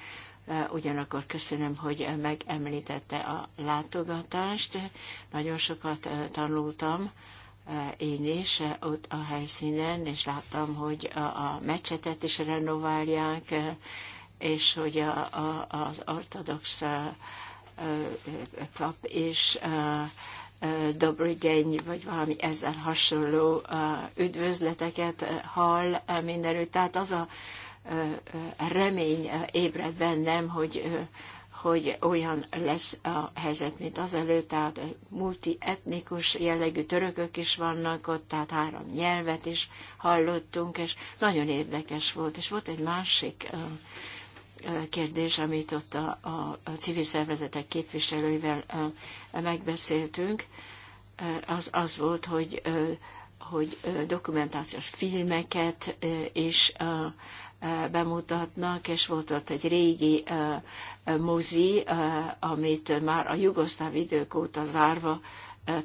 Eh, ugyanakkor köszönöm, hogy megemlítette a látogatást. Nagyon sokat eh, tanultam én is ott a helyszínen, és láttam, hogy a mecsetet is renoválják, és hogy a, a, az ortodox klap is dobrigény vagy valami ezzel hasonló üdvözleteket hall mindenütt. Tehát az a remény ébred bennem, hogy hogy olyan lesz a helyzet, mint azelőtt, tehát multietnikus jellegű törökök is vannak ott, tehát három nyelvet is hallottunk, és nagyon érdekes volt. És volt egy másik kérdés, amit ott a, a, a civil szervezetek képviselőivel megbeszéltünk, az az volt, hogy, hogy dokumentációs filmeket is bemutatnak, és volt ott egy régi mozi, amit már a jugoszláv idők óta zárva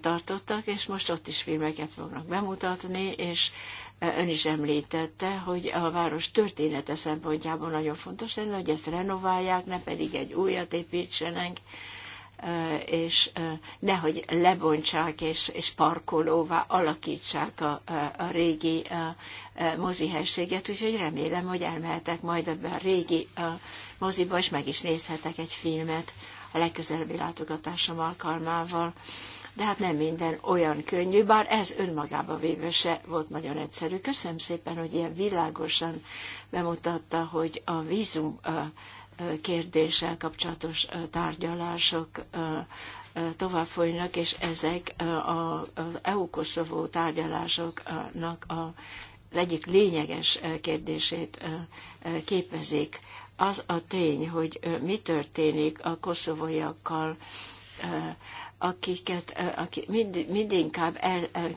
tartottak, és most ott is filmeket fognak bemutatni, és Ön is említette, hogy a város története szempontjából nagyon fontos lenne, hogy ezt renoválják, ne pedig egy újat építsenek, és nehogy lebontsák és, és parkolóvá alakítsák a, a régi mozihelységet, úgyhogy remélem, hogy elmehetek majd ebbe a régi moziba, és meg is nézhetek egy filmet a legközelebbi látogatásom alkalmával de hát nem minden olyan könnyű, bár ez önmagába véve se volt nagyon egyszerű. Köszönöm szépen, hogy ilyen világosan bemutatta, hogy a vízum kérdéssel kapcsolatos tárgyalások tovább folynak, és ezek az EU-Koszovó tárgyalásoknak az egyik lényeges kérdését képezik. Az a tény, hogy mi történik a koszovóiakkal akiket aki mind, mindinkább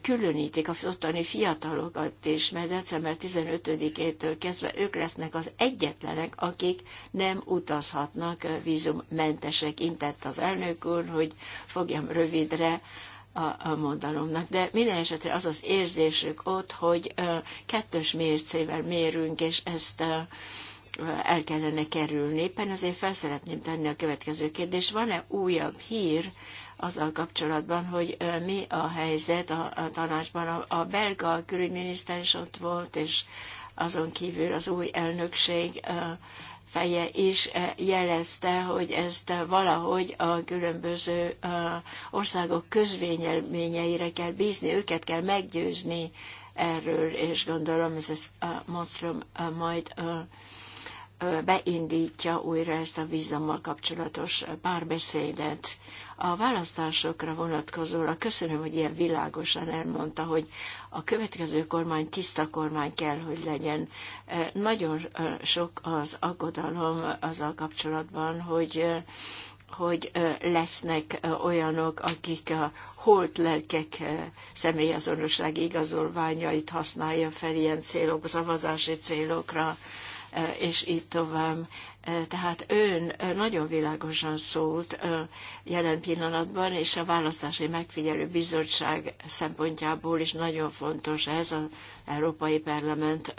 különítik az ottani fiatalokat, és mert december 15-től kezdve ők lesznek az egyetlenek, akik nem utazhatnak vízummentesek. Intett az elnök úr, hogy fogjam rövidre a, a mondalomnak. De minden esetre az az érzésük ott, hogy ö, kettős mércével mérünk, és ezt ö, el kellene kerülni. Éppen azért felszeretném tenni a következő kérdést. Van-e újabb hír azzal kapcsolatban, hogy mi a helyzet a, a tanácsban. A, a belga külügyminiszter is ott volt, és azon kívül az új elnökség feje is jelezte, hogy ezt valahogy a különböző országok közvényelményeire kell bízni, őket kell meggyőzni erről, és gondolom, ez Monstrum majd beindítja újra ezt a vízummal kapcsolatos párbeszédet. A választásokra vonatkozóra köszönöm, hogy ilyen világosan elmondta, hogy a következő kormány tiszta kormány kell, hogy legyen. E, nagyon e, sok az aggodalom azzal kapcsolatban, hogy e, hogy lesznek olyanok, akik a holt lelkek személyazonosság igazolványait használja fel ilyen célok, szavazási célokra Eh, és így tovább. Eh, tehát ön eh, nagyon világosan szólt jelen pillanatban, és a választási megfigyelő bizottság szempontjából is nagyon fontos ez az Európai Parlament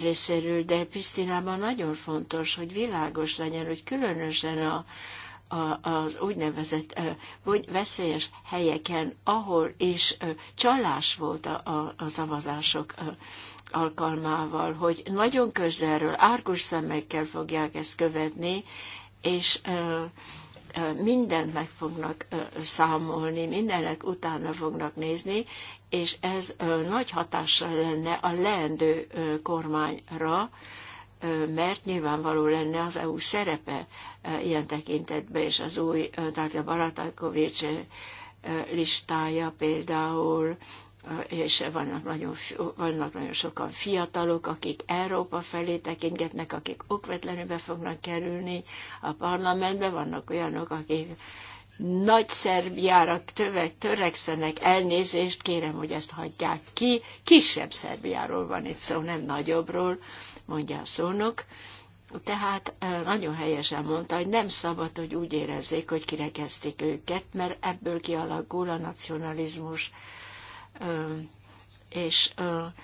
részéről, de Pisztinában nagyon fontos, hogy világos legyen, hogy különösen a, a, az úgynevezett vagy veszélyes helyeken, ahol is csalás volt a, a, a szavazások alkalmával, hogy nagyon közelről, árkus szemekkel fogják ezt követni, és mindent meg fognak számolni, mindenek utána fognak nézni, és ez nagy hatással lenne a leendő kormányra, mert nyilvánvaló lenne az EU szerepe ilyen tekintetben, és az új Tárgya Baratákovics listája például és vannak nagyon, vannak nagyon sokan fiatalok, akik Európa felé tekintetnek, akik okvetlenül be fognak kerülni a parlamentbe, vannak olyanok, akik nagy Szerbiára tövek, törekszenek, elnézést kérem, hogy ezt hagyják ki. Kisebb Szerbiáról van itt szó, nem nagyobbról, mondja a szónok. Tehát nagyon helyesen mondta, hogy nem szabad, hogy úgy érezzék, hogy kirekezték őket, mert ebből kialakul a nacionalizmus és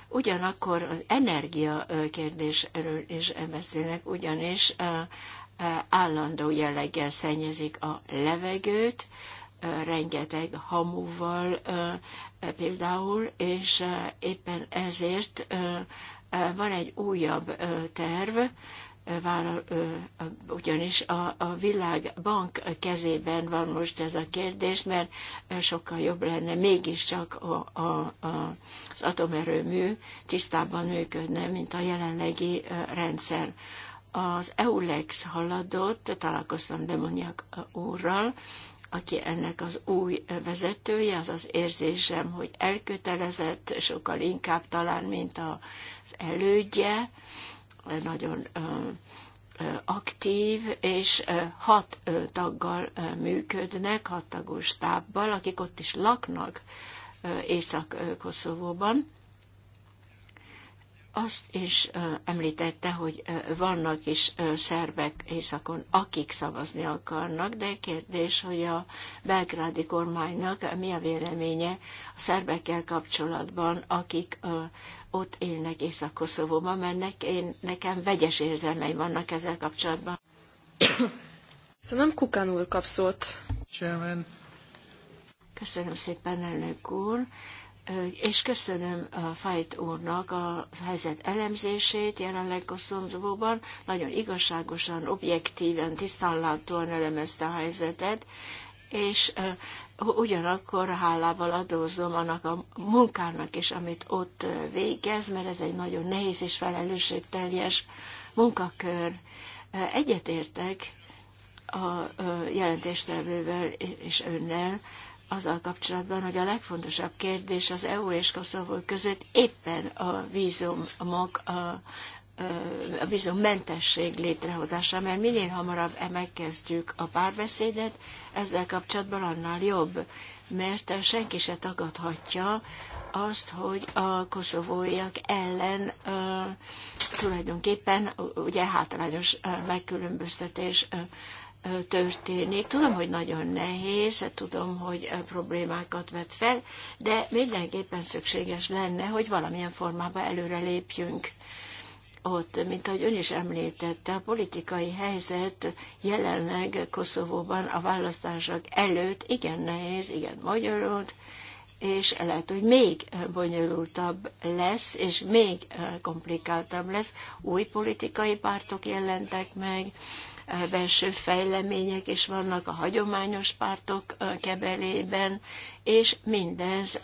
ugyanakkor az energia kérdésről is beszélnek, ugyanis állandó jelleggel szennyezik a levegőt, rengeteg hamuval például, és éppen ezért van egy újabb terv, vállal, ugyanis a, a világbank kezében van most ez a kérdés, mert sokkal jobb lenne mégiscsak a, a, a, az atomerőmű tisztában működne, mint a jelenlegi rendszer. Az EULEX haladott, találkoztam Demoniak úrral, aki ennek az új vezetője, az az érzésem, hogy elkötelezett, sokkal inkább talán, mint az elődje, nagyon aktív, és hat taggal működnek, hat tagos stábbal, akik ott is laknak Észak-Koszovóban. Azt is említette, hogy vannak is szerbek északon, akik szavazni akarnak, de kérdés, hogy a belgrádi kormánynak mi a véleménye a szerbekkel kapcsolatban, akik ott élnek Észak-Koszovóban, mert nek, én, nekem vegyes érzelmeim vannak ezzel kapcsolatban. Köszönöm, Kukán úr kap szót. Chairman. Köszönöm szépen, elnök úr, és köszönöm a Fajt úrnak a helyzet elemzését jelenleg Koszovóban. Nagyon igazságosan, objektíven, tisztánlátóan elemezte a helyzetet, és ugyanakkor hálával adózom annak a munkának is, amit ott végez, mert ez egy nagyon nehéz és felelősségteljes munkakör. Egyetértek a jelentéstevővel és önnel azzal kapcsolatban, hogy a legfontosabb kérdés az EU és Koszovó között éppen a mag a a vízummentesség létrehozása, mert minél hamarabb megkezdjük a párbeszédet, ezzel kapcsolatban annál jobb, mert senki se tagadhatja azt, hogy a koszovóiak ellen tulajdonképpen ugye hátrányos megkülönböztetés történik. Tudom, hogy nagyon nehéz, tudom, hogy problémákat vet fel, de mindenképpen szükséges lenne, hogy valamilyen formában előre lépjünk ott, mint ahogy ön is említette, a politikai helyzet jelenleg Koszovóban a választások előtt igen nehéz, igen bonyolult, és lehet, hogy még bonyolultabb lesz, és még eh, komplikáltabb lesz. Új politikai pártok jelentek meg, belső fejlemények is vannak a hagyományos pártok kebelében, és mindez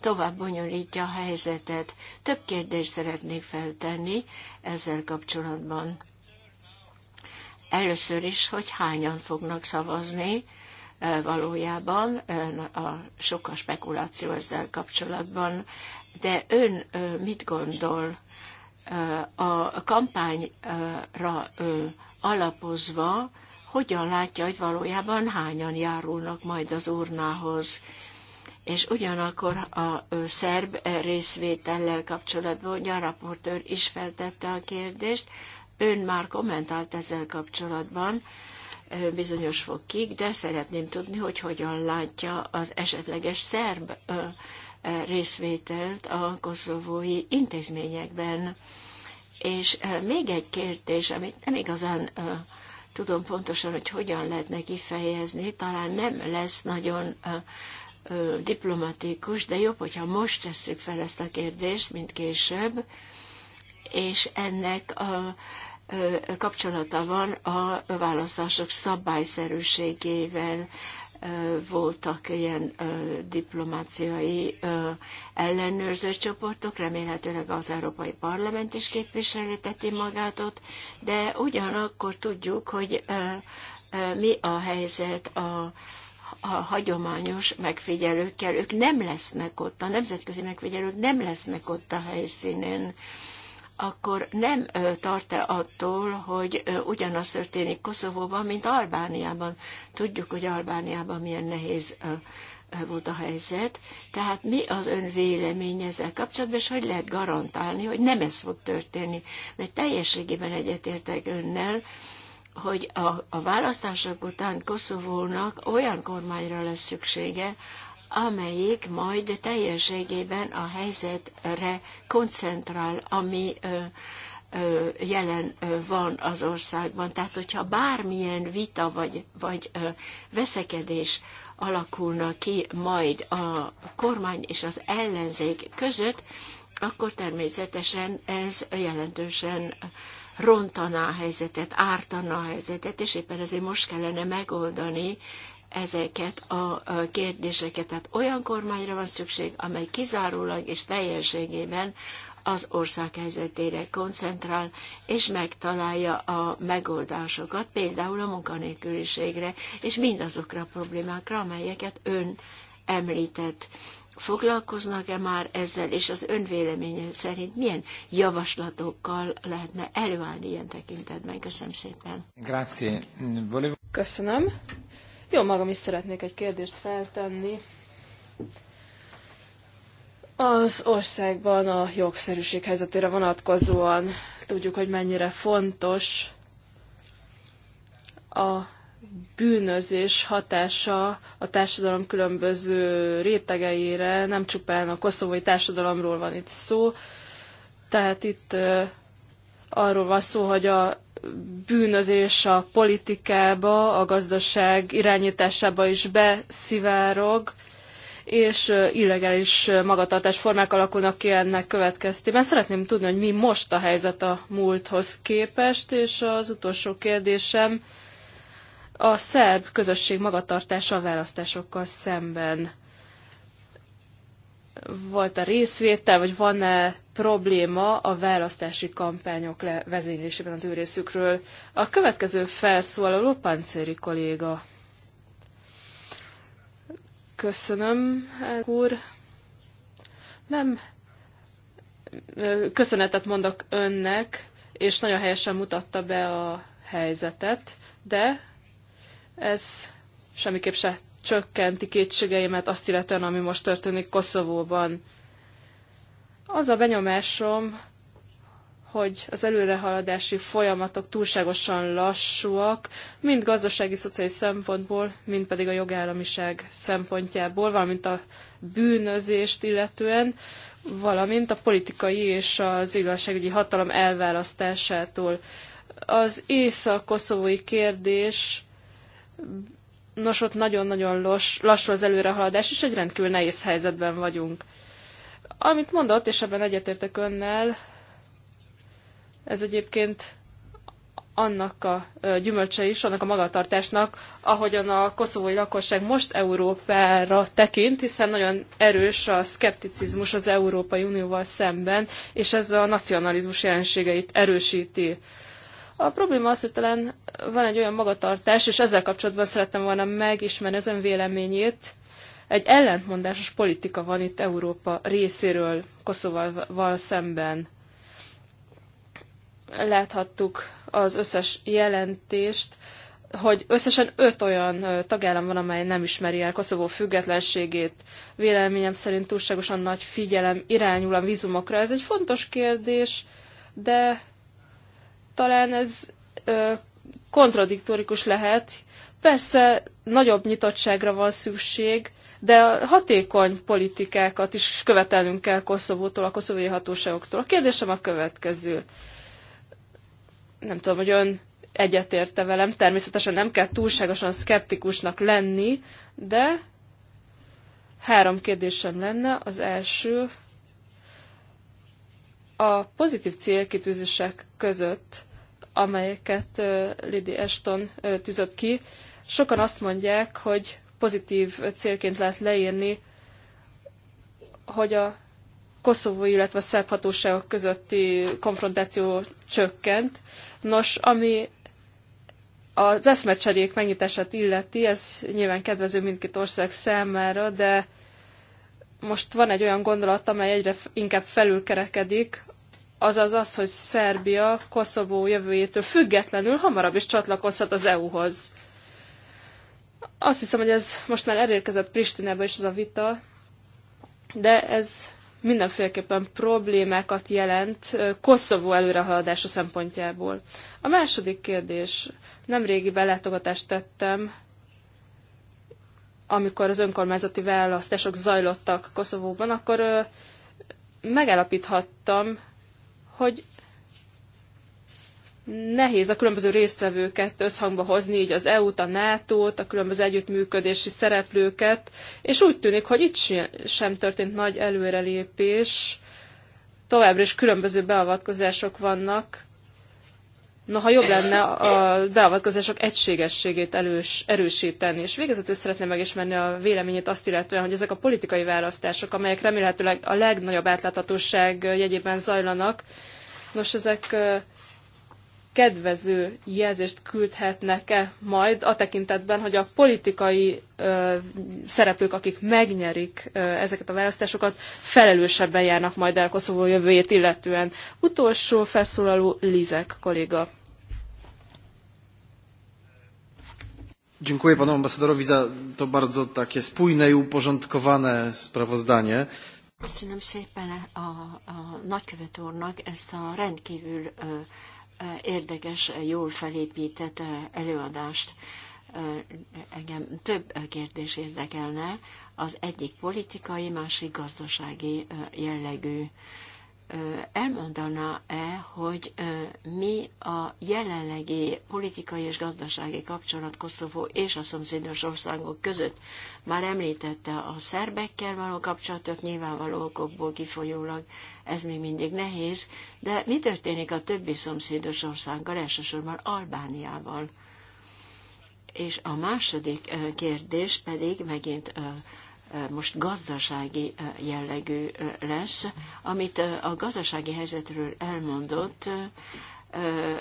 tovább bonyolítja a helyzetet. Több kérdést szeretnék feltenni ezzel kapcsolatban. Először is, hogy hányan fognak szavazni, valójában, a sok a spekuláció ezzel kapcsolatban, de ön mit gondol a kampányra alapozva, hogyan látja, hogy valójában hányan járulnak majd az urnához. És ugyanakkor a szerb részvétellel kapcsolatban, hogy a raportőr is feltette a kérdést, ön már kommentált ezzel kapcsolatban bizonyos fokig, de szeretném tudni, hogy hogyan látja az esetleges szerb részvételt a koszovói intézményekben és eh, még egy kérdés, amit nem igazán eh, tudom pontosan, hogy hogyan lehetne fejezni, talán nem lesz nagyon eh, diplomatikus, de jobb, hogyha most tesszük fel ezt a kérdést, mint később, és ennek a kapcsolata van a választások szabályszerűségével, voltak ilyen diplomáciai ellenőrző csoportok, remélhetőleg az Európai Parlament is képviselteti magát ott, de ugyanakkor tudjuk, hogy mi a helyzet a a hagyományos megfigyelőkkel, ők nem lesznek ott, a nemzetközi megfigyelők nem lesznek ott a helyszínen akkor nem tart-e attól, hogy ugyanaz történik Koszovóban, mint Albániában? Tudjuk, hogy Albániában milyen nehéz volt a helyzet. Tehát mi az ön vélemény ezzel kapcsolatban, és hogy lehet garantálni, hogy nem ez fog történni? Mert teljességében egyetértek önnel, hogy a, a választások után Koszovónak olyan kormányra lesz szüksége, amelyik majd teljességében a helyzetre koncentrál, ami jelen van az országban. Tehát, hogyha bármilyen vita vagy, vagy veszekedés alakulna ki majd a kormány és az ellenzék között, akkor természetesen ez jelentősen rontaná a helyzetet, ártaná a helyzetet, és éppen ezért most kellene megoldani ezeket a kérdéseket. Tehát olyan kormányra van szükség, amely kizárólag és teljességében az ország helyzetére koncentrál, és megtalálja a megoldásokat, például a munkanélküliségre, és mindazokra a problémákra, amelyeket ön említett. Foglalkoznak-e már ezzel, és az Ön véleménye szerint milyen javaslatokkal lehetne előállni ilyen tekintetben? Köszönöm szépen. Grazie. Köszönöm. Jó, magam is szeretnék egy kérdést feltenni. Az országban a jogszerűség helyzetére vonatkozóan tudjuk, hogy mennyire fontos a bűnözés hatása a társadalom különböző rétegeire, nem csupán a koszovói társadalomról van itt szó, tehát itt arról van szó, hogy a bűnözés a politikába, a gazdaság irányításába is beszivárog, és illegális magatartásformák alakulnak ki ennek következtében. Szeretném tudni, hogy mi most a helyzet a múlthoz képest, és az utolsó kérdésem a szerb közösség magatartása a választásokkal szemben volt a részvétel, vagy van-e probléma a választási kampányok levezénylésében az ő részükről. A következő felszólaló Pancéri kolléga. Köszönöm, úr. Nem. Köszönetet mondok önnek, és nagyon helyesen mutatta be a helyzetet, de ez semmiképp se csökkenti kétségeimet azt illetően, ami most történik Koszovóban. Az a benyomásom, hogy az előrehaladási folyamatok túlságosan lassúak, mind gazdasági, szociális szempontból, mind pedig a jogállamiság szempontjából, valamint a bűnözést illetően, valamint a politikai és az igazságügyi hatalom elválasztásától. Az észak-koszovói kérdés Nos, ott nagyon-nagyon lassú az előrehaladás, és egy rendkívül nehéz helyzetben vagyunk. Amit mondott, és ebben egyetértek önnel, ez egyébként annak a gyümölcse is, annak a magatartásnak, ahogyan a koszovói lakosság most Európára tekint, hiszen nagyon erős a szkepticizmus az Európai Unióval szemben, és ez a nacionalizmus jelenségeit erősíti. A probléma az, hogy talán van egy olyan magatartás, és ezzel kapcsolatban szerettem volna megismerni az ön véleményét. Egy ellentmondásos politika van itt Európa részéről Koszovával szemben. Láthattuk az összes jelentést, hogy összesen öt olyan tagállam van, amely nem ismeri el Koszovó függetlenségét. Véleményem szerint túlságosan nagy figyelem irányul a vízumokra. Ez egy fontos kérdés, de talán ez ö, kontradiktorikus lehet. Persze nagyobb nyitottságra van szükség, de a hatékony politikákat is követelnünk kell Koszovótól, a koszovói hatóságoktól. A kérdésem a következő. Nem tudom, hogy ön egyetérte velem, természetesen nem kell túlságosan szkeptikusnak lenni, de három kérdésem lenne. Az első, a pozitív célkitűzések között, amelyeket Lady Ashton tűzött ki, sokan azt mondják, hogy pozitív célként lehet leírni, hogy a koszovói, illetve a szerb hatóságok közötti konfrontáció csökkent. Nos, ami az eszmecserék megnyitását illeti, ez nyilván kedvező mindkét ország számára, de most van egy olyan gondolat, amely egyre inkább felülkerekedik, azaz az, hogy Szerbia Koszovó jövőjétől függetlenül hamarabb is csatlakozhat az EU-hoz. Azt hiszem, hogy ez most már elérkezett Pristinába is ez a vita, de ez mindenféleképpen problémákat jelent Koszovó előrehaladása szempontjából. A második kérdés. Nemrégi belátogatást tettem amikor az önkormányzati választások zajlottak Koszovóban, akkor ö, megállapíthattam, hogy nehéz a különböző résztvevőket összhangba hozni, így az EU-t, a NATO-t, a különböző együttműködési szereplőket, és úgy tűnik, hogy itt sem történt nagy előrelépés, továbbra is különböző beavatkozások vannak, Noha jobb lenne a beavatkozások egységességét elős, erősíteni. És végezetül szeretném megismerni a véleményét azt illetően, hogy ezek a politikai választások, amelyek remélhetőleg a legnagyobb átláthatóság jegyében zajlanak, nos, ezek kedvező jelzést küldhetnek-e majd a tekintetben, hogy a politikai ö, szereplők, akik megnyerik ö, ezeket a választásokat, felelősebben járnak majd el Koszovó jövőjét illetően. Utolsó felszólaló Lizek kolléga. Dziękuję panu ambasadorowi za to bardzo takie spójne i uporządkowane sprawozdanie. Köszönöm szépen a, a nagykövet úrnak ezt a rendkívül ö, érdekes, jól felépített eh, előadást. Eh, engem több eh, kérdés érdekelne, az egyik politikai, másik gazdasági jellegű. Elmondaná-e, hogy mi a jelenlegi politikai és gazdasági kapcsolat Koszovó és a szomszédos országok között? Már említette a szerbekkel való kapcsolatot nyilvánvaló okokból kifolyólag, ez még mindig nehéz, de mi történik a többi szomszédos országgal, elsősorban Albániával? És a második kérdés pedig megint most gazdasági jellegű lesz. Amit a gazdasági helyzetről elmondott,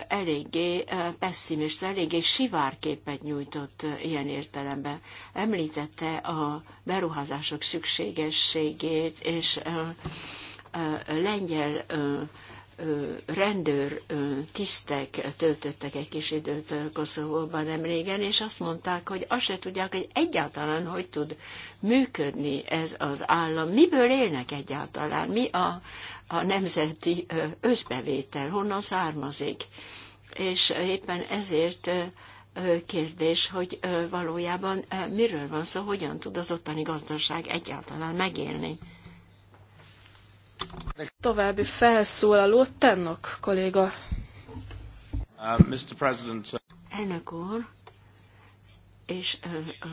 eléggé pessimista, eléggé sivár képet nyújtott ilyen értelemben. Említette a beruházások szükségességét, és lengyel rendőr tisztek töltöttek egy kis időt Koszovóban nem régen, és azt mondták, hogy azt se tudják, hogy egyáltalán hogy tud működni ez az állam, miből élnek egyáltalán, mi a, a nemzeti összbevétel, honnan származik. És éppen ezért kérdés, hogy valójában miről van szó, hogyan tud az ottani gazdaság egyáltalán megélni. További felszólaló Tennok kolléga. Uh, Mr. President. Uh, Elnök úr, és a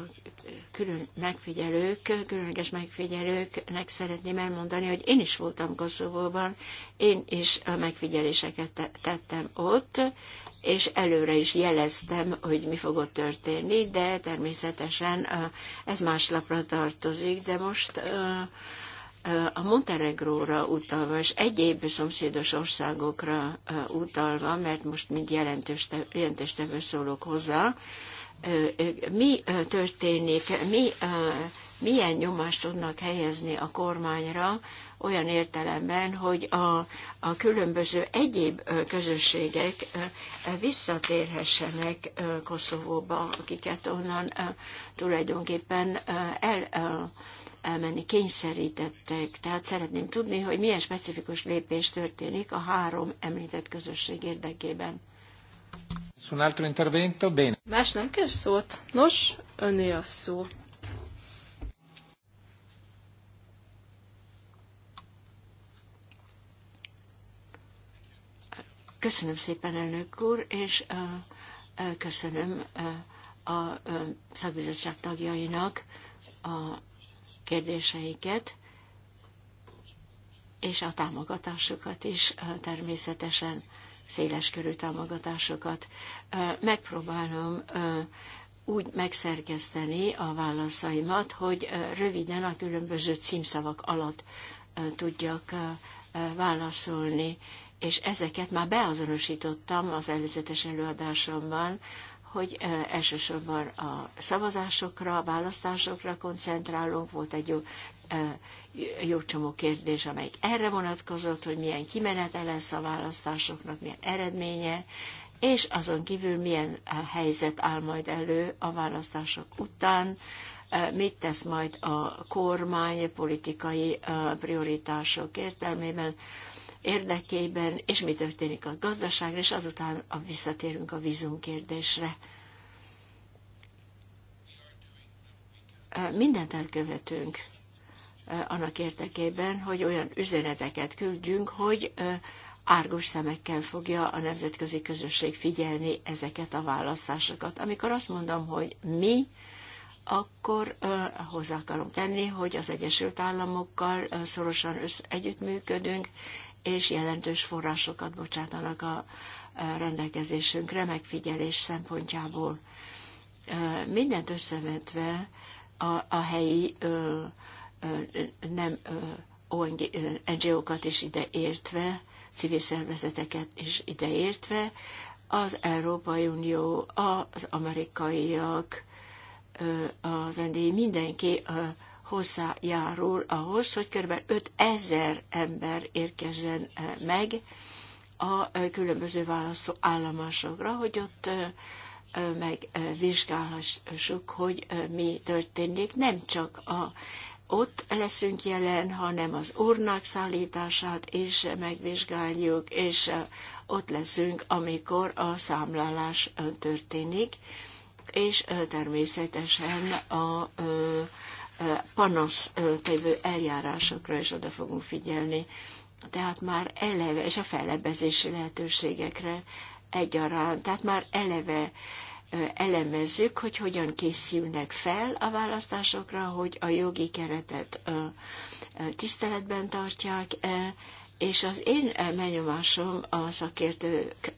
külön megfigyelők, különleges megfigyelőknek szeretném elmondani, hogy én is voltam Koszovóban, én is a megfigyeléseket tettem ott, és előre is jeleztem, hogy mi fogott történni, de természetesen ez más lapra tartozik, de most a Montenegróra utalva, és egyéb szomszédos országokra utalva, mert most mind jelentős, jelentős nevű szólok hozzá, mi történik, mi, milyen nyomást tudnak helyezni a kormányra, olyan értelemben, hogy a, a különböző egyéb közösségek visszatérhessenek Koszovóba, akiket onnan tulajdonképpen el elmenni kényszerítettek. Tehát szeretném tudni, hogy milyen specifikus lépés történik a három említett közösség érdekében. Un altro intervento, bene. Más nem kér szót? Nos, öné a szó. Köszönöm szépen, elnök úr, és köszönöm a szakbizottság tagjainak a kérdéseiket, és a támogatásokat is, természetesen széles körű támogatásokat. Megpróbálom úgy megszerkeszteni a válaszaimat, hogy röviden a különböző címszavak alatt tudjak válaszolni, és ezeket már beazonosítottam az előzetes előadásomban hogy elsősorban a szavazásokra, a választásokra koncentrálunk. Volt egy jó, jó csomó kérdés, amelyik erre vonatkozott, hogy milyen kimenet lesz a választásoknak, milyen eredménye, és azon kívül milyen helyzet áll majd elő a választások után, mit tesz majd a kormány politikai prioritások értelmében, érdekében, és mi történik a gazdaságra, és azután a visszatérünk a vízum kérdésre. Mindent elkövetünk annak érdekében, hogy olyan üzeneteket küldjünk, hogy árgus szemekkel fogja a nemzetközi közösség figyelni ezeket a választásokat. Amikor azt mondom, hogy mi, akkor hozzá akarom tenni, hogy az Egyesült Államokkal szorosan össz, együttműködünk, és jelentős forrásokat bocsátanak a rendelkezésünkre megfigyelés szempontjából. Mindent összevetve a, a helyi ö, ö, nem ö, NGO-kat is ideértve, civil szervezeteket is ideértve, az Európai Unió, az amerikaiak, az NDI, mindenki hozzájárul ahhoz, hogy kb. 5000 ember érkezzen eh, meg a eh, különböző választó állomásokra, hogy ott eh, megvizsgálhassuk, hogy mi történik. Nem csak a, ott leszünk jelen, hanem az urnák szállítását is megvizsgáljuk, és ott leszünk, amikor a számlálás történik, és természetesen a, a panasz tevő eljárásokra is oda fogunk figyelni. Tehát már eleve, és a fellebezési lehetőségekre egyaránt, tehát már eleve elemezzük, hogy hogyan készülnek fel a választásokra, hogy a jogi keretet tiszteletben tartják, és az én elmenyomásom a szakértők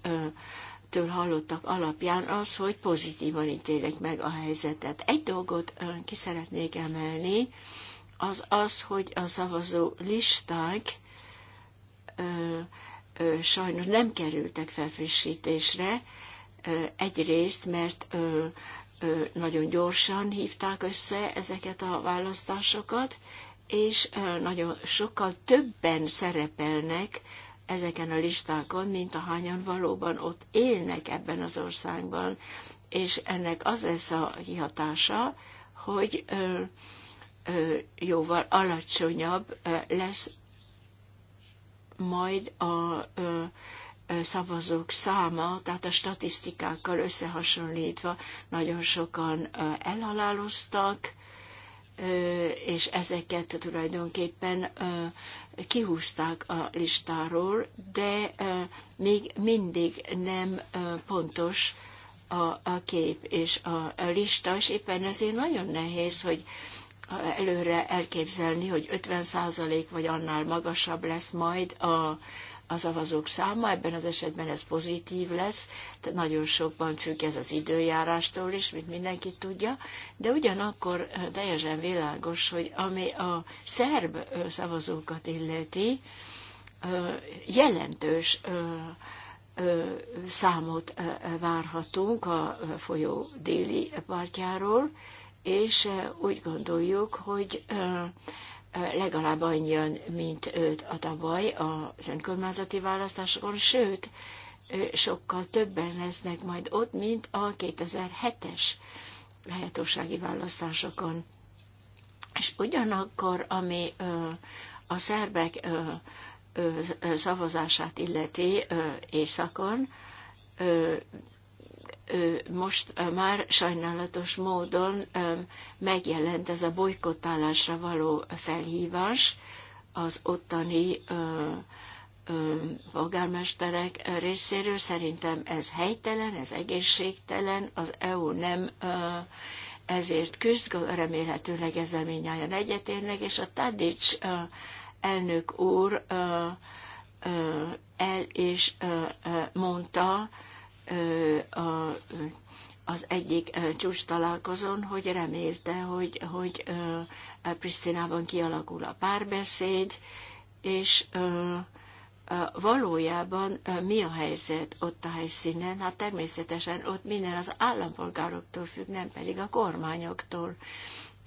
től hallottak alapján az, hogy pozitívan ítélik meg a helyzetet. Egy dolgot ki szeretnék emelni, az az, hogy a szavazó listák ö, ö, sajnos nem kerültek felfrissítésre, ö, egyrészt, mert ö, ö, nagyon gyorsan hívták össze ezeket a választásokat, és nagyon sokkal többen szerepelnek ezeken a listákon, mint a hányan valóban ott élnek ebben az országban. És ennek az lesz a hatása, hogy ö, ö, jóval alacsonyabb ö, lesz majd a ö, szavazók száma, tehát a statisztikákkal összehasonlítva nagyon sokan elhaláloztak, és ezeket tulajdonképpen kihúzták a listáról, de még mindig nem pontos a kép és a lista, és éppen ezért nagyon nehéz, hogy előre elképzelni, hogy 50% vagy annál magasabb lesz majd a, a szavazók száma, ebben az esetben ez pozitív lesz, tehát nagyon sokban függ ez az időjárástól is, mint mindenki tudja, de ugyanakkor teljesen világos, hogy ami a szerb szavazókat illeti, jelentős számot várhatunk a folyó déli partjáról, és úgy gondoljuk, hogy legalább annyian, mint őt a tavaly az önkormányzati választásokon, sőt, sokkal többen lesznek majd ott, mint a 2007-es lehetősági választásokon. És ugyanakkor, ami a szerbek szavazását illeti északon, most már sajnálatos módon megjelent ez a bolykottálásra való felhívás az ottani polgármesterek részéről. Szerintem ez helytelen, ez egészségtelen, az EU nem ezért küzd, remélhetőleg ezzel mindjárt egyetérnek, és a Tadics elnök úr el is mondta, a, az egyik csúcs találkozón, hogy remélte, hogy, hogy Prisztinában kialakul a párbeszéd, és valójában mi a helyzet ott a helyszínen? Hát természetesen ott minden az állampolgároktól függ, nem pedig a kormányoktól.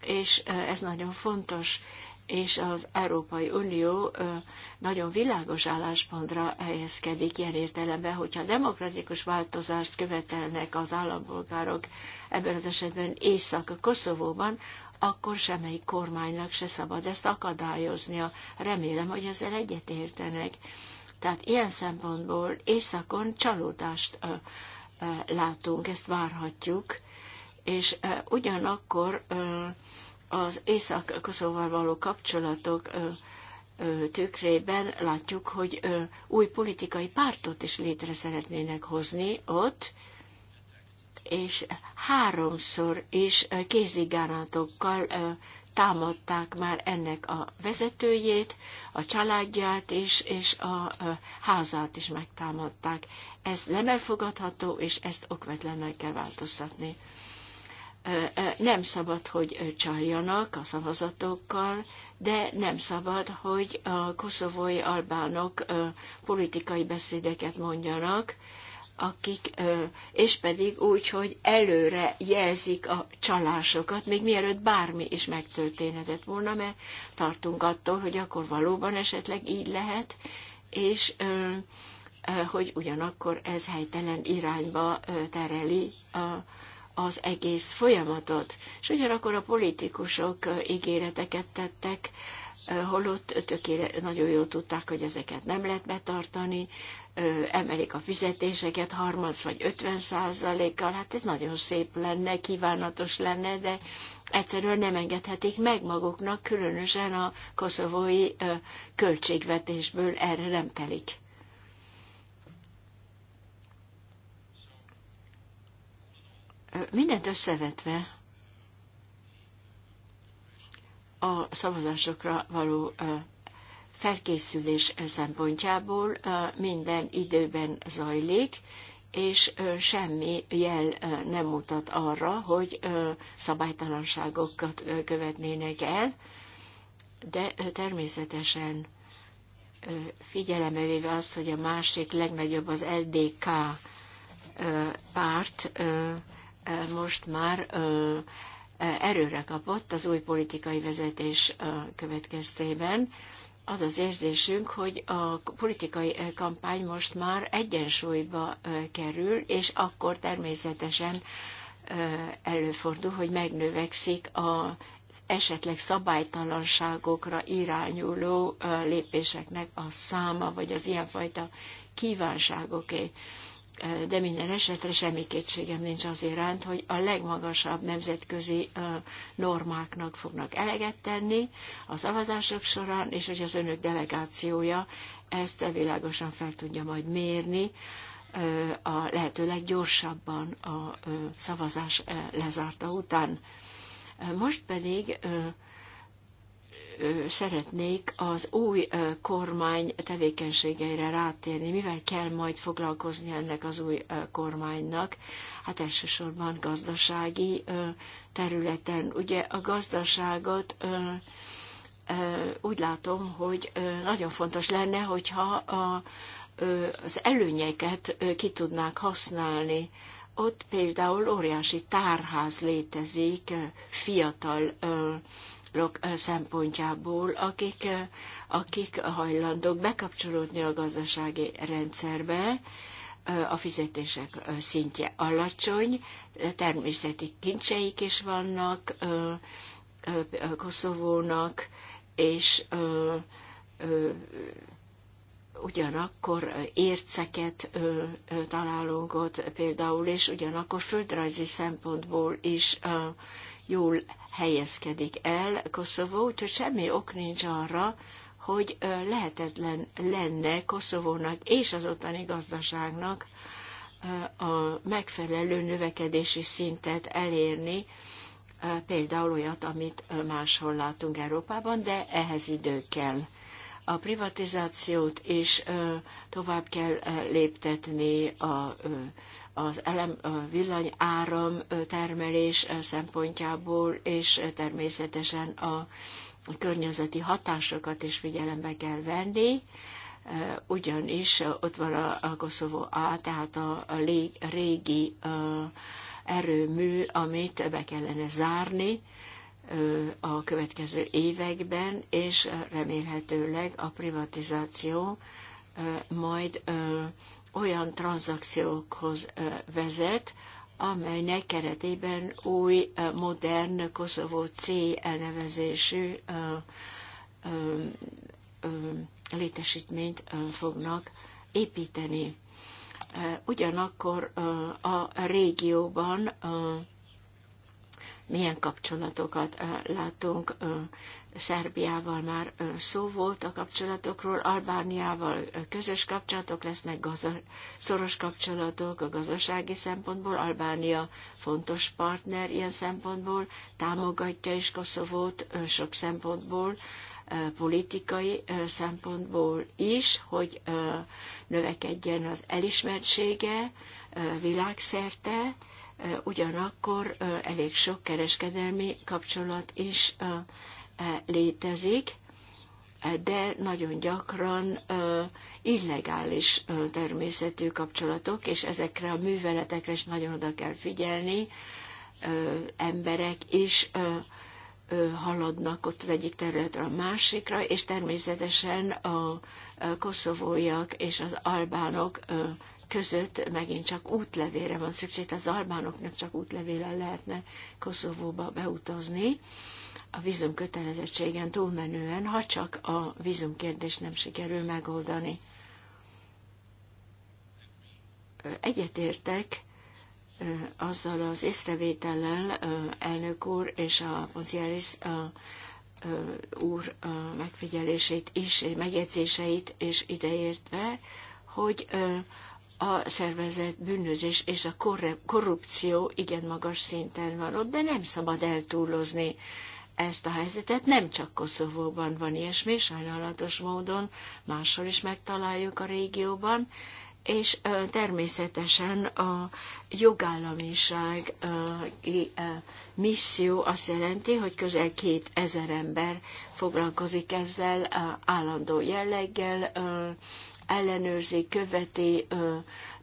És ez nagyon fontos és az Európai Unió nagyon világos álláspontra helyezkedik ilyen értelemben, hogyha demokratikus változást követelnek az állampolgárok, ebben az esetben Észak-Koszovóban, akkor semmelyik kormánynak se szabad ezt akadályoznia. Remélem, hogy ezzel egyetértenek. Tehát ilyen szempontból északon csalódást látunk, ezt várhatjuk, és ugyanakkor az Észak-Koszovval való kapcsolatok tükrében látjuk, hogy új politikai pártot is létre szeretnének hozni ott, és háromszor is kézigánátokkal támadták már ennek a vezetőjét, a családját is, és a házát is megtámadták. Ez nem elfogadható, és ezt okvetlenül kell változtatni nem szabad, hogy csaljanak a szavazatokkal, de nem szabad, hogy a koszovói albánok politikai beszédeket mondjanak, akik, és pedig úgy, hogy előre jelzik a csalásokat, még mielőtt bármi is megtörténhetett volna, mert tartunk attól, hogy akkor valóban esetleg így lehet, és hogy ugyanakkor ez helytelen irányba tereli a az egész folyamatot, és ugyanakkor a politikusok ígéreteket tettek, holott tökére nagyon jól tudták, hogy ezeket nem lehet betartani, emelik a fizetéseket 30 vagy 50 százalékkal, hát ez nagyon szép lenne, kívánatos lenne, de egyszerűen nem engedhetik meg maguknak, különösen a koszovói költségvetésből erre nem telik Mindent összevetve a szavazásokra való felkészülés szempontjából minden időben zajlik, és semmi jel nem mutat arra, hogy szabálytalanságokat követnének el, de természetesen figyelembe véve azt, hogy a másik legnagyobb az LDK párt, most már e, erőre kapott az új politikai vezetés következtében. Az az érzésünk, hogy a politikai e, kampány most már egyensúlyba e, kerül, és akkor természetesen előfordul, hogy megnövekszik a esetleg szabálytalanságokra irányuló lépéseknek a száma, vagy az ilyenfajta kívánságoké de minden esetre semmi kétségem nincs az iránt, hogy a legmagasabb nemzetközi normáknak fognak eleget tenni a szavazások során, és hogy az önök delegációja ezt világosan fel tudja majd mérni a lehető leggyorsabban a szavazás lezárta után. Most pedig szeretnék az új kormány tevékenységeire rátérni. Mivel kell majd foglalkozni ennek az új kormánynak? Hát elsősorban gazdasági területen. Ugye a gazdaságot úgy látom, hogy nagyon fontos lenne, hogyha az előnyeket ki tudnák használni. Ott például óriási tárház létezik fiatal blokk szempontjából, akik, akik hajlandók bekapcsolódni a gazdasági rendszerbe, a fizetések szintje alacsony, természeti kincseik is vannak Koszovónak, és ugyanakkor érceket találunk ott például, és ugyanakkor földrajzi szempontból is jól helyezkedik el Koszovó, úgyhogy semmi ok nincs arra, hogy lehetetlen lenne Koszovónak és az ottani gazdaságnak a megfelelő növekedési szintet elérni, például olyat, amit máshol látunk Európában, de ehhez idő kell. A privatizációt is tovább kell léptetni, a az elem, a villany áram termelés szempontjából, és természetesen a környezeti hatásokat is figyelembe kell venni, ugyanis ott van a Koszovó A, tehát a régi erőmű, amit be kellene zárni a következő években, és remélhetőleg a privatizáció majd olyan tranzakciókhoz vezet, amelynek keretében új, modern Koszovó C elnevezésű létesítményt fognak építeni. Ugyanakkor a régióban milyen kapcsolatokat látunk Szerbiával már szó volt a kapcsolatokról, Albániával közös kapcsolatok lesznek, gazda, szoros kapcsolatok a gazdasági szempontból, Albánia fontos partner ilyen szempontból, támogatja is Koszovót sok szempontból, politikai szempontból is, hogy növekedjen az elismertsége világszerte, ugyanakkor elég sok kereskedelmi kapcsolat is E, létezik, e, de nagyon gyakran e, illegális természetű kapcsolatok, és ezekre a műveletekre is nagyon oda kell figyelni. Emberek is haladnak ott az egyik területről a másikra, és természetesen a koszovóiak és az albánok között megint csak útlevére van szükség, az albánoknak csak útlevélen lehetne Koszovóba beutazni, a vízum kötelezettségen túlmenően, ha csak a kérdést nem sikerül megoldani. Egyetértek azzal az észrevétellel elnök úr és a Ponciáris úr megfigyelését is, megjegyzéseit, és ideértve, hogy a szervezet bűnözés és a korrupció igen magas szinten van ott, de nem szabad eltúlozni ezt a helyzetet. Nem csak Koszovóban van ilyesmi, sajnálatos módon máshol is megtaláljuk a régióban, és természetesen a jogállamiság misszió azt jelenti, hogy közel 2000 ember foglalkozik ezzel állandó jelleggel, ellenőrzi, követi,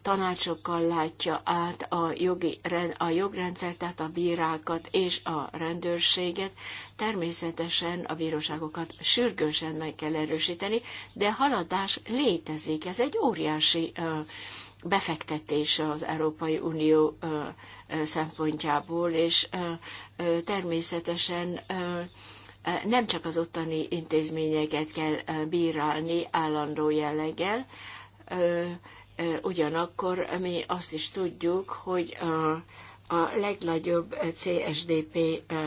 tanácsokkal látja át a, jogi, a jogrendszer, tehát a bírákat és a rendőrséget. Természetesen a bíróságokat sürgősen meg kell erősíteni, de haladás létezik. Ez egy óriási befektetés az Európai Unió szempontjából, és természetesen nem csak az ottani intézményeket kell bírálni állandó jelleggel, ugyanakkor mi azt is tudjuk, hogy a legnagyobb CSDP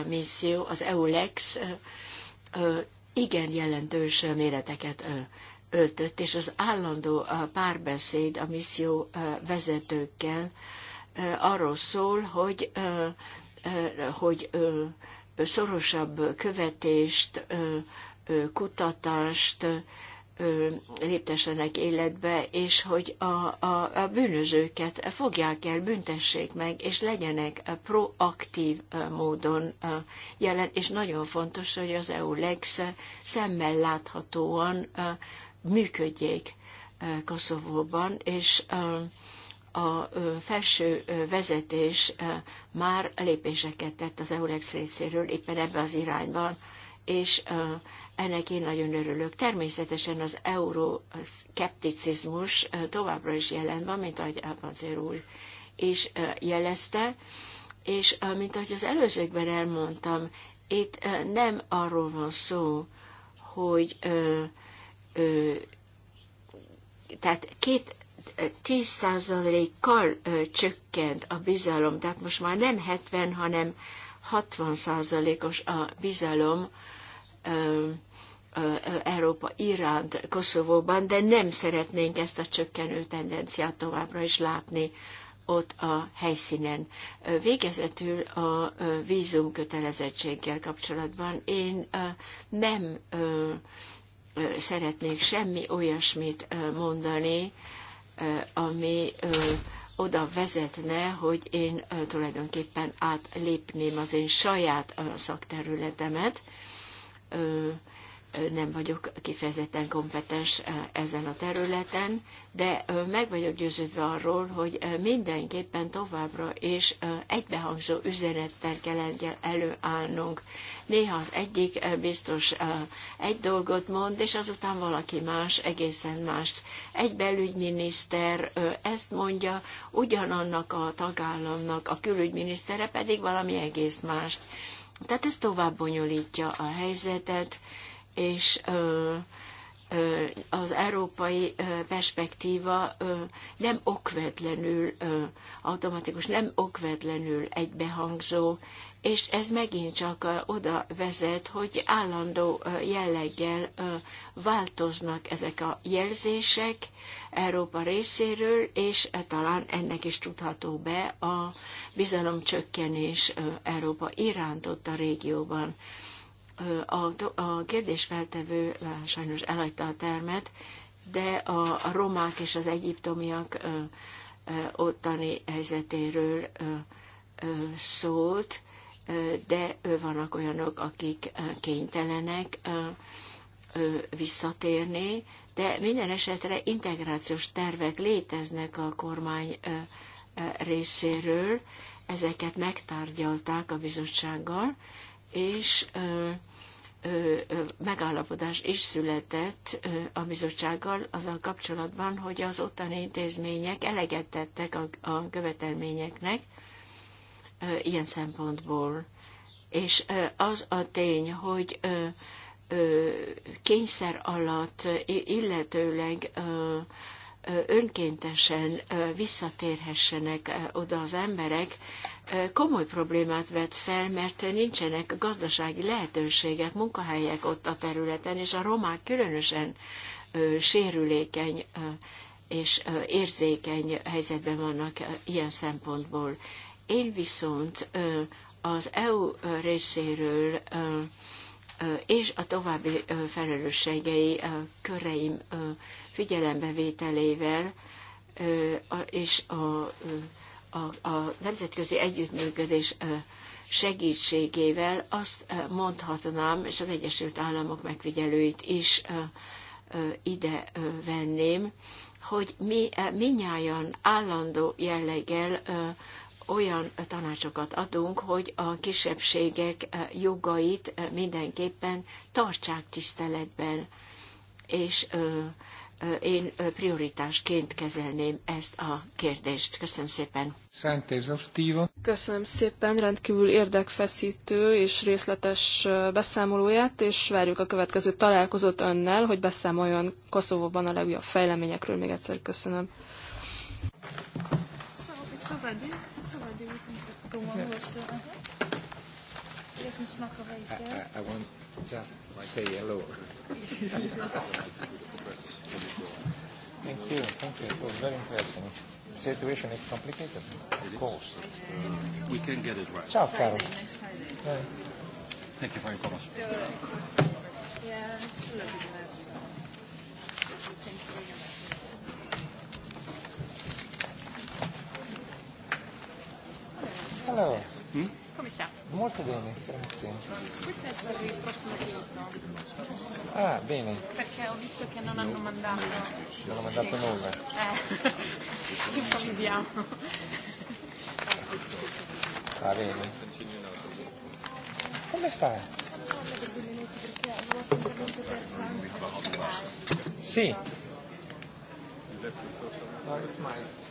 misszió, az EULEX igen jelentős méreteket öltött, és az állandó párbeszéd a misszió vezetőkkel arról szól, hogy, hogy szorosabb követést, kutatást léptessenek életbe, és hogy a, a, a bűnözőket fogják el, büntessék meg, és legyenek proaktív módon jelen, és nagyon fontos, hogy az EU-lex szemmel láthatóan működjék Koszovóban, és a felső vezetés már lépéseket tett az Eurex részéről éppen ebbe az irányban, és ennek én nagyon örülök. Természetesen az euroszkepticizmus továbbra is jelen van, mint ahogy Alpanzer úr is jelezte, és mint ahogy az előzőkben elmondtam, itt nem arról van szó, hogy ö, ö, tehát két 10%-kal csökkent a bizalom, tehát most már nem 70, hanem 60%-os a bizalom Európa iránt Koszovóban, de nem szeretnénk ezt a csökkenő tendenciát továbbra is látni ott a helyszínen. Végezetül a vízum kötelezettséggel kapcsolatban én nem szeretnék semmi olyasmit mondani, Eh, ami oda vezetne, hogy én tulajdonképpen átlépném az én saját szakterületemet, nem vagyok kifejezetten kompetens ezen a területen, de meg vagyok győződve arról, hogy mindenképpen továbbra is egybehangzó üzenettel kell előállnunk. Néha az egyik biztos egy dolgot mond, és azután valaki más egészen más. Egy belügyminiszter ezt mondja, ugyanannak a tagállamnak a külügyminisztere pedig valami egész más. Tehát ez tovább bonyolítja a helyzetet, és az európai perspektíva nem okvetlenül automatikus, nem okvetlenül egybehangzó, és ez megint csak oda vezet, hogy állandó jelleggel változnak ezek a jelzések Európa részéről, és talán ennek is tudható be a bizalomcsökkenés Európa iránt ott a régióban a, a kérdésfeltevő sajnos elhagyta a termet, de a, a romák és az egyiptomiak ö, ö, ottani helyzetéről ö, ö, szólt, ö, de ő vannak olyanok, akik kénytelenek ö, ö, visszatérni, de minden esetre integrációs tervek léteznek a kormány ö, ö, részéről, ezeket megtárgyalták a bizottsággal, és ö, megállapodás is született a bizottsággal azzal kapcsolatban, hogy az ottani intézmények eleget tettek a, a követelményeknek ilyen szempontból. És az a tény, hogy kényszer alatt, illetőleg önkéntesen visszatérhessenek oda az emberek, komoly problémát vet fel, mert nincsenek gazdasági lehetőségek, munkahelyek ott a területen, és a romák különösen sérülékeny és érzékeny helyzetben vannak ilyen szempontból. Én viszont az EU részéről és a további felelősségei köreim figyelembevételével és a, a, a nemzetközi együttműködés segítségével azt mondhatnám, és az Egyesült Államok megfigyelőit is ide venném, hogy mi minnyáján állandó jelleggel olyan tanácsokat adunk, hogy a kisebbségek jogait mindenképpen tartsák tiszteletben, és én prioritásként kezelném ezt a kérdést. Köszönöm szépen. Szent Stíva. Köszönöm szépen rendkívül érdekfeszítő és részletes beszámolóját, és várjuk a következő találkozót önnel, hogy beszámoljon Koszovóban a legújabb fejleményekről. Még egyszer köszönöm. I, I, I want just say hello. progress. Thank you. Thank you. It was very interesting. The situation is complicated, is of course. Uh, we can get it right. Ciao, Carol. Next Friday. Yeah. Thank you for your comments. Still, yeah, it's still a big mess. You Hello. Hmm? Come Molto bene, grazie. Questo è il servizio assoluto. Ah, bene. Perché ho visto che non hanno mandato. Non hanno mandato sì. nulla. Eh, improvvisiamo. Va bene. Come sta? Sì.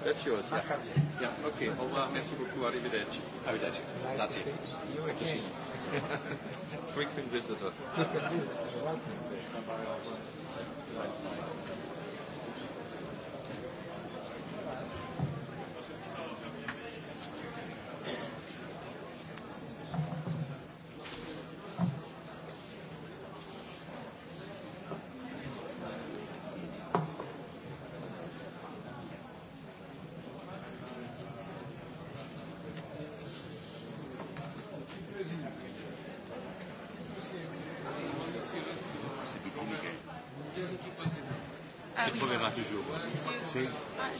That's yours. Yeah. yeah. Okay. Au revoir. Merci beaucoup. Arrivederci. Arrivederci. Grazie. You again. Frequent visitor. Welcome.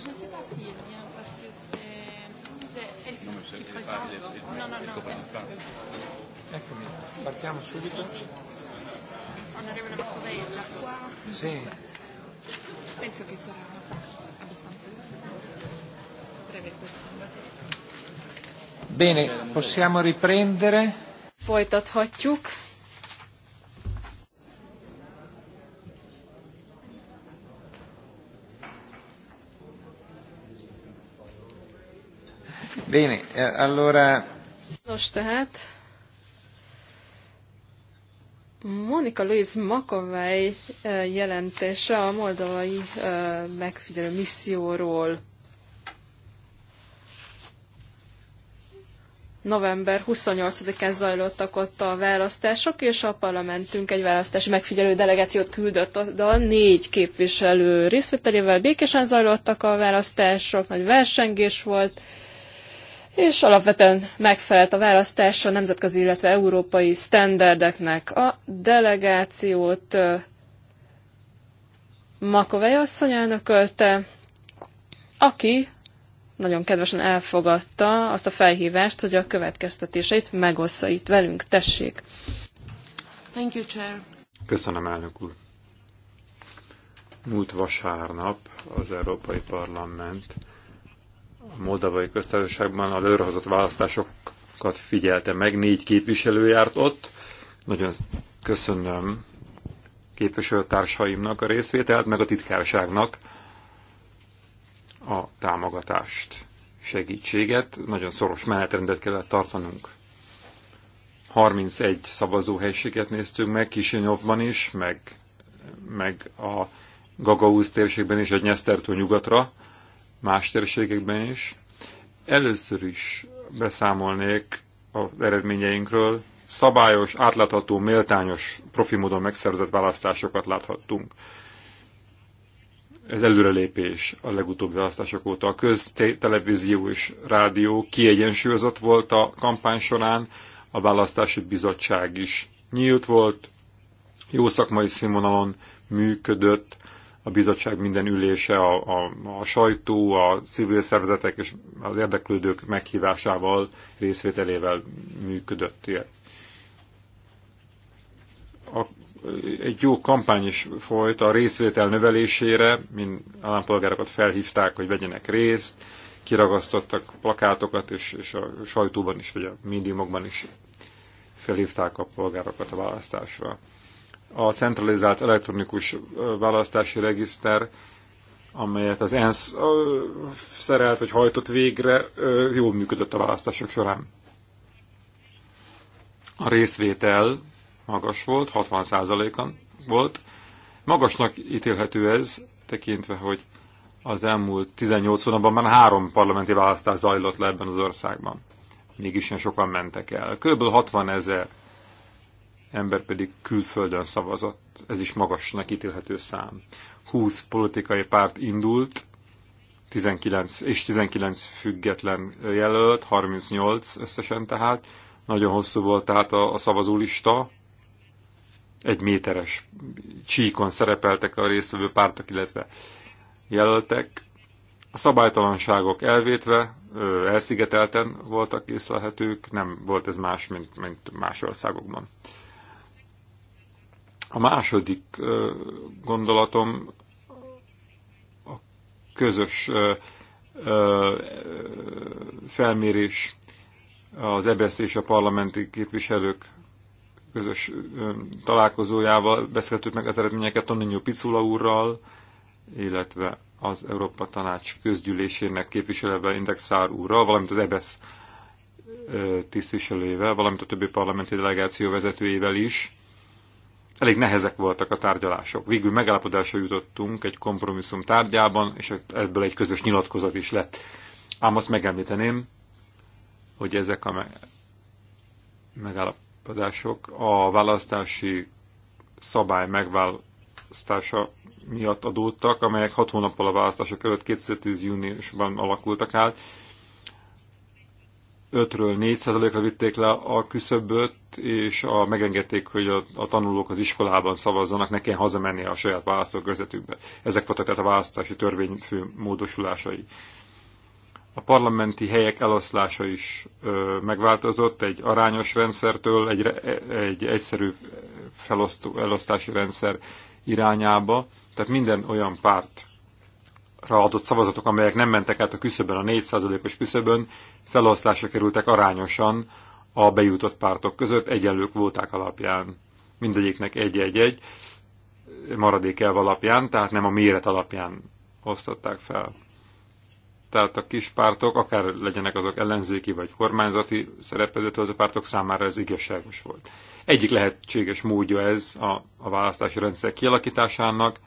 je ne sais pas s'il parce que c'est elle qui présente. Non, non, partiamo subito. Sì, sì. Onorevole è già qua. Sì. Penso che sarà abbastanza breve Bene, possiamo riprendere. Folytathatjuk. Bene, eh, allora... Nos tehát, Monika Louise Makovej eh, jelentése a moldovai eh, megfigyelő misszióról. november 28-án zajlottak ott a választások, és a parlamentünk egy választási megfigyelő delegációt küldött oda, négy képviselő részvételével békésen zajlottak a választások, nagy versengés volt, és alapvetően megfelelt a választás a nemzetközi, illetve európai sztenderdeknek. A delegációt Makovej asszony elnökölte, aki nagyon kedvesen elfogadta azt a felhívást, hogy a következtetéseit megossza itt velünk. Tessék! Thank you, Chair. Köszönöm, elnök úr. Múlt vasárnap az Európai Parlament moldavai köztársaságban a lőrhozott választásokat figyelte meg, négy képviselő járt ott. Nagyon köszönöm képviselőtársaimnak a részvételt, meg a titkárságnak a támogatást, segítséget. Nagyon szoros menetrendet kellett tartanunk. 31 szavazóhelységet néztünk meg, Kisinyovban is, meg, meg a Gagauz térségben is, a Nyesztertől nyugatra más térségekben is. Először is beszámolnék az eredményeinkről. Szabályos, átlátható, méltányos, profi módon megszerzett választásokat láthattunk. Ez előrelépés a legutóbbi választások óta. A köztelevízió és rádió kiegyensúlyozott volt a kampány során, a választási bizottság is nyílt volt, jó szakmai színvonalon működött, a bizottság minden ülése, a, a, a sajtó, a civil szervezetek és az érdeklődők meghívásával, részvételével működött. A, egy jó kampány is folyt a részvétel növelésére, mint állampolgárokat felhívták, hogy vegyenek részt, kiragasztottak plakátokat, és, és a sajtóban is, vagy a médiumokban is felhívták a polgárokat a választásra a centralizált elektronikus választási regiszter, amelyet az ENSZ szerelt, vagy hajtott végre, jól működött a választások során. A részvétel magas volt, 60%-an volt. Magasnak ítélhető ez, tekintve, hogy az elmúlt 18 hónapban már három parlamenti választás zajlott le ebben az országban. Mégis ilyen sokan mentek el. Körülbelül 60 ezer ember pedig külföldön szavazott. Ez is magasnak ítélhető szám. 20 politikai párt indult, 19, és 19 független jelölt, 38 összesen tehát. Nagyon hosszú volt tehát a, a szavazólista. Egy méteres csíkon szerepeltek a résztvevő pártok, illetve jelöltek. A szabálytalanságok elvétve, elszigetelten voltak észlelhetők, nem volt ez más, mint, mint más országokban. A második gondolatom a közös felmérés az EBSZ és a parlamenti képviselők közös találkozójával beszéltük meg az eredményeket Toninho Picula úrral, illetve az Európa Tanács közgyűlésének képviselővel Indexár úrral, valamint az EBSZ tisztviselőjével, valamint a többi parlamenti delegáció vezetőjével is elég nehezek voltak a tárgyalások. Végül megállapodásra jutottunk egy kompromisszum tárgyában, és ebből egy közös nyilatkozat is lett. Ám azt megemlíteném, hogy ezek a megállapodások a választási szabály megválasztása miatt adódtak, amelyek hat hónappal a választások előtt 2010. júniusban alakultak át, 5-ről 4%-ra vitték le a küszöböt, és a, megengedték, hogy a, a tanulók az iskolában szavazzanak, ne kelljen hazamenni a saját választókörzetükbe. Ezek voltak tehát a választási törvény fő módosulásai. A parlamenti helyek eloszlása is ö, megváltozott egy arányos rendszertől egy, egy egyszerű felosztó, elosztási rendszer irányába. Tehát minden olyan párt, adott szavazatok, amelyek nem mentek át a küszöbön, a 4%-os küszöbön, felhasználásra kerültek arányosan a bejutott pártok között egyenlők kvóták alapján. Mindegyiknek egy-egy-egy maradékelv alapján, tehát nem a méret alapján osztották fel. Tehát a kis pártok, akár legyenek azok ellenzéki vagy kormányzati a pártok számára ez igazságos volt. Egyik lehetséges módja ez a, a választási rendszer kialakításának.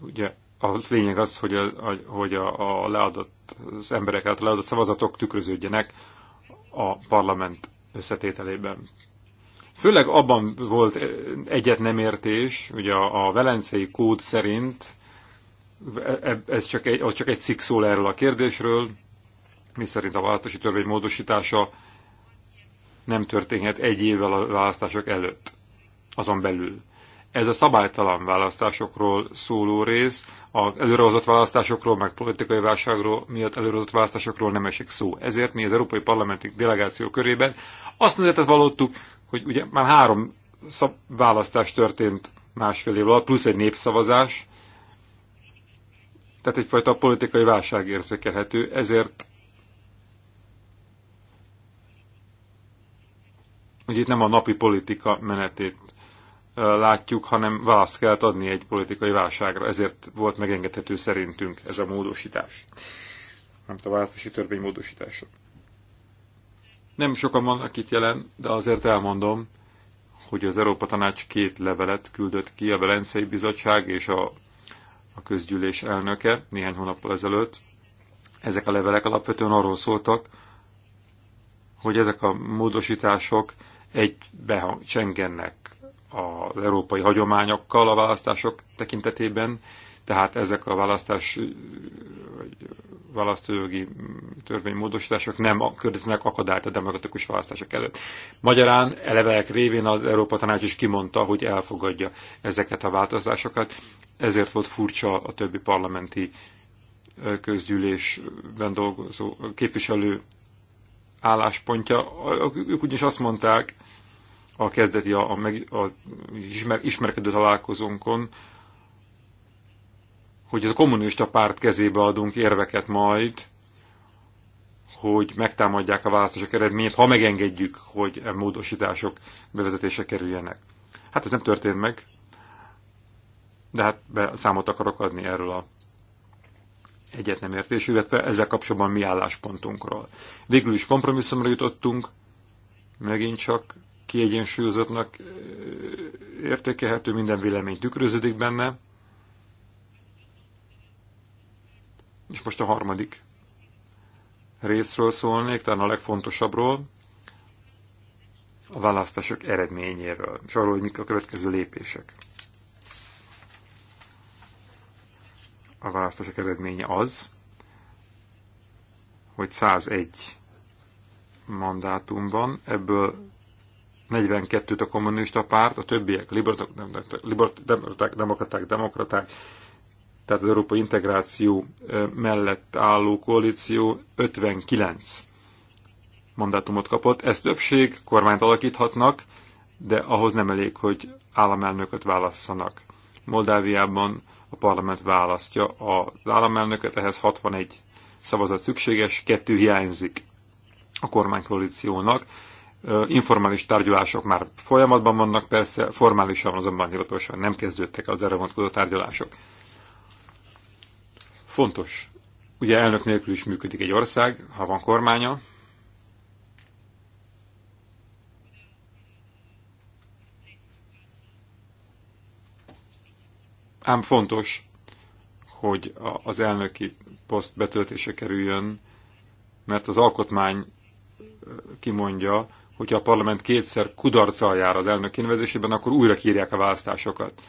Ugye a lényeg az, hogy a, a, hogy a, a leadott, az emberek által leadott szavazatok tükröződjenek a parlament összetételében. Főleg abban volt egyet nem értés, hogy a, a velencei kód szerint, e, ez csak egy, az csak egy cikk szól erről a kérdésről, mi szerint a választási törvény módosítása nem történhet egy évvel a választások előtt, azon belül. Ez a szabálytalan választásokról szóló rész, az előrehozott választásokról, meg politikai válságról miatt előrehozott választásokról nem esik szó. Ezért mi az Európai Parlamenti Delegáció körében azt nevetet valódtuk, hogy ugye már három szab- választás történt másfél év alatt, plusz egy népszavazás, tehát egyfajta politikai válság érzékelhető, ezért hogy itt nem a napi politika menetét látjuk, hanem választ kellett adni egy politikai válságra, ezért volt megengedhető szerintünk ez a módosítás. Nem a választási törvény módosítása. Nem sokan vannak itt jelen, de azért elmondom, hogy az Európa Tanács két levelet küldött ki, a Velencei Bizottság és a, a közgyűlés elnöke néhány hónappal ezelőtt. Ezek a levelek alapvetően arról szóltak, hogy ezek a módosítások behang csengennek az európai hagyományokkal a választások tekintetében, tehát ezek a választás, választójogi törvénymódosítások nem körülbelül akadályt a demokratikus választások előtt. Magyarán elevek révén az Európa Tanács is kimondta, hogy elfogadja ezeket a változásokat, ezért volt furcsa a többi parlamenti közgyűlésben dolgozó képviselő álláspontja. Ők ugyanis azt mondták, a kezdeti, a, a, meg, a ismer, ismerkedő találkozónkon, hogy a kommunista párt kezébe adunk érveket majd, hogy megtámadják a választások eredményét, ha megengedjük, hogy e módosítások bevezetése kerüljenek. Hát ez nem történt meg, de hát be számot akarok adni erről a egyet nem értésű, illetve ezzel kapcsolatban mi álláspontunkról. Végül is kompromisszumra jutottunk, megint csak kiegyensúlyozottnak értékelhető, minden vélemény tükröződik benne. És most a harmadik részről szólnék, talán a legfontosabbról, a választások eredményéről, és arról, hogy mik a következő lépések. A választások eredménye az, hogy 101 mandátum van, ebből 42-t a kommunista párt, a többiek, liberták, demokraták, demokraták, tehát az európai integráció mellett álló koalíció 59 mandátumot kapott. Ez többség, kormányt alakíthatnak, de ahhoz nem elég, hogy államelnököt válasszanak. Moldáviában a parlament választja az államelnököt, ehhez 61 szavazat szükséges, kettő hiányzik a kormánykoalíciónak informális tárgyalások már folyamatban vannak, persze formálisan azonban hivatalosan nem kezdődtek az erre vonatkozó tárgyalások. Fontos. Ugye elnök nélkül is működik egy ország, ha van kormánya. Ám fontos, hogy az elnöki poszt betöltése kerüljön, mert az alkotmány kimondja, hogyha a parlament kétszer kudarccal jár az elnök kinevezésében, akkor újra kírják a választásokat.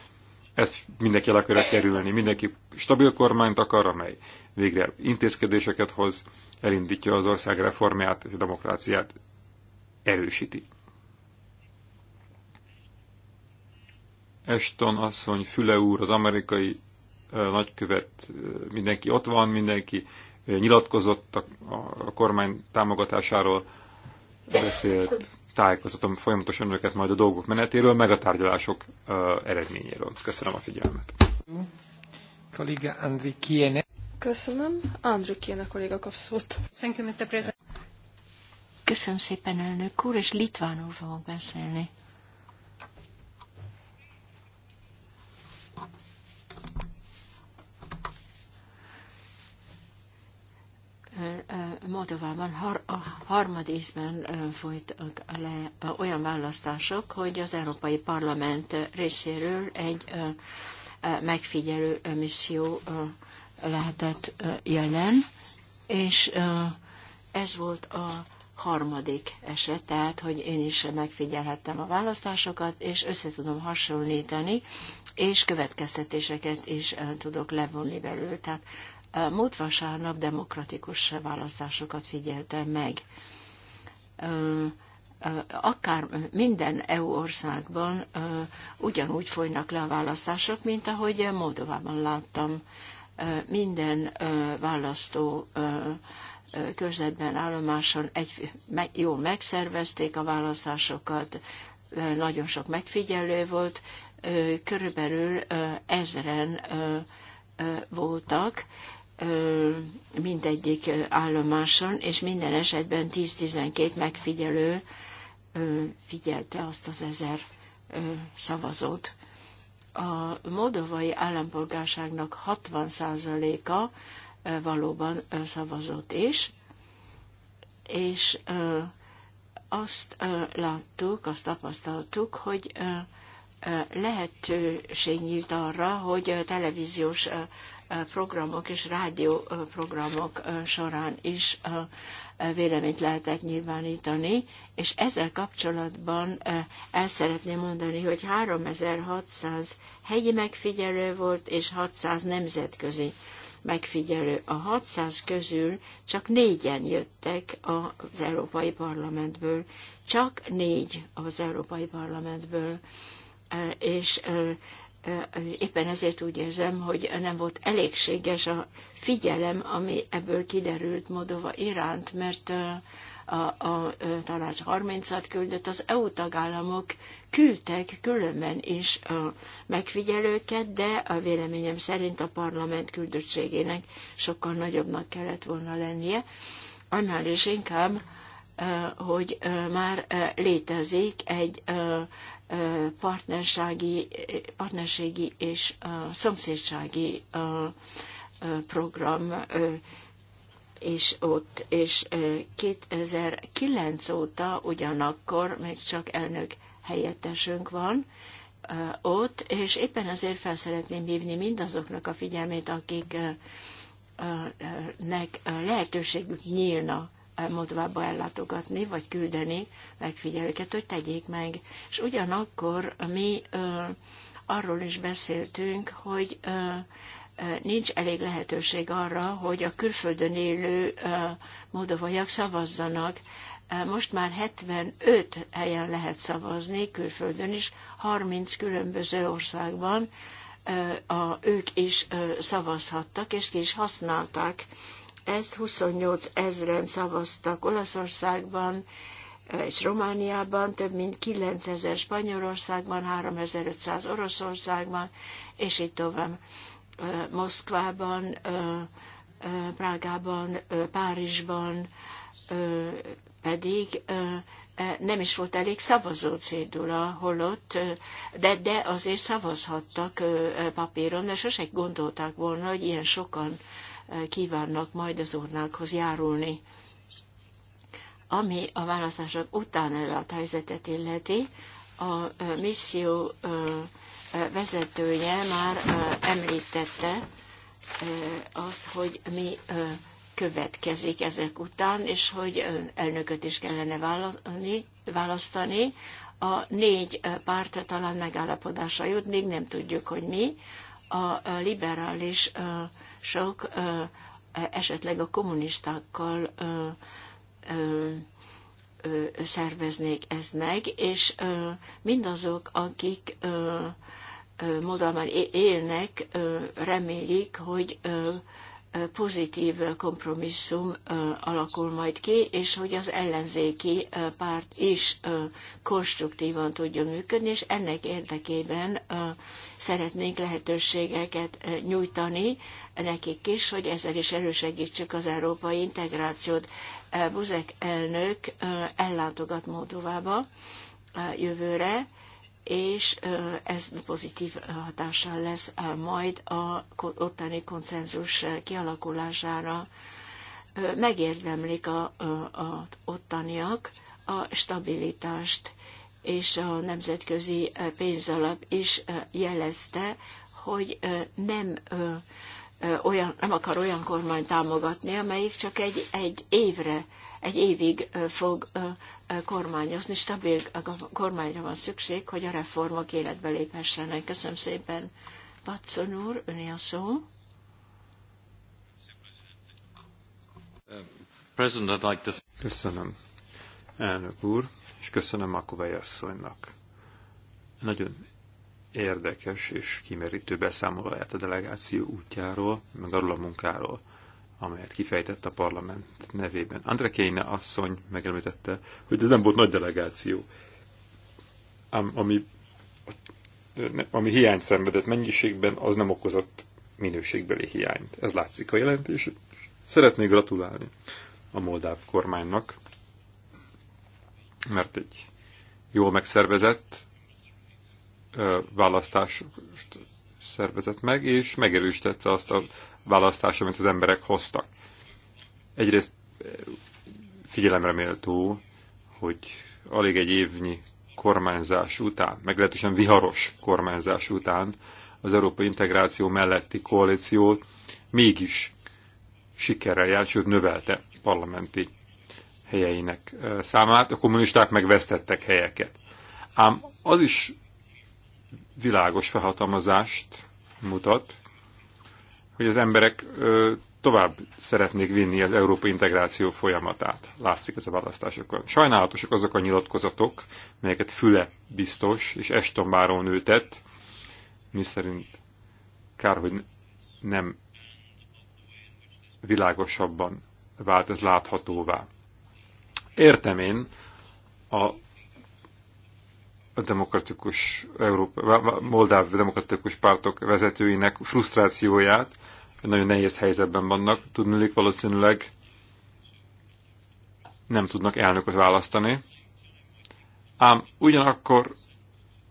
Ezt mindenki el akarja kerülni. Mindenki stabil kormányt akar, amely végre intézkedéseket hoz, elindítja az ország reformját és a demokráciát erősíti. Eston asszony, Füle úr, az amerikai nagykövet, mindenki ott van, mindenki nyilatkozott a, a kormány támogatásáról, beszélt, tájékoztatom folyamatosan önöket majd a dolgok menetéről, meg a tárgyalások uh, eredményéről. Köszönöm a figyelmet. Kolléga Andrikiene. Köszönöm. Andrikiene kolléga kap szót. Köszönöm szépen, elnök úr, és litvánul fogok beszélni. Moldovában har, a harmadészben folytak le olyan választások, hogy az Európai Parlament részéről egy megfigyelő misszió lehetett jelen, és ez volt a harmadik eset, tehát hogy én is megfigyelhettem a választásokat, és össze tudom hasonlítani, és következtetéseket is tudok levonni belőle. Tehát Múlt vasárnap demokratikus választásokat figyeltem meg. Akár minden EU országban ugyanúgy folynak le a választások, mint ahogy Moldovában láttam. Minden választó körzetben, állomáson egy, jó jól megszervezték a választásokat, nagyon sok megfigyelő volt, körülbelül ezeren voltak, mindegyik állomáson, és minden esetben 10-12 megfigyelő figyelte azt az ezer szavazót. A moldovai állampolgárságnak 60%-a valóban szavazott is, és azt láttuk, azt tapasztaltuk, hogy lehetőség nyílt arra, hogy televíziós programok és rádióprogramok során is véleményt lehetek nyilvánítani, és ezzel kapcsolatban el szeretném mondani, hogy 3600 helyi megfigyelő volt, és 600 nemzetközi megfigyelő. A 600 közül csak négyen jöttek az Európai Parlamentből, csak négy az Európai Parlamentből, és éppen ezért úgy érzem, hogy nem volt elégséges a figyelem, ami ebből kiderült Modova iránt, mert a, a, a tanács 30-at küldött, az EU tagállamok küldtek különben is a megfigyelőket, de a véleményem szerint a parlament küldöttségének sokkal nagyobbnak kellett volna lennie, annál is inkább, hogy már létezik egy partnersági, partnerségi és szomszédsági program, és ott, és 2009 óta ugyanakkor még csak elnök helyettesünk van, ott, és éppen azért fel szeretném hívni mindazoknak a figyelmét, akiknek lehetőségük nyílna Moldovába ellátogatni, vagy küldeni megfigyelőket, hogy tegyék meg. És ugyanakkor mi arról is beszéltünk, hogy nincs elég lehetőség arra, hogy a külföldön élő moldovaiak szavazzanak. Most már 75 helyen lehet szavazni, külföldön is, 30 különböző országban a, ők is szavazhattak, és ki is használták ezt 28 ezeren szavaztak Olaszországban és Romániában, több mint 9000 Spanyolországban, 3500 Oroszországban, és így tovább. Moszkvában, Prágában, Párizsban pedig e, nem is volt elég szavazó cédula, holott, de, de azért szavazhattak e, papíron, mert sosem gondolták volna, hogy ilyen sokan kívánnak majd az urnákhoz járulni. Ami a választások után elvált helyzetet illeti, a misszió vezetője már említette azt, hogy mi következik ezek után, és hogy elnököt is kellene választani. A négy párt talán megállapodásra jut, még nem tudjuk, hogy mi. A liberális sok e, esetleg a kommunistákkal szerveznék ezt meg, és mindazok, akik modalmán élnek, remélik, hogy pozitív kompromisszum alakul majd ki, és hogy az ellenzéki párt is konstruktívan tudjon működni, és ennek érdekében szeretnénk lehetőségeket nyújtani nekik is, hogy ezzel is elősegítsük az európai integrációt. Buzek elnök ellátogat Moldovába jövőre, és ez pozitív hatással lesz majd a ottani konszenzus kialakulására. Megérdemlik a, a, a ottaniak a stabilitást, és a nemzetközi pénzalap is jelezte, hogy nem olyan, nem akar olyan kormány támogatni, amelyik csak egy, egy évre, egy évig fog kormányozni. Stabil kormányra van szükség, hogy a reformok életbe léphessenek. Köszönöm szépen, Patson úr, öné a szó. Köszönöm, elnök úr, és köszönöm a asszonynak. Nagyon érdekes és kimerítő beszámolóját a delegáció útjáról, meg arról a munkáról, amelyet kifejtett a parlament nevében. André Kéne asszony megemlítette, hogy ez nem volt nagy delegáció, ám ami, ami hiány szenvedett mennyiségben, az nem okozott minőségbeli hiányt. Ez látszik a jelentés. Szeretnék gratulálni a moldáv kormánynak, mert egy jól megszervezett, választást szervezett meg, és megerősítette azt a választást, amit az emberek hoztak. Egyrészt figyelemre méltó, hogy alig egy évnyi kormányzás után, meglehetősen viharos kormányzás után az európai integráció melletti koalíció mégis sikerrel járt, sőt növelte parlamenti helyeinek számát, a kommunisták megvesztettek helyeket. Ám az is világos felhatalmazást mutat, hogy az emberek tovább szeretnék vinni az európai integráció folyamatát. Látszik ez a választásokon. Sajnálatosak azok a nyilatkozatok, melyeket Füle biztos és Eston nőtett, mi miszerint kár, hogy nem világosabban vált ez láthatóvá. Értem én a a demokratikus Európa, Moldáv demokratikus pártok vezetőinek frusztrációját, nagyon nehéz helyzetben vannak, tudnulik valószínűleg nem tudnak elnököt választani. Ám ugyanakkor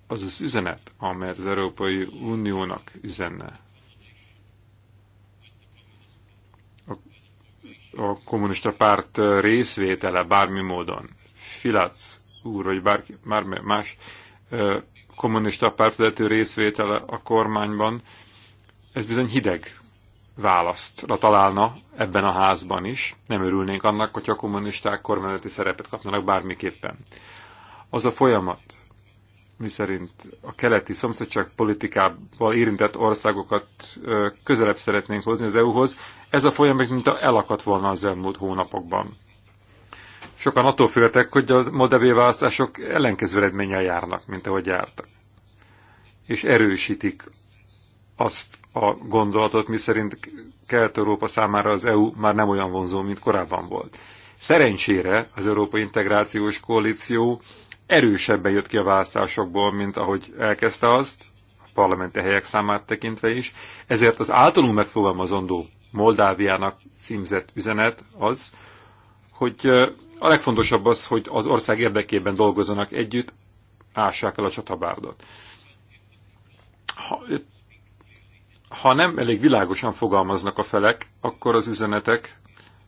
az az üzenet, amelyet az Európai Uniónak üzenne, a, a kommunista párt részvétele bármi módon, Filac úr, hogy bárki, már más kommunista pártvezető részvétele a kormányban, ez bizony hideg választra találna ebben a házban is. Nem örülnénk annak, hogyha a kommunisták kormányzati szerepet kapnának bármiképpen. Az a folyamat, miszerint a keleti szomszédság politikával érintett országokat közelebb szeretnénk hozni az EU-hoz, ez a folyamat, mint a elakadt volna az elmúlt hónapokban. Sokan attól féltek, hogy a moldavé választások ellenkező eredménnyel járnak, mint ahogy jártak. És erősítik azt a gondolatot, miszerint Kelet-Európa számára az EU már nem olyan vonzó, mint korábban volt. Szerencsére az Európai Integrációs Koalíció erősebben jött ki a választásokból, mint ahogy elkezdte azt, a parlamenti helyek számát tekintve is, ezért az általunk megfogalmazandó Moldáviának címzett üzenet az, hogy a legfontosabb az, hogy az ország érdekében dolgozzanak együtt, ássák el a csatabárdot. Ha, ha nem elég világosan fogalmaznak a felek, akkor az üzenetek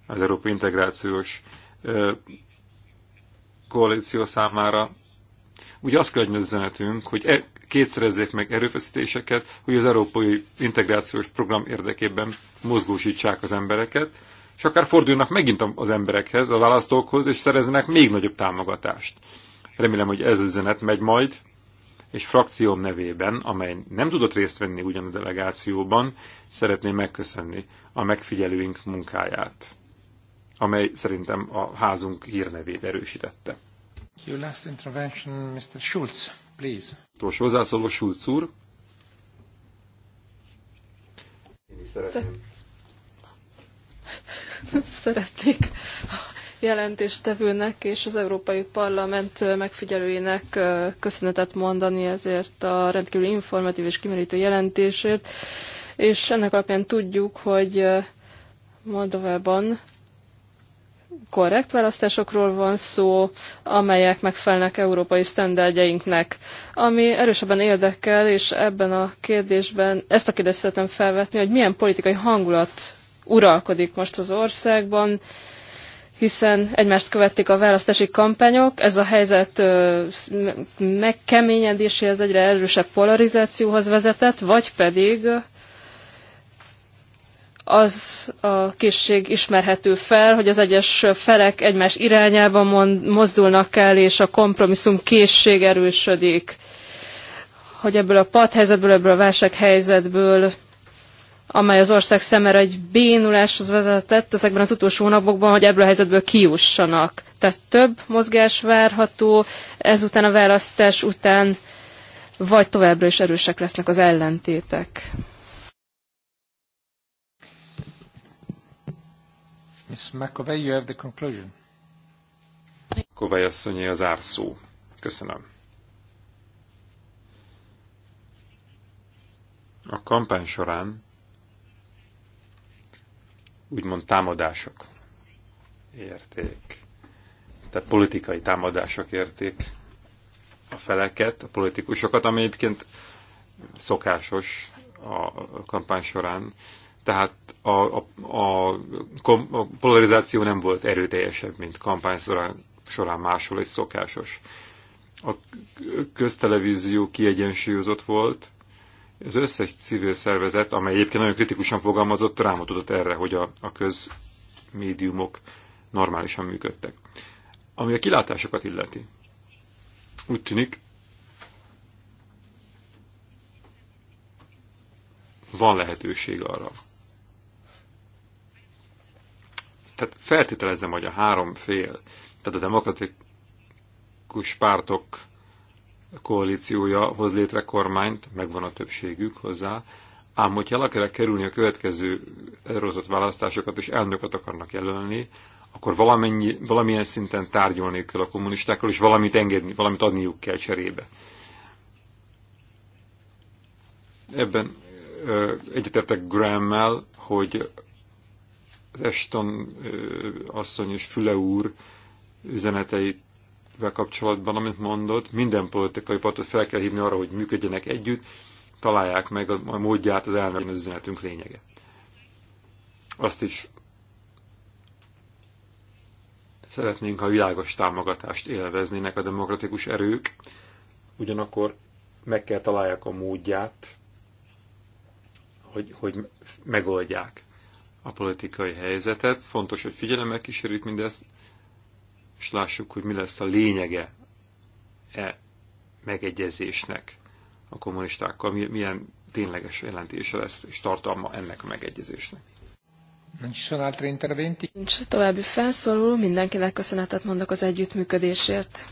az Európai Integrációs koalíció számára ugye azt kell legyen az üzenetünk, hogy e, kétszerezzék meg erőfeszítéseket, hogy az európai integrációs program érdekében mozgósítsák az embereket, és akár fordulnak megint az emberekhez, a választókhoz, és szereznek még nagyobb támogatást. Remélem, hogy ez üzenet megy majd, és frakcióm nevében, amely nem tudott részt venni ugyan a delegációban, szeretném megköszönni a megfigyelőink munkáját, amely szerintem a házunk hírnevét erősítette. Your last intervention, Mr. Schulz, please. Utolsó hozzászóló Schulz úr. Én is szeretném szeretnék jelentéstevőnek és az Európai Parlament megfigyelőinek köszönetet mondani ezért a rendkívül informatív és kimerítő jelentésért, és ennek alapján tudjuk, hogy Moldovában korrekt választásokról van szó, amelyek megfelelnek európai sztenderdjeinknek. Ami erősebben érdekel, és ebben a kérdésben ezt a kérdést szeretném felvetni, hogy milyen politikai hangulat uralkodik most az országban, hiszen egymást követték a választási kampányok, ez a helyzet megkeményedéséhez egyre erősebb polarizációhoz vezetett, vagy pedig az a készség ismerhető fel, hogy az egyes felek egymás irányába mozdulnak el, és a kompromisszum készség erősödik, hogy ebből a padhelyzetből, ebből a válsághelyzetből amely az ország szemére egy bénuláshoz vezetett ezekben az utolsó hónapokban, hogy ebből a helyzetből kiussanak. Tehát több mozgás várható, ezután a választás után vagy továbbra is erősek lesznek az ellentétek. Ms. McAvey, you have the conclusion. Kovai asszonyi az árszó. Köszönöm. A kampány során úgymond támadások érték. Tehát politikai támadások érték a feleket, a politikusokat, ami egyébként szokásos a kampány során. Tehát a, a, a, a polarizáció nem volt erőteljesebb, mint kampány során, során máshol is szokásos. A köztelevízió kiegyensúlyozott volt, az összes civil szervezet, amely egyébként nagyon kritikusan fogalmazott, rámutatott erre, hogy a, a közmédiumok normálisan működtek. Ami a kilátásokat illeti, úgy tűnik, van lehetőség arra. Tehát feltételezem, hogy a három fél, tehát a demokratikus pártok koalíciója hoz létre kormányt, megvan a többségük hozzá, ám hogyha el akarják kerülni a következő előhozott választásokat és elnököt akarnak jelölni, akkor valamennyi, valamilyen szinten tárgyolni kell a kommunistákkal, és valamit engedni, valamit adniuk kell cserébe. Ebben egyetértek Grammel, hogy az Eston asszony és Füle úr üzeneteit kapcsolatban, amit mondott, minden politikai partot fel kell hívni arra, hogy működjenek együtt, találják meg a, a módját az az üzenetünk lényege. Azt is szeretnénk, ha világos támogatást élveznének a demokratikus erők, ugyanakkor meg kell találják a módját, hogy, hogy megoldják a politikai helyzetet. Fontos, hogy figyelemmel kísérjük mindezt, és lássuk, hogy mi lesz a lényege e megegyezésnek a kommunistákkal, milyen tényleges jelentése lesz és tartalma ennek a megegyezésnek. Nincs további felszóló, mindenkinek köszönetet mondok az együttműködésért.